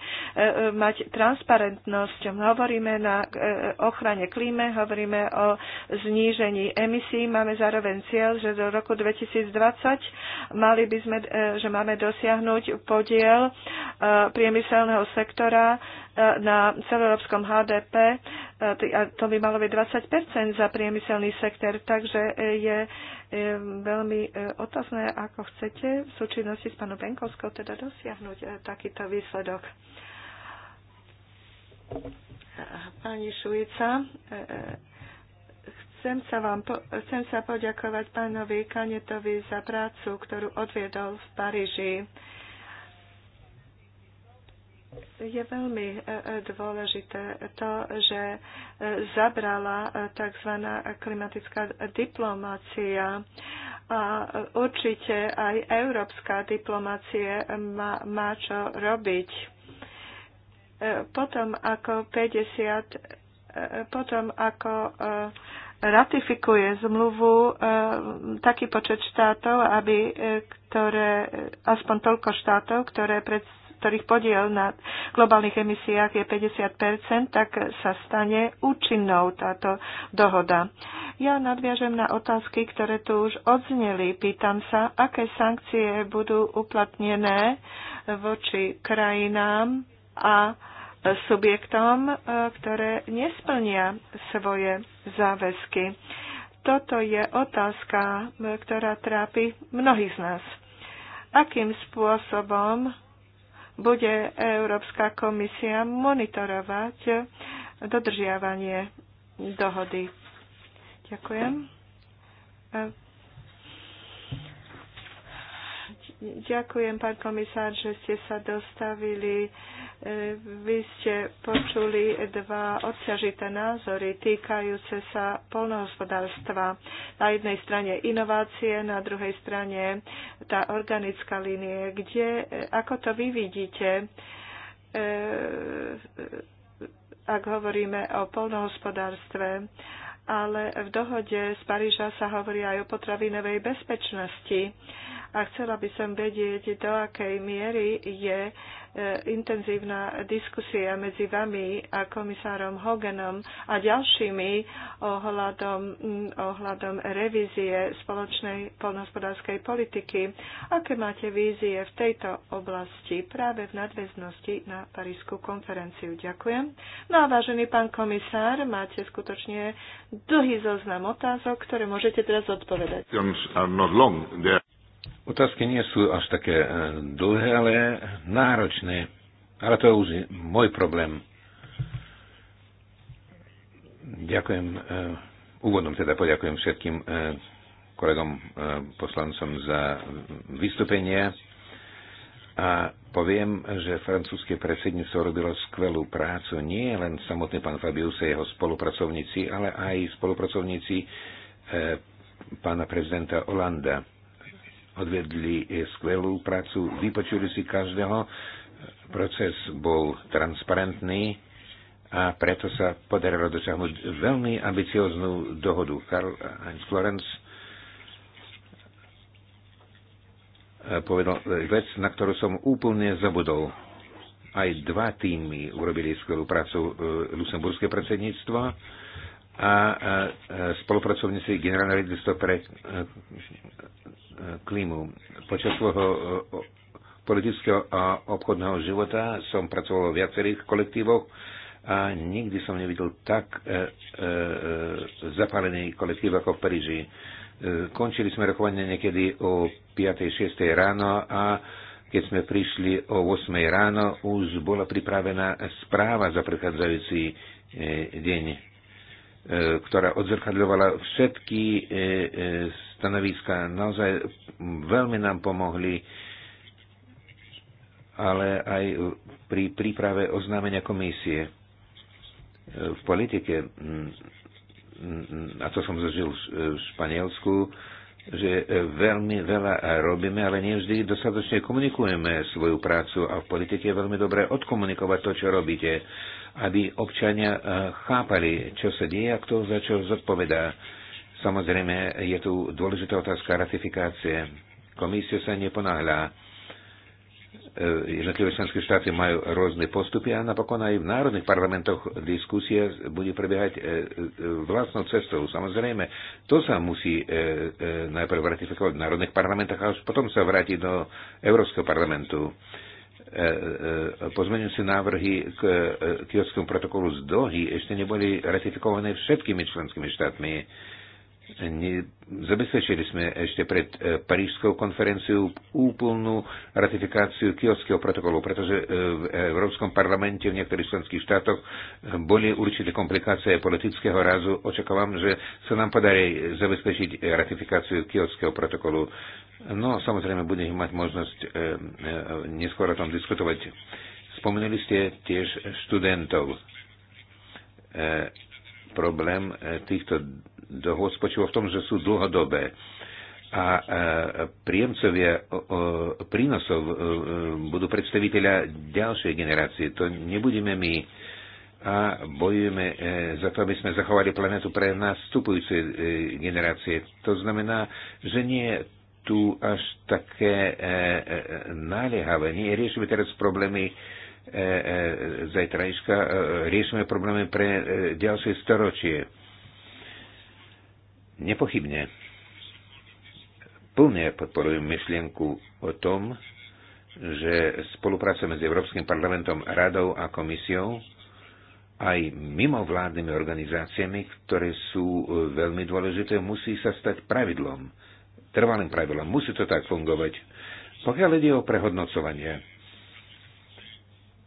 mať transparentnosť. Hovoríme na ochrane klíme, hovoríme o znížení emisí, máme zároveň cieľ, že do roku 2020 mali by sme, že máme dosiahnuť podiel priemyselného sektora na celoeurópskom HDP eh, a to by malo byť 20 za priemyselný sektor, takže eh, je eh, veľmi otázne, ako chcete v súčinnosti s pánom Benkovskou teda dosiahnuť takýto výsledok. Pani Šujica, chcem sa, vám, chcem sa poďakovať pánovi Kanetovi za prácu, ktorú odviedol v Paríži je veľmi e, e, dôležité to, že e, zabrala tzv. klimatická diplomácia a určite aj európska diplomácie má, má čo robiť. Potom ako 50, potom ako ratifikuje zmluvu taký počet štátov, aby ktoré, aspoň toľko štátov, ktoré predstavujú ktorých podiel na globálnych emisiách je 50 tak sa stane účinnou táto dohoda. Ja nadviažem na otázky, ktoré tu už odzneli. Pýtam sa, aké sankcie budú uplatnené voči krajinám a subjektom, e, ktoré nesplnia svoje záväzky. Toto je otázka, e, ktorá trápi mnohých z nás. Akým spôsobom bude Európska komisia monitorovať dodržiavanie dohody. Ďakujem. Ďakujem, pán komisár, že ste sa dostavili. E, vy ste počuli dva odťažité názory týkajúce sa polnohospodárstva. Na jednej strane inovácie, na druhej strane tá organická línie. Kde, e, ako to vy vidíte, e, ak hovoríme o polnohospodárstve, ale v dohode z Paríža sa hovorí aj o potravinovej bezpečnosti. A chcela by som vedieť, do akej miery je intenzívna diskusia medzi vami a komisárom Hoganom a ďalšími ohľadom, mm, ohľadom revízie spoločnej polnohospodárskej politiky. Aké máte vízie v tejto oblasti práve v nadväznosti na Parísku konferenciu? Ďakujem. No a vážený pán komisár, máte skutočne dlhý zoznam otázok, ktoré môžete teraz odpovedať. Otázky nie sú až také e, dlhé, ale náročné. Ale to je už môj problém. Ďakujem. E, úvodom teda poďakujem všetkým e, kolegom poslancom za vystúpenie a poviem, že francúzske predsedníctvo robilo skvelú prácu. Nie len samotný pán Fabius a jeho spolupracovníci, ale aj spolupracovníci pána prezidenta Olanda odvedli eh, skvelú prácu, vypočuli si každého, proces bol transparentný a preto sa podarilo dosiahnuť veľmi ambicioznú dohodu. Karl Heinz Florenz eh, povedal eh, vec, na ktorú som úplne zabudol. Aj dva týmy urobili skvelú prácu, Lusemburské predsedníctvo a spolupracovníci generálneho riaditeľstva pre e, klímu. Počas svojho politického a obchodného života som pracoval v viacerých kolektívoch a nikdy som nevidel tak e, e, zapálený kolektív ako v Paríži. Končili sme rokovanie niekedy o 5.6. ráno a keď sme prišli o 8 ráno, už bola pripravená správa za prechádzajúci deň E, ktorá odzrkadľovala všetky e, e, stanoviska. Naozaj veľmi nám pomohli, ale aj pri príprave oznámenia komisie. V politike, a to som zažil v Španielsku, že veľmi veľa robíme, ale nevždy dostatočne komunikujeme svoju prácu a v politike je veľmi dobré odkomunikovať to, čo robíte aby občania eh, chápali, čo sa deje a kto za čo zodpovedá. Samozrejme, je tu dôležitá otázka ratifikácie. Komisia sa neponáhľa. Eh, jednotlivé členské štáty majú rôzne postupy a napokon aj v národných parlamentoch diskusia bude prebiehať eh, vlastnou cestou. Samozrejme, to sa musí najprv ratifikovať v národných parlamentoch a až potom sa vráti do Európskeho parlamentu. E, e, pozmeňujúce návrhy k e, kiotskému protokolu z Dohy ešte neboli ratifikované všetkými členskými štátmi. Zabezpečili sme ešte pred Parížskou konferenciou úplnú ratifikáciu kiotského protokolu, pretože v Európskom parlamente v niektorých členských štátoch boli určité komplikácie politického razu. Očakávam, že sa nám podarí zabezpečiť ratifikáciu kiotského protokolu. No, samozrejme, budeme mať možnosť e, e, neskôr o tom diskutovať. Spomenuli ste tiež študentov. E, problém e, týchto dohod spočíva v tom, že sú dlhodobé a e, príjemcovia o, o, prínosov e, budú predstaviteľa ďalšej generácie. To nebudeme my a bojujeme e, za to, aby sme zachovali planetu pre nastupujúce e, generácie. To znamená, že nie tu až také e, e, naliehavé. Nie riešime teraz problémy e, e, zajtrajška, e, riešime problémy pre e, ďalšie storočie. Nepochybne. Plne podporujem myšlienku o tom, že spolupráca medzi Európskym parlamentom, radou a komisiou aj mimovládnymi organizáciami, ktoré sú e, veľmi dôležité, musí sa stať pravidlom trvalým pravidlom. Musí to tak fungovať. Pokiaľ ide o prehodnocovanie,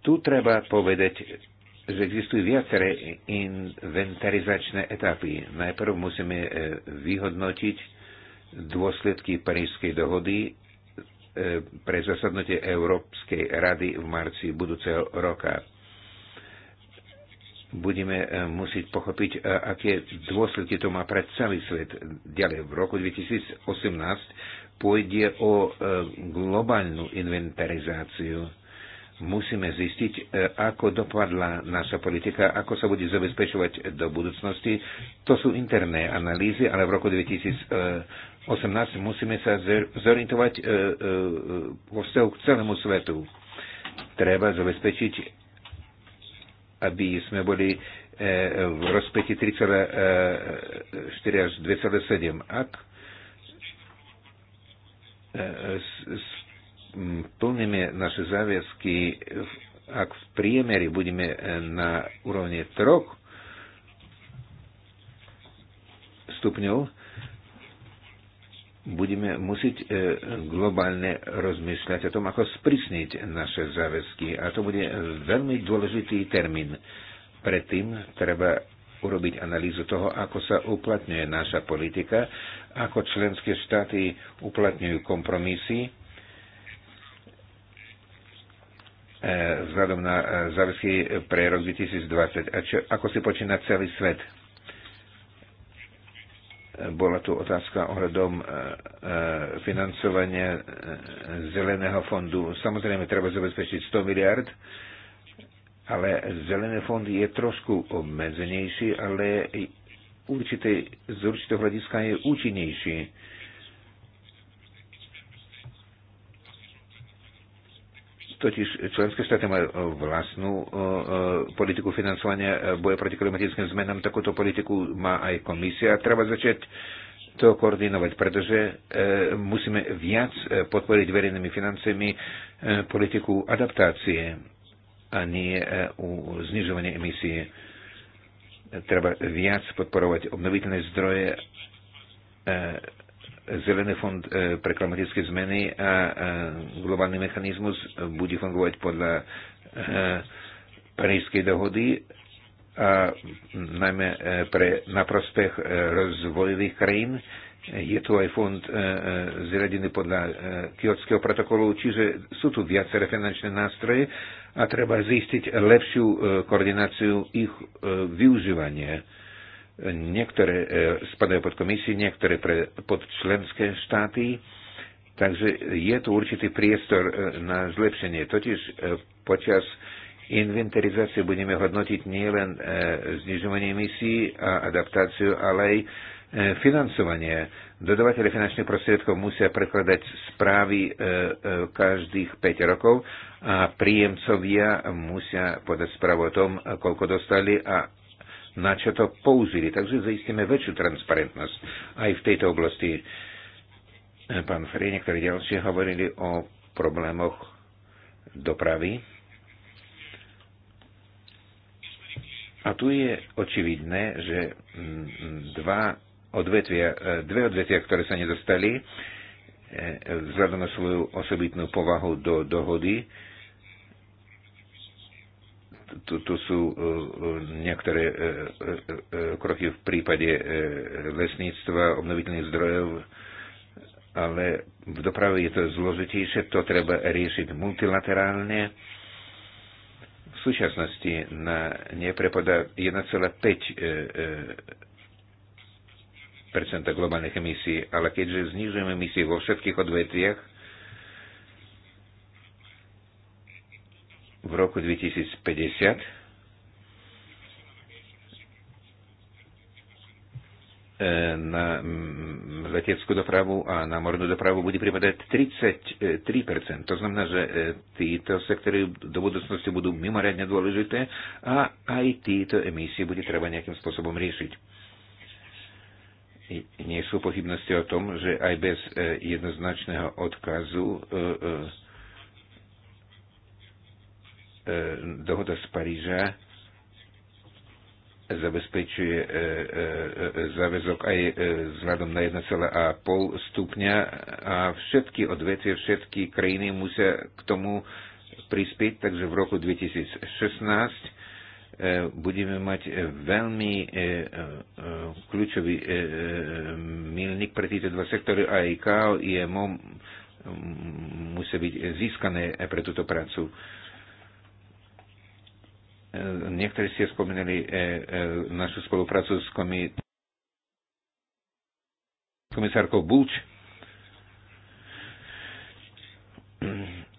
tu treba povedať, že existujú viaceré inventarizačné etapy. Najprv musíme e, vyhodnotiť dôsledky Parížskej dohody e, pre zasadnutie Európskej rady v marci budúceho roka budeme e, musieť pochopiť, e, aké dôsledky to má pre celý svet. Ďalej, v roku 2018 pôjde o e, globálnu inventarizáciu. Musíme zistiť, ako dopadla naša politika, ako sa bude zabezpečovať do budúcnosti. To sú interné analýzy, ale v roku 2018 musíme sa zorientovať vo vzťahu k celému svetu. Treba zabezpečiť aby sme boli e, v rozpeti 3,4 e, až 2,7. Ak e, plníme naše záväzky, ak v priemere budeme na úrovni 3 stupňov, budeme musieť e, globálne rozmýšľať o tom, ako sprísniť naše záväzky. A to bude veľmi dôležitý termín. Predtým treba urobiť analýzu toho, ako sa uplatňuje naša politika, ako členské štáty uplatňujú kompromisy e, vzhľadom na e, záväzky pre rok 2020 a čo, ako si počína celý svet bola tu otázka ohľadom e, e, financovania e, Zeleného fondu. Samozrejme, treba zabezpečiť 100 miliard, ale Zelený fond je trošku obmedzenejší, ale určité, z určitého hľadiska je účinnejší Totiž členské štáty majú eh, vlastnú eh, eh, politiku financovania boja proti klimatickým zmenám. Takúto politiku má aj komisia. Treba začať to koordinovať, pretože musíme viac podporiť verejnými financiami politiku adaptácie a nie u znižovania emisie. Treba viac podporovať obnoviteľné zdroje Zelený fond e, pre klimatické zmeny a e, globálny mechanizmus e, bude fungovať podľa Parískej dohody a najmä pre, na prospech rozvojových krajín. Je tu aj fond zriadený podľa Kyotského protokolu, čiže sú tu viaceré finančné nástroje a treba zistiť lepšiu koordináciu ich využívania Niektoré e, spadajú pod komisie, niektoré pre, pod členské štáty. Takže je tu určitý priestor e, na zlepšenie. Totiž e, počas inventarizácie budeme hodnotiť nielen znižovanie emisí a adaptáciu, ale aj financovanie. Dodavatele finančných prostriedkov musia prekladať správy každých 5 rokov a príjemcovia musia podať správu o tom, koľko dostali a na čo to použili. Takže zaistíme väčšiu transparentnosť aj v tejto oblasti. Pán Frey, niektorí ďalšie hovorili o problémoch dopravy. A tu je očividné, že dva odvetvia, dve odvetvia, ktoré sa nedostali, e, vzhľadom na svoju osobitnú povahu do dohody, tu, tu sú e, e, niektoré e, kroky v prípade lesníctva, obnoviteľných zdrojov, ale v doprave je to zložitejšie, to treba riešiť multilaterálne. V súčasnosti na neprepada 1,5 globálnych emisí, ale keďže znižujeme emisie vo všetkých odvetviach, v roku 2050 e, na leteckú dopravu a na mornú dopravu bude pripadať 33%. E, to znamená, že e, títo sektory do budúcnosti budú mimoriadne dôležité a aj títo emisie bude treba nejakým spôsobom riešiť. Nie sú pochybnosti o tom, že aj bez jednoznačného odkazu E, dohoda z Paríža zabezpečuje e, e, záväzok aj vzhľadom na 1,5 stupňa a všetky odvetvie, všetky krajiny musia k tomu prispieť, takže v roku 2016 budeme mať veľmi kľúčový milník pre tieto dva sektory a ICAO, IMO musia byť získané pre túto prácu. Niektorí ste spomenuli e, e, našu spoluprácu s komisárkou Bulč.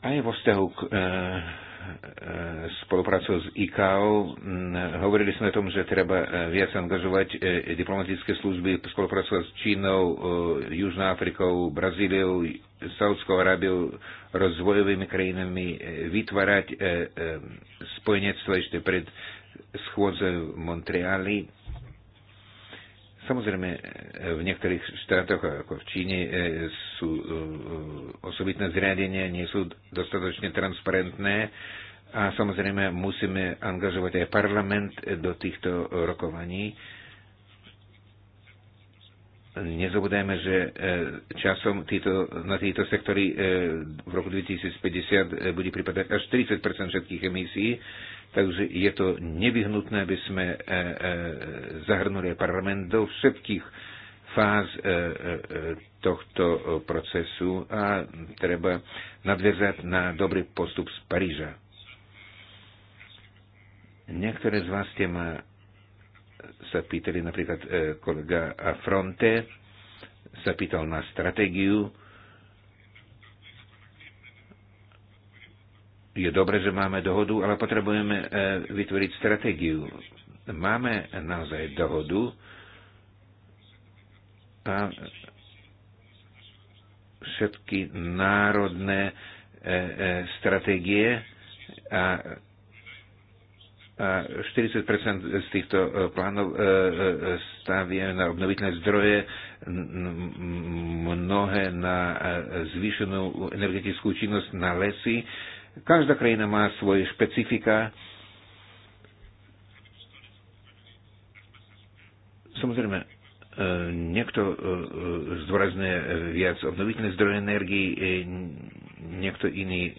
Aj vo vzťahu k e, E, spoluprácu s ICAO. Mm, hovorili sme o tom, že treba e, viac angažovať e, diplomatické služby, spolupracovať s Čínou, Južnou Afrikou, Brazíliou, Saudskou Arábiou, rozvojovými krajinami, vytvárať spojenectvo ešte pred schôdze v Montreali Samozrejme, e, v niektorých štátoch, ako v Číne, e, sú e, osobitné zriadenia, nie sú dostatočne transparentné a samozrejme musíme angažovať aj parlament do týchto rokovaní Nezabudajme, že e, časom týto, na tieto sektory e, v roku 2050 e, bude pripadať až 30% všetkých emisí, takže je to nevyhnutné, aby sme zahrnuli parlament do všetkých fáz tohto procesu a treba nadviazať na dobrý postup z Paríža. Niektoré z vás ste ma sa pýtali, napríklad e, kolega Fronte sa pýtal na stratégiu. Je dobre, že máme dohodu, ale potrebujeme e, vytvoriť stratégiu. Máme naozaj dohodu a všetky národné e, stratégie a 40 z týchto e, plánov e, e, stavia na obnoviteľné zdroje, mnohé na zvýšenú energetickú činnosť na lesy. Každá krajina má svoje špecifika. Samozrejme, niekto zdôrazňuje viac obnoviteľné zdroje energii, niekto iný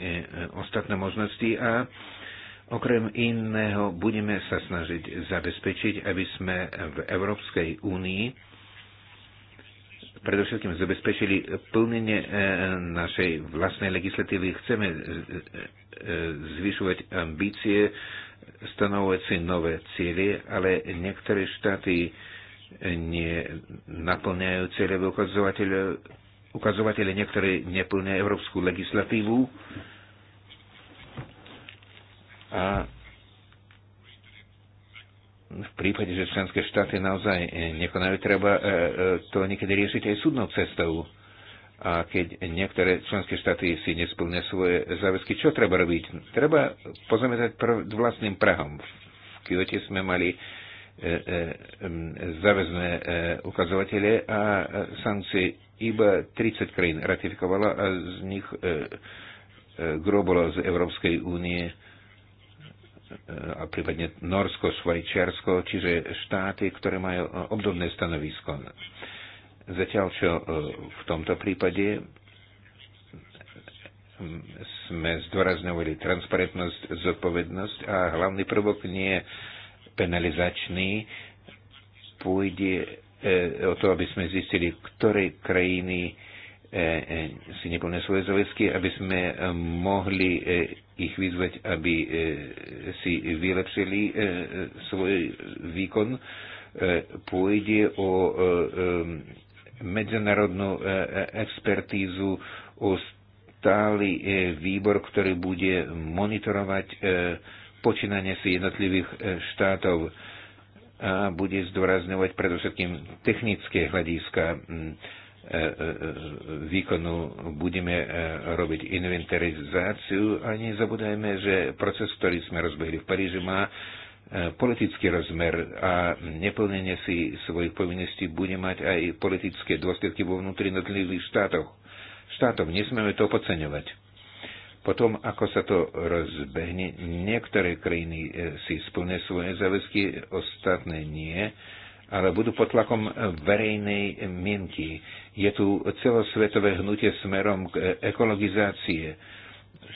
ostatné možnosti a Okrem iného budeme sa snažiť zabezpečiť, aby sme v Európskej únii predovšetkým zabezpečili plnenie e, našej vlastnej legislatívy. Chceme e, e, zvyšovať ambície, stanovovať si nové cieľe, ale niektoré štáty nenaplňajú cieľe ukazovateľe, ukazovateľe niektoré neplňajú európsku legislatívu a v prípade, že členské štáty naozaj e, nekonajú, treba e, e, to niekedy riešiť aj súdnou cestou. A keď niektoré členské štáty si nesplnia svoje záväzky, čo treba robiť? Treba pozametať pr- vlastným prahom. V Kyote sme mali záväzné ukazovatele a sankcie iba 30 krajín ratifikovalo a z nich grobolo z Európskej únie. E, a prípadne Norsko, Švajčiarsko, čiže štáty, ktoré majú e, obdobné stanovisko. Zatiaľ, čo e, v tomto prípade sme zdôrazňovali transparentnosť, zodpovednosť a hlavný prvok nie je penalizačný. Pôjde o to, aby sme zistili, ktoré krajiny si neplnia svoje záväzky, aby sme mohli ich vyzvať, aby e, si vylepšili e, svoj výkon. E, pôjde o medzinárodnú expertízu, o stály výbor, ktorý bude monitorovať počínanie si jednotlivých štátov a bude zdôrazňovať predovšetkým technické hľadiska výkonu budeme e, robiť inventarizáciu a nezabudajme, že proces, ktorý sme rozbehli v Paríži, má e, politický rozmer a neplnenie si svojich povinností bude mať aj politické dôsledky vo vnútri jednotlivých štátoch. Štátov nesmieme to podceňovať. Potom, ako sa to rozbehne, niektoré krajiny e, si splne svoje záväzky, ostatné nie ale budú pod tlakom verejnej mienky. Je tu celosvetové hnutie smerom k ekologizácie.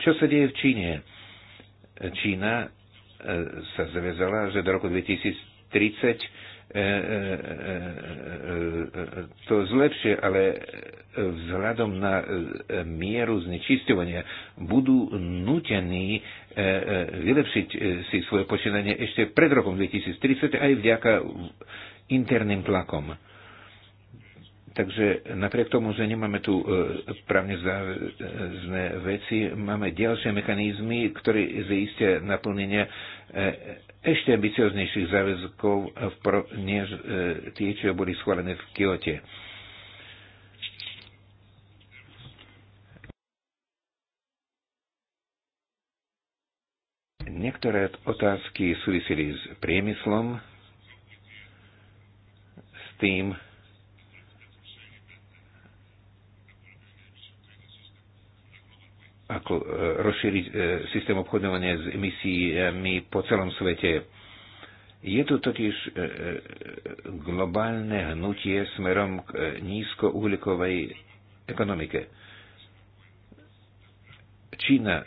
Čo sa deje v Číne? Čína e, sa zavezala, že do roku 2030 e, e, to zlepšie, ale vzhľadom na mieru znečisťovania budú nutení vylepšiť si svoje počínanie ešte pred rokom 2030 aj vďaka interným tlakom. Takže napriek tomu, že nemáme tu e, právne záväzné veci, máme ďalšie mechanizmy, ktoré zaistia naplnenie e, ešte ambicioznejších záväzkov, e, než tie, čo boli schválené v Kyote. Niektoré otázky súvisili s priemyslom, tým, ako e, rozšíriť e, systém obchodovania s emisiami po celom svete. Je tu totiž e, globálne hnutie smerom k nízkouhlikovej ekonomike. Čína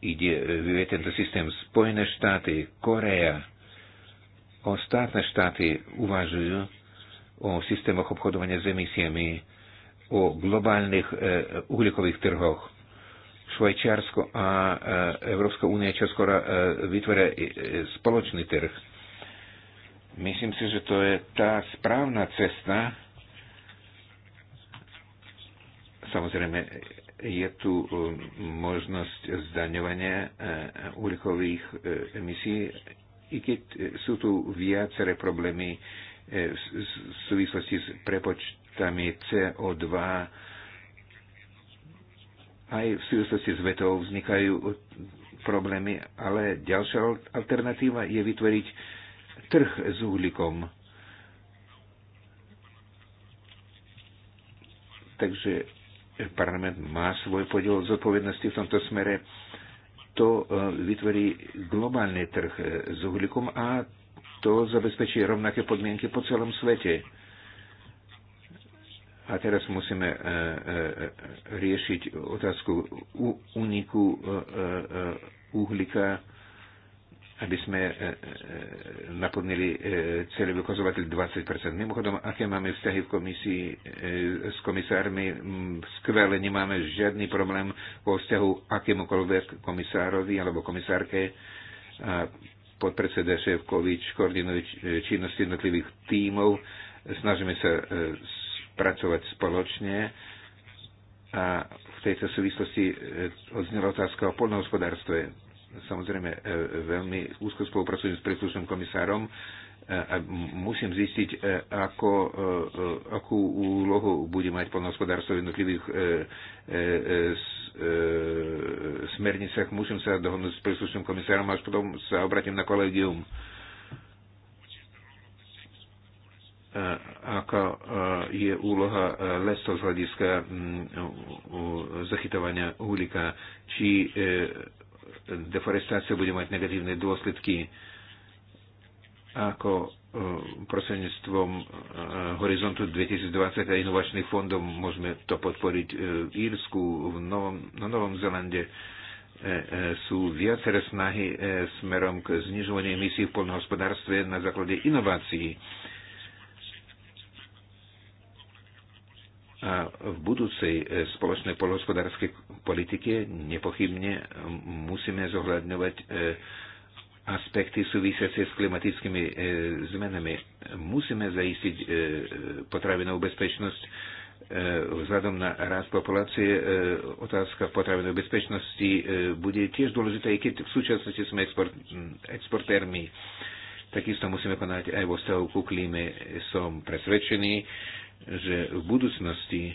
ide, vyvieť tento systém. Spojené štáty, Korea, Ostatné štáty uvažujú o systémoch obchodovania s emisiami, o globálnych e, uhlíkových trhoch. Švajčiarsko a e, Európska únia čoskoro e, vytvoria e, spoločný trh. Myslím si, že to je tá správna cesta. Samozrejme, je tu e, možnosť zdaňovania uhlíkových emisí i keď e, sú tu viaceré problémy e, v súvislosti s prepočtami CO2, aj v súvislosti s vetou vznikajú problémy, ale ďalšia alternatíva je vytvoriť trh s uhlíkom. Takže parlament má svoj podiel zodpovednosti v tomto smere to e, vytvorí globálny trh e, s uhlíkom a to zabezpečí rovnaké podmienky po celom svete. A teraz musíme e, riešiť otázku uniku uhlíka aby sme e, e, e, naplnili celý vykazovateľ 20%. Mimochodom, aké máme vzťahy v komisii s komisármi, mm, skvele nemáme žiadny problém vo vzťahu akémukoľvek komisárovi alebo komisárke podpredseda Ševkovič koordinuje činnosti jednotlivých tímov. Snažíme sa pracovať spoločne a v tejto súvislosti odznela otázka o polnohospodárstve samozrejme e, veľmi úzko spolupracujem s príslušným komisárom e, a musím zistiť, e, ako, akú úlohu bude mať polnohospodárstvo v jednotlivých e, e, e, smernicách. Musím sa dohodnúť s príslušným komisárom, až potom sa obratím na kolegium. aká je úloha lesov z hľadiska zachytovania uhlíka, či deforestácia bude mať negatívne dôsledky ako e, prostredníctvom e, Horizontu 2020 a inovačných fondov môžeme to podporiť e, v Írsku, v Novom, na Novom Zelande sú viaceré snahy smerom k znižovaniu emisí v polnohospodárstve na základe inovácií. A v budúcej e, spoločnej polohospodárskej politike nepochybne e, musíme zohľadňovať e, aspekty súvisiace s klimatickými zmenami. Musíme zaistiť potravinovú bezpečnosť vzhľadom na rast populácie otázka potravinovej bezpečnosti bude tiež dôležitá, i keď v súčasnosti sme export, exportérmi. Takisto musíme konať aj vo vzťahu ku klíme. Som presvedčený, že v budúcnosti e, e,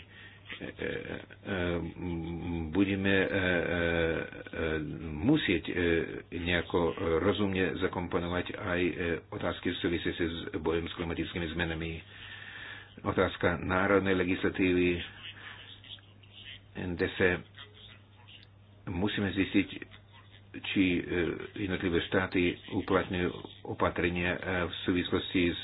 e, budeme musieť nejako rozumne zakomponovať aj otázky v súvisí s bojom s klimatickými zmenami. Otázka národnej legislatívy, kde sa musíme zistiť, či e, jednotlivé štáty uplatňujú opatrenia e, v súvislosti s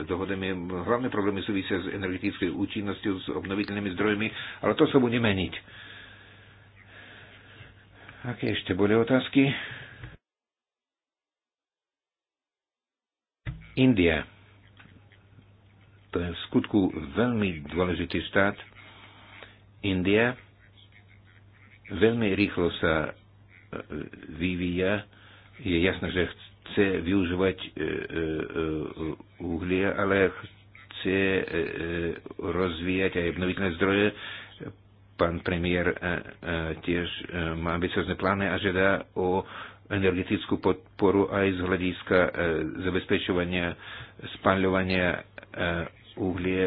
e, dohodami. Hlavné problémy súvisia s energetickou účinnosťou, s obnoviteľnými zdrojmi, ale to sa bude meniť. Aké ešte boli otázky? India. To je v skutku veľmi dôležitý štát. India veľmi rýchlo sa vyvíja. Je jasné, že chce využívať e, e, e, uhlie, ale chce rozvíjať aj obnoviteľné zdroje. Pán premiér tiež má ambiciozne plány a žiada o energetickú podporu aj z hľadiska zabezpečovania spáľovania uhlie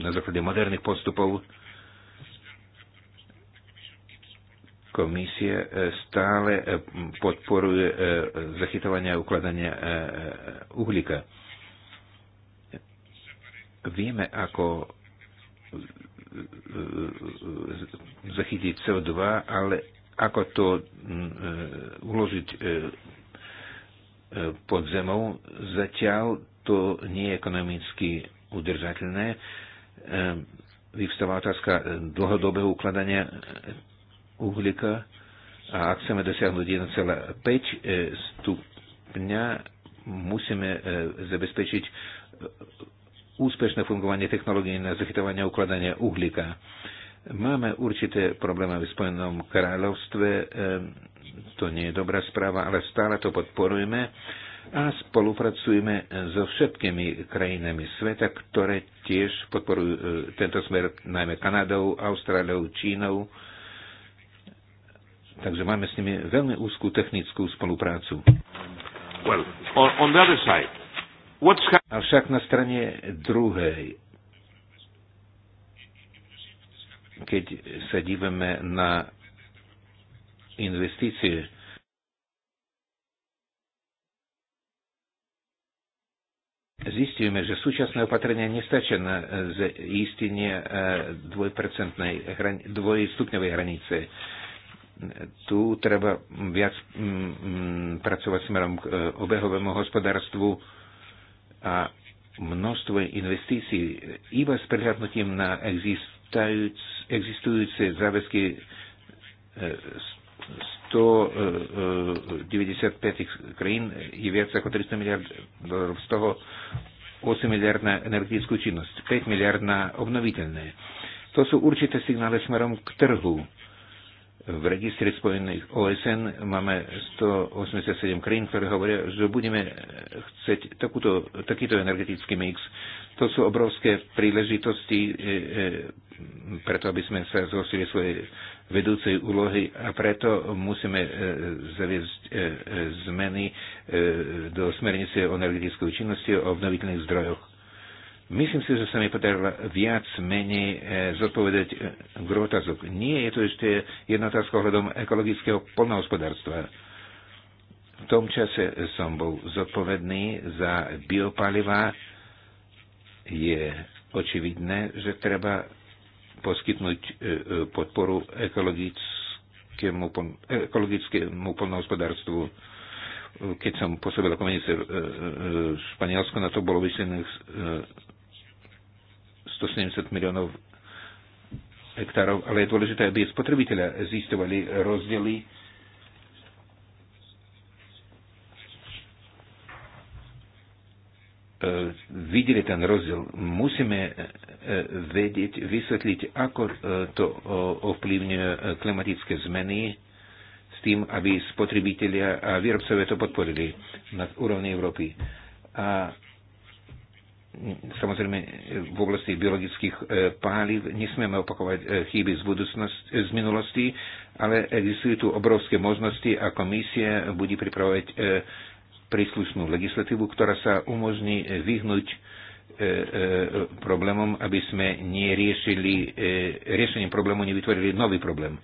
na základe moderných postupov komisie e, stále e, podporuje e, zachytovanie a ukladanie uhlíka. Vieme, ako zachytiť CO2, ale ako to uložiť pod zemou, zatiaľ to nie je ekonomicky udržateľné. Vyvstáva otázka dlhodobého ukladania uhlíka a ak chceme dosiahnuť 1,5 e, stupňa, musíme e, zabezpečiť e, úspešné fungovanie technológií na zachytávanie a ukladanie uhlíka. Máme určité problémy v Spojenom kráľovstve, to nie je dobrá správa, ale stále to podporujeme a spolupracujeme so všetkými krajinami sveta, ktoré tiež podporujú tento smer, najmä Kanadou, Austráliou, Čínou, Takže máme s nimi veľmi úzkú technickú spoluprácu. Well, on, on the other side, what's Avšak na strane druhej, keď sa dívame na investície, Zistíme, že súčasné opatrenia nestačia na zistenie eh, dvojstupňovej hranice tu treba viac mm, mm, pracovať smerom k e, obehovému hospodárstvu a množstvo investícií iba s prihľadnutím na existujúce záväzky e, 195 e, e, krajín je viac ako 300 miliard dolarov, z toho 8 miliard na energetickú činnosť, 5 miliard na obnoviteľné. To sú určité signály smerom k trhu v registri spojených OSN máme 187 krajín, ktoré hovoria, že budeme chcieť takúto, takýto energetický mix. To sú obrovské príležitosti e, e, preto, aby sme sa zhostili svoje vedúcej úlohy a preto musíme e, zaviesť e, e zmeny e, do smernice o energetickej činnosti a obnoviteľných zdrojoch Myslím si, že sa mi podarilo viac menej eh, zodpovedať k eh, otázok. Nie je to ešte jedna otázka ohľadom ekologického polnohospodárstva. V tom čase som bol zodpovedný za biopaliva. Je očividné, že treba poskytnúť eh, podporu ekologickému, ekologickému polnohospodárstvu keď som pôsobil ako minister v Španielsku, na to bolo vyčlených 170 miliónov hektárov, ale je dôležité, aby spotrebiteľa zistovali rozdiely e, videli ten rozdiel. Musíme e, vedieť, vysvetliť, ako e, to ovplyvňuje klimatické zmeny s tým, aby spotrebitelia a výrobcovia to podporili na úrovni Európy. A samozrejme v oblasti biologických e, páliv nesmieme opakovať e, chyby z, budúcnosti, e, z minulosti, ale existujú tu obrovské možnosti a komisia bude pripravovať príslušnú legislatívu, ktorá sa umožní vyhnúť problémom, aby sme neriešili, riešením problému nevytvorili nový problém.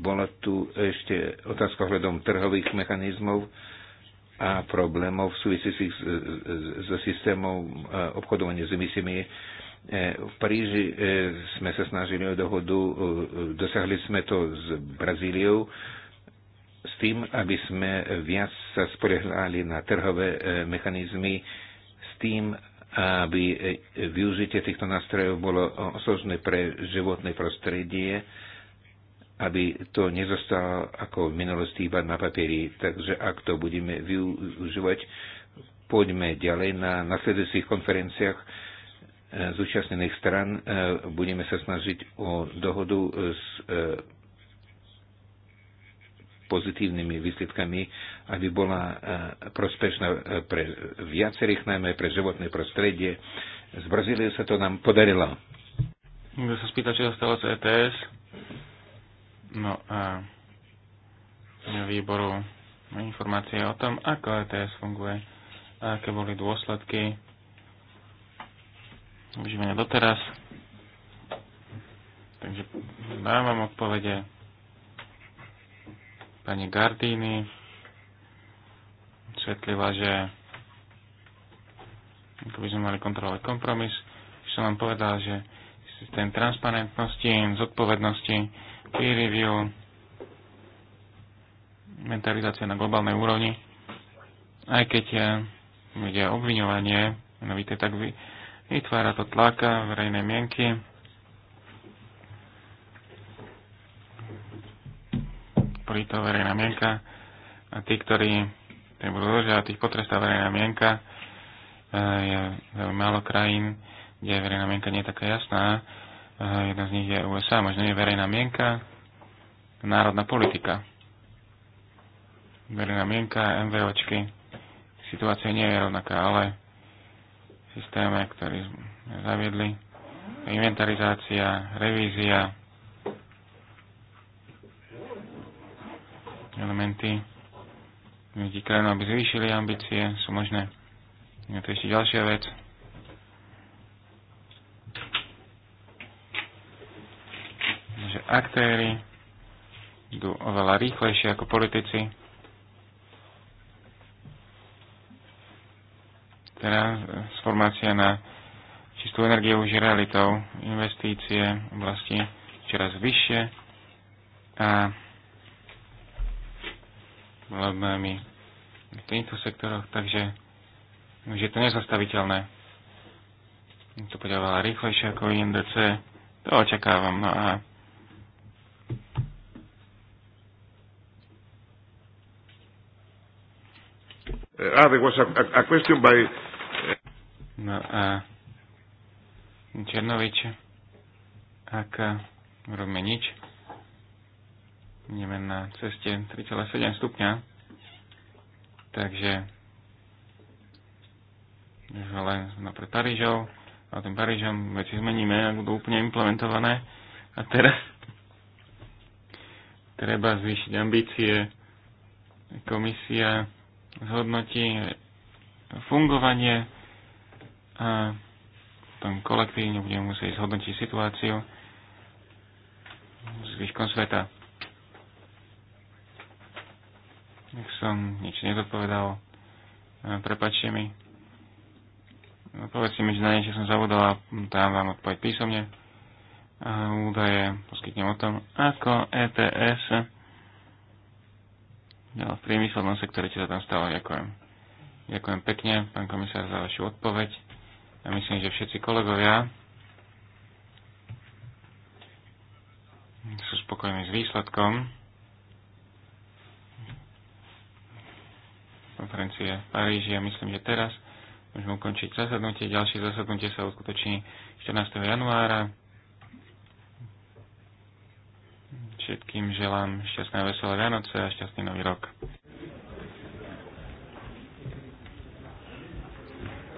Bola tu ešte otázka hľadom trhových mechanizmov a problémov v súvisí so systémom e, obchodovania s emisiami. E, v Paríži e, sme sa snažili o dohodu, dosahli sme to s Brazíliou, s tým, aby sme viac sa spoliehali na trhové mechanizmy, s tým, aby využitie týchto nástrojov bolo osožné pre životné prostredie, aby to nezostalo ako v minulosti iba na papieri. Takže ak to budeme využívať, poďme ďalej na nasledujúcich konferenciách eh, zúčastnených stran. Eh, budeme sa snažiť o dohodu s eh, pozitívnymi výsledkami, aby bola prospešná pre viacerých, najmä pre životné prostredie. Z Brazílie sa to nám podarilo. Môžem sa spýtať, čo sa stalo z ETS. No a výboru informácie o tom, ako ETS funguje a aké boli dôsledky užívania doteraz. Takže dávam odpovede pani Gardini. Svetlila, že ako by sme mali kontrolovať kompromis. Už som vám povedal, že systém transparentnosti, zodpovednosti peer review, mentalizácia na globálnej úrovni. Aj keď eh, ide obviňovanie, no víte, tak vytvára to tlaka verejnej mienky. Boli to verejná mienka a tí, ktorí tým budú dodržiavať, tých potrestá verejná mienka. Eh, je veľmi málo krajín, kde verejná mienka nie je taká jasná Jedna z nich je USA, možno je verejná mienka, národná politika. Verejná mienka, MVOčky. Situácia nie je rovnaká, ale v systéme, ktorý sme zaviedli, inventarizácia, revízia, elementy ľudí krajín, aby zvýšili ambície, sú možné. Je to ešte ďalšia vec. aktéry idú oveľa rýchlejšie ako politici. Teraz e, formácia na čistú energiu už je realitou. Investície v oblasti čoraz vyššie a problémy v týchto sektoroch, takže už je to nezastaviteľné. To povedala rýchlejšie ako INDC. To očakávam. No a Uh, ah, there was a, a, a question by... No a Černovič, ak robíme nič, ideme na ceste 3,7 stupňa, takže len sme pred Parížou, a tým Parížom veci zmeníme, ak budú úplne implementované. A teraz treba zvýšiť ambície. Komisia zhodnotí fungovanie a potom kolektívne budeme musieť zhodnotiť situáciu zvyškom sveta. Ak som nič nezodpovedal, prepačte mi. No, povedzte mi, že na niečo som zavodol a dám vám odpoveď písomne údaje poskytnem o tom, ako ETS v priemyselnom sektore, čo sa tam stalo. Ďakujem. Ďakujem pekne, pán komisár, za vašu odpoveď. Ja myslím, že všetci kolegovia sú spokojní s výsledkom konferencie v Paríži a myslím, že teraz môžeme ukončiť zasadnutie. Ďalšie zasadnutie sa uskutoční 14. januára. Všetkým želám šťastné a veselé Vianoce a šťastný nový rok.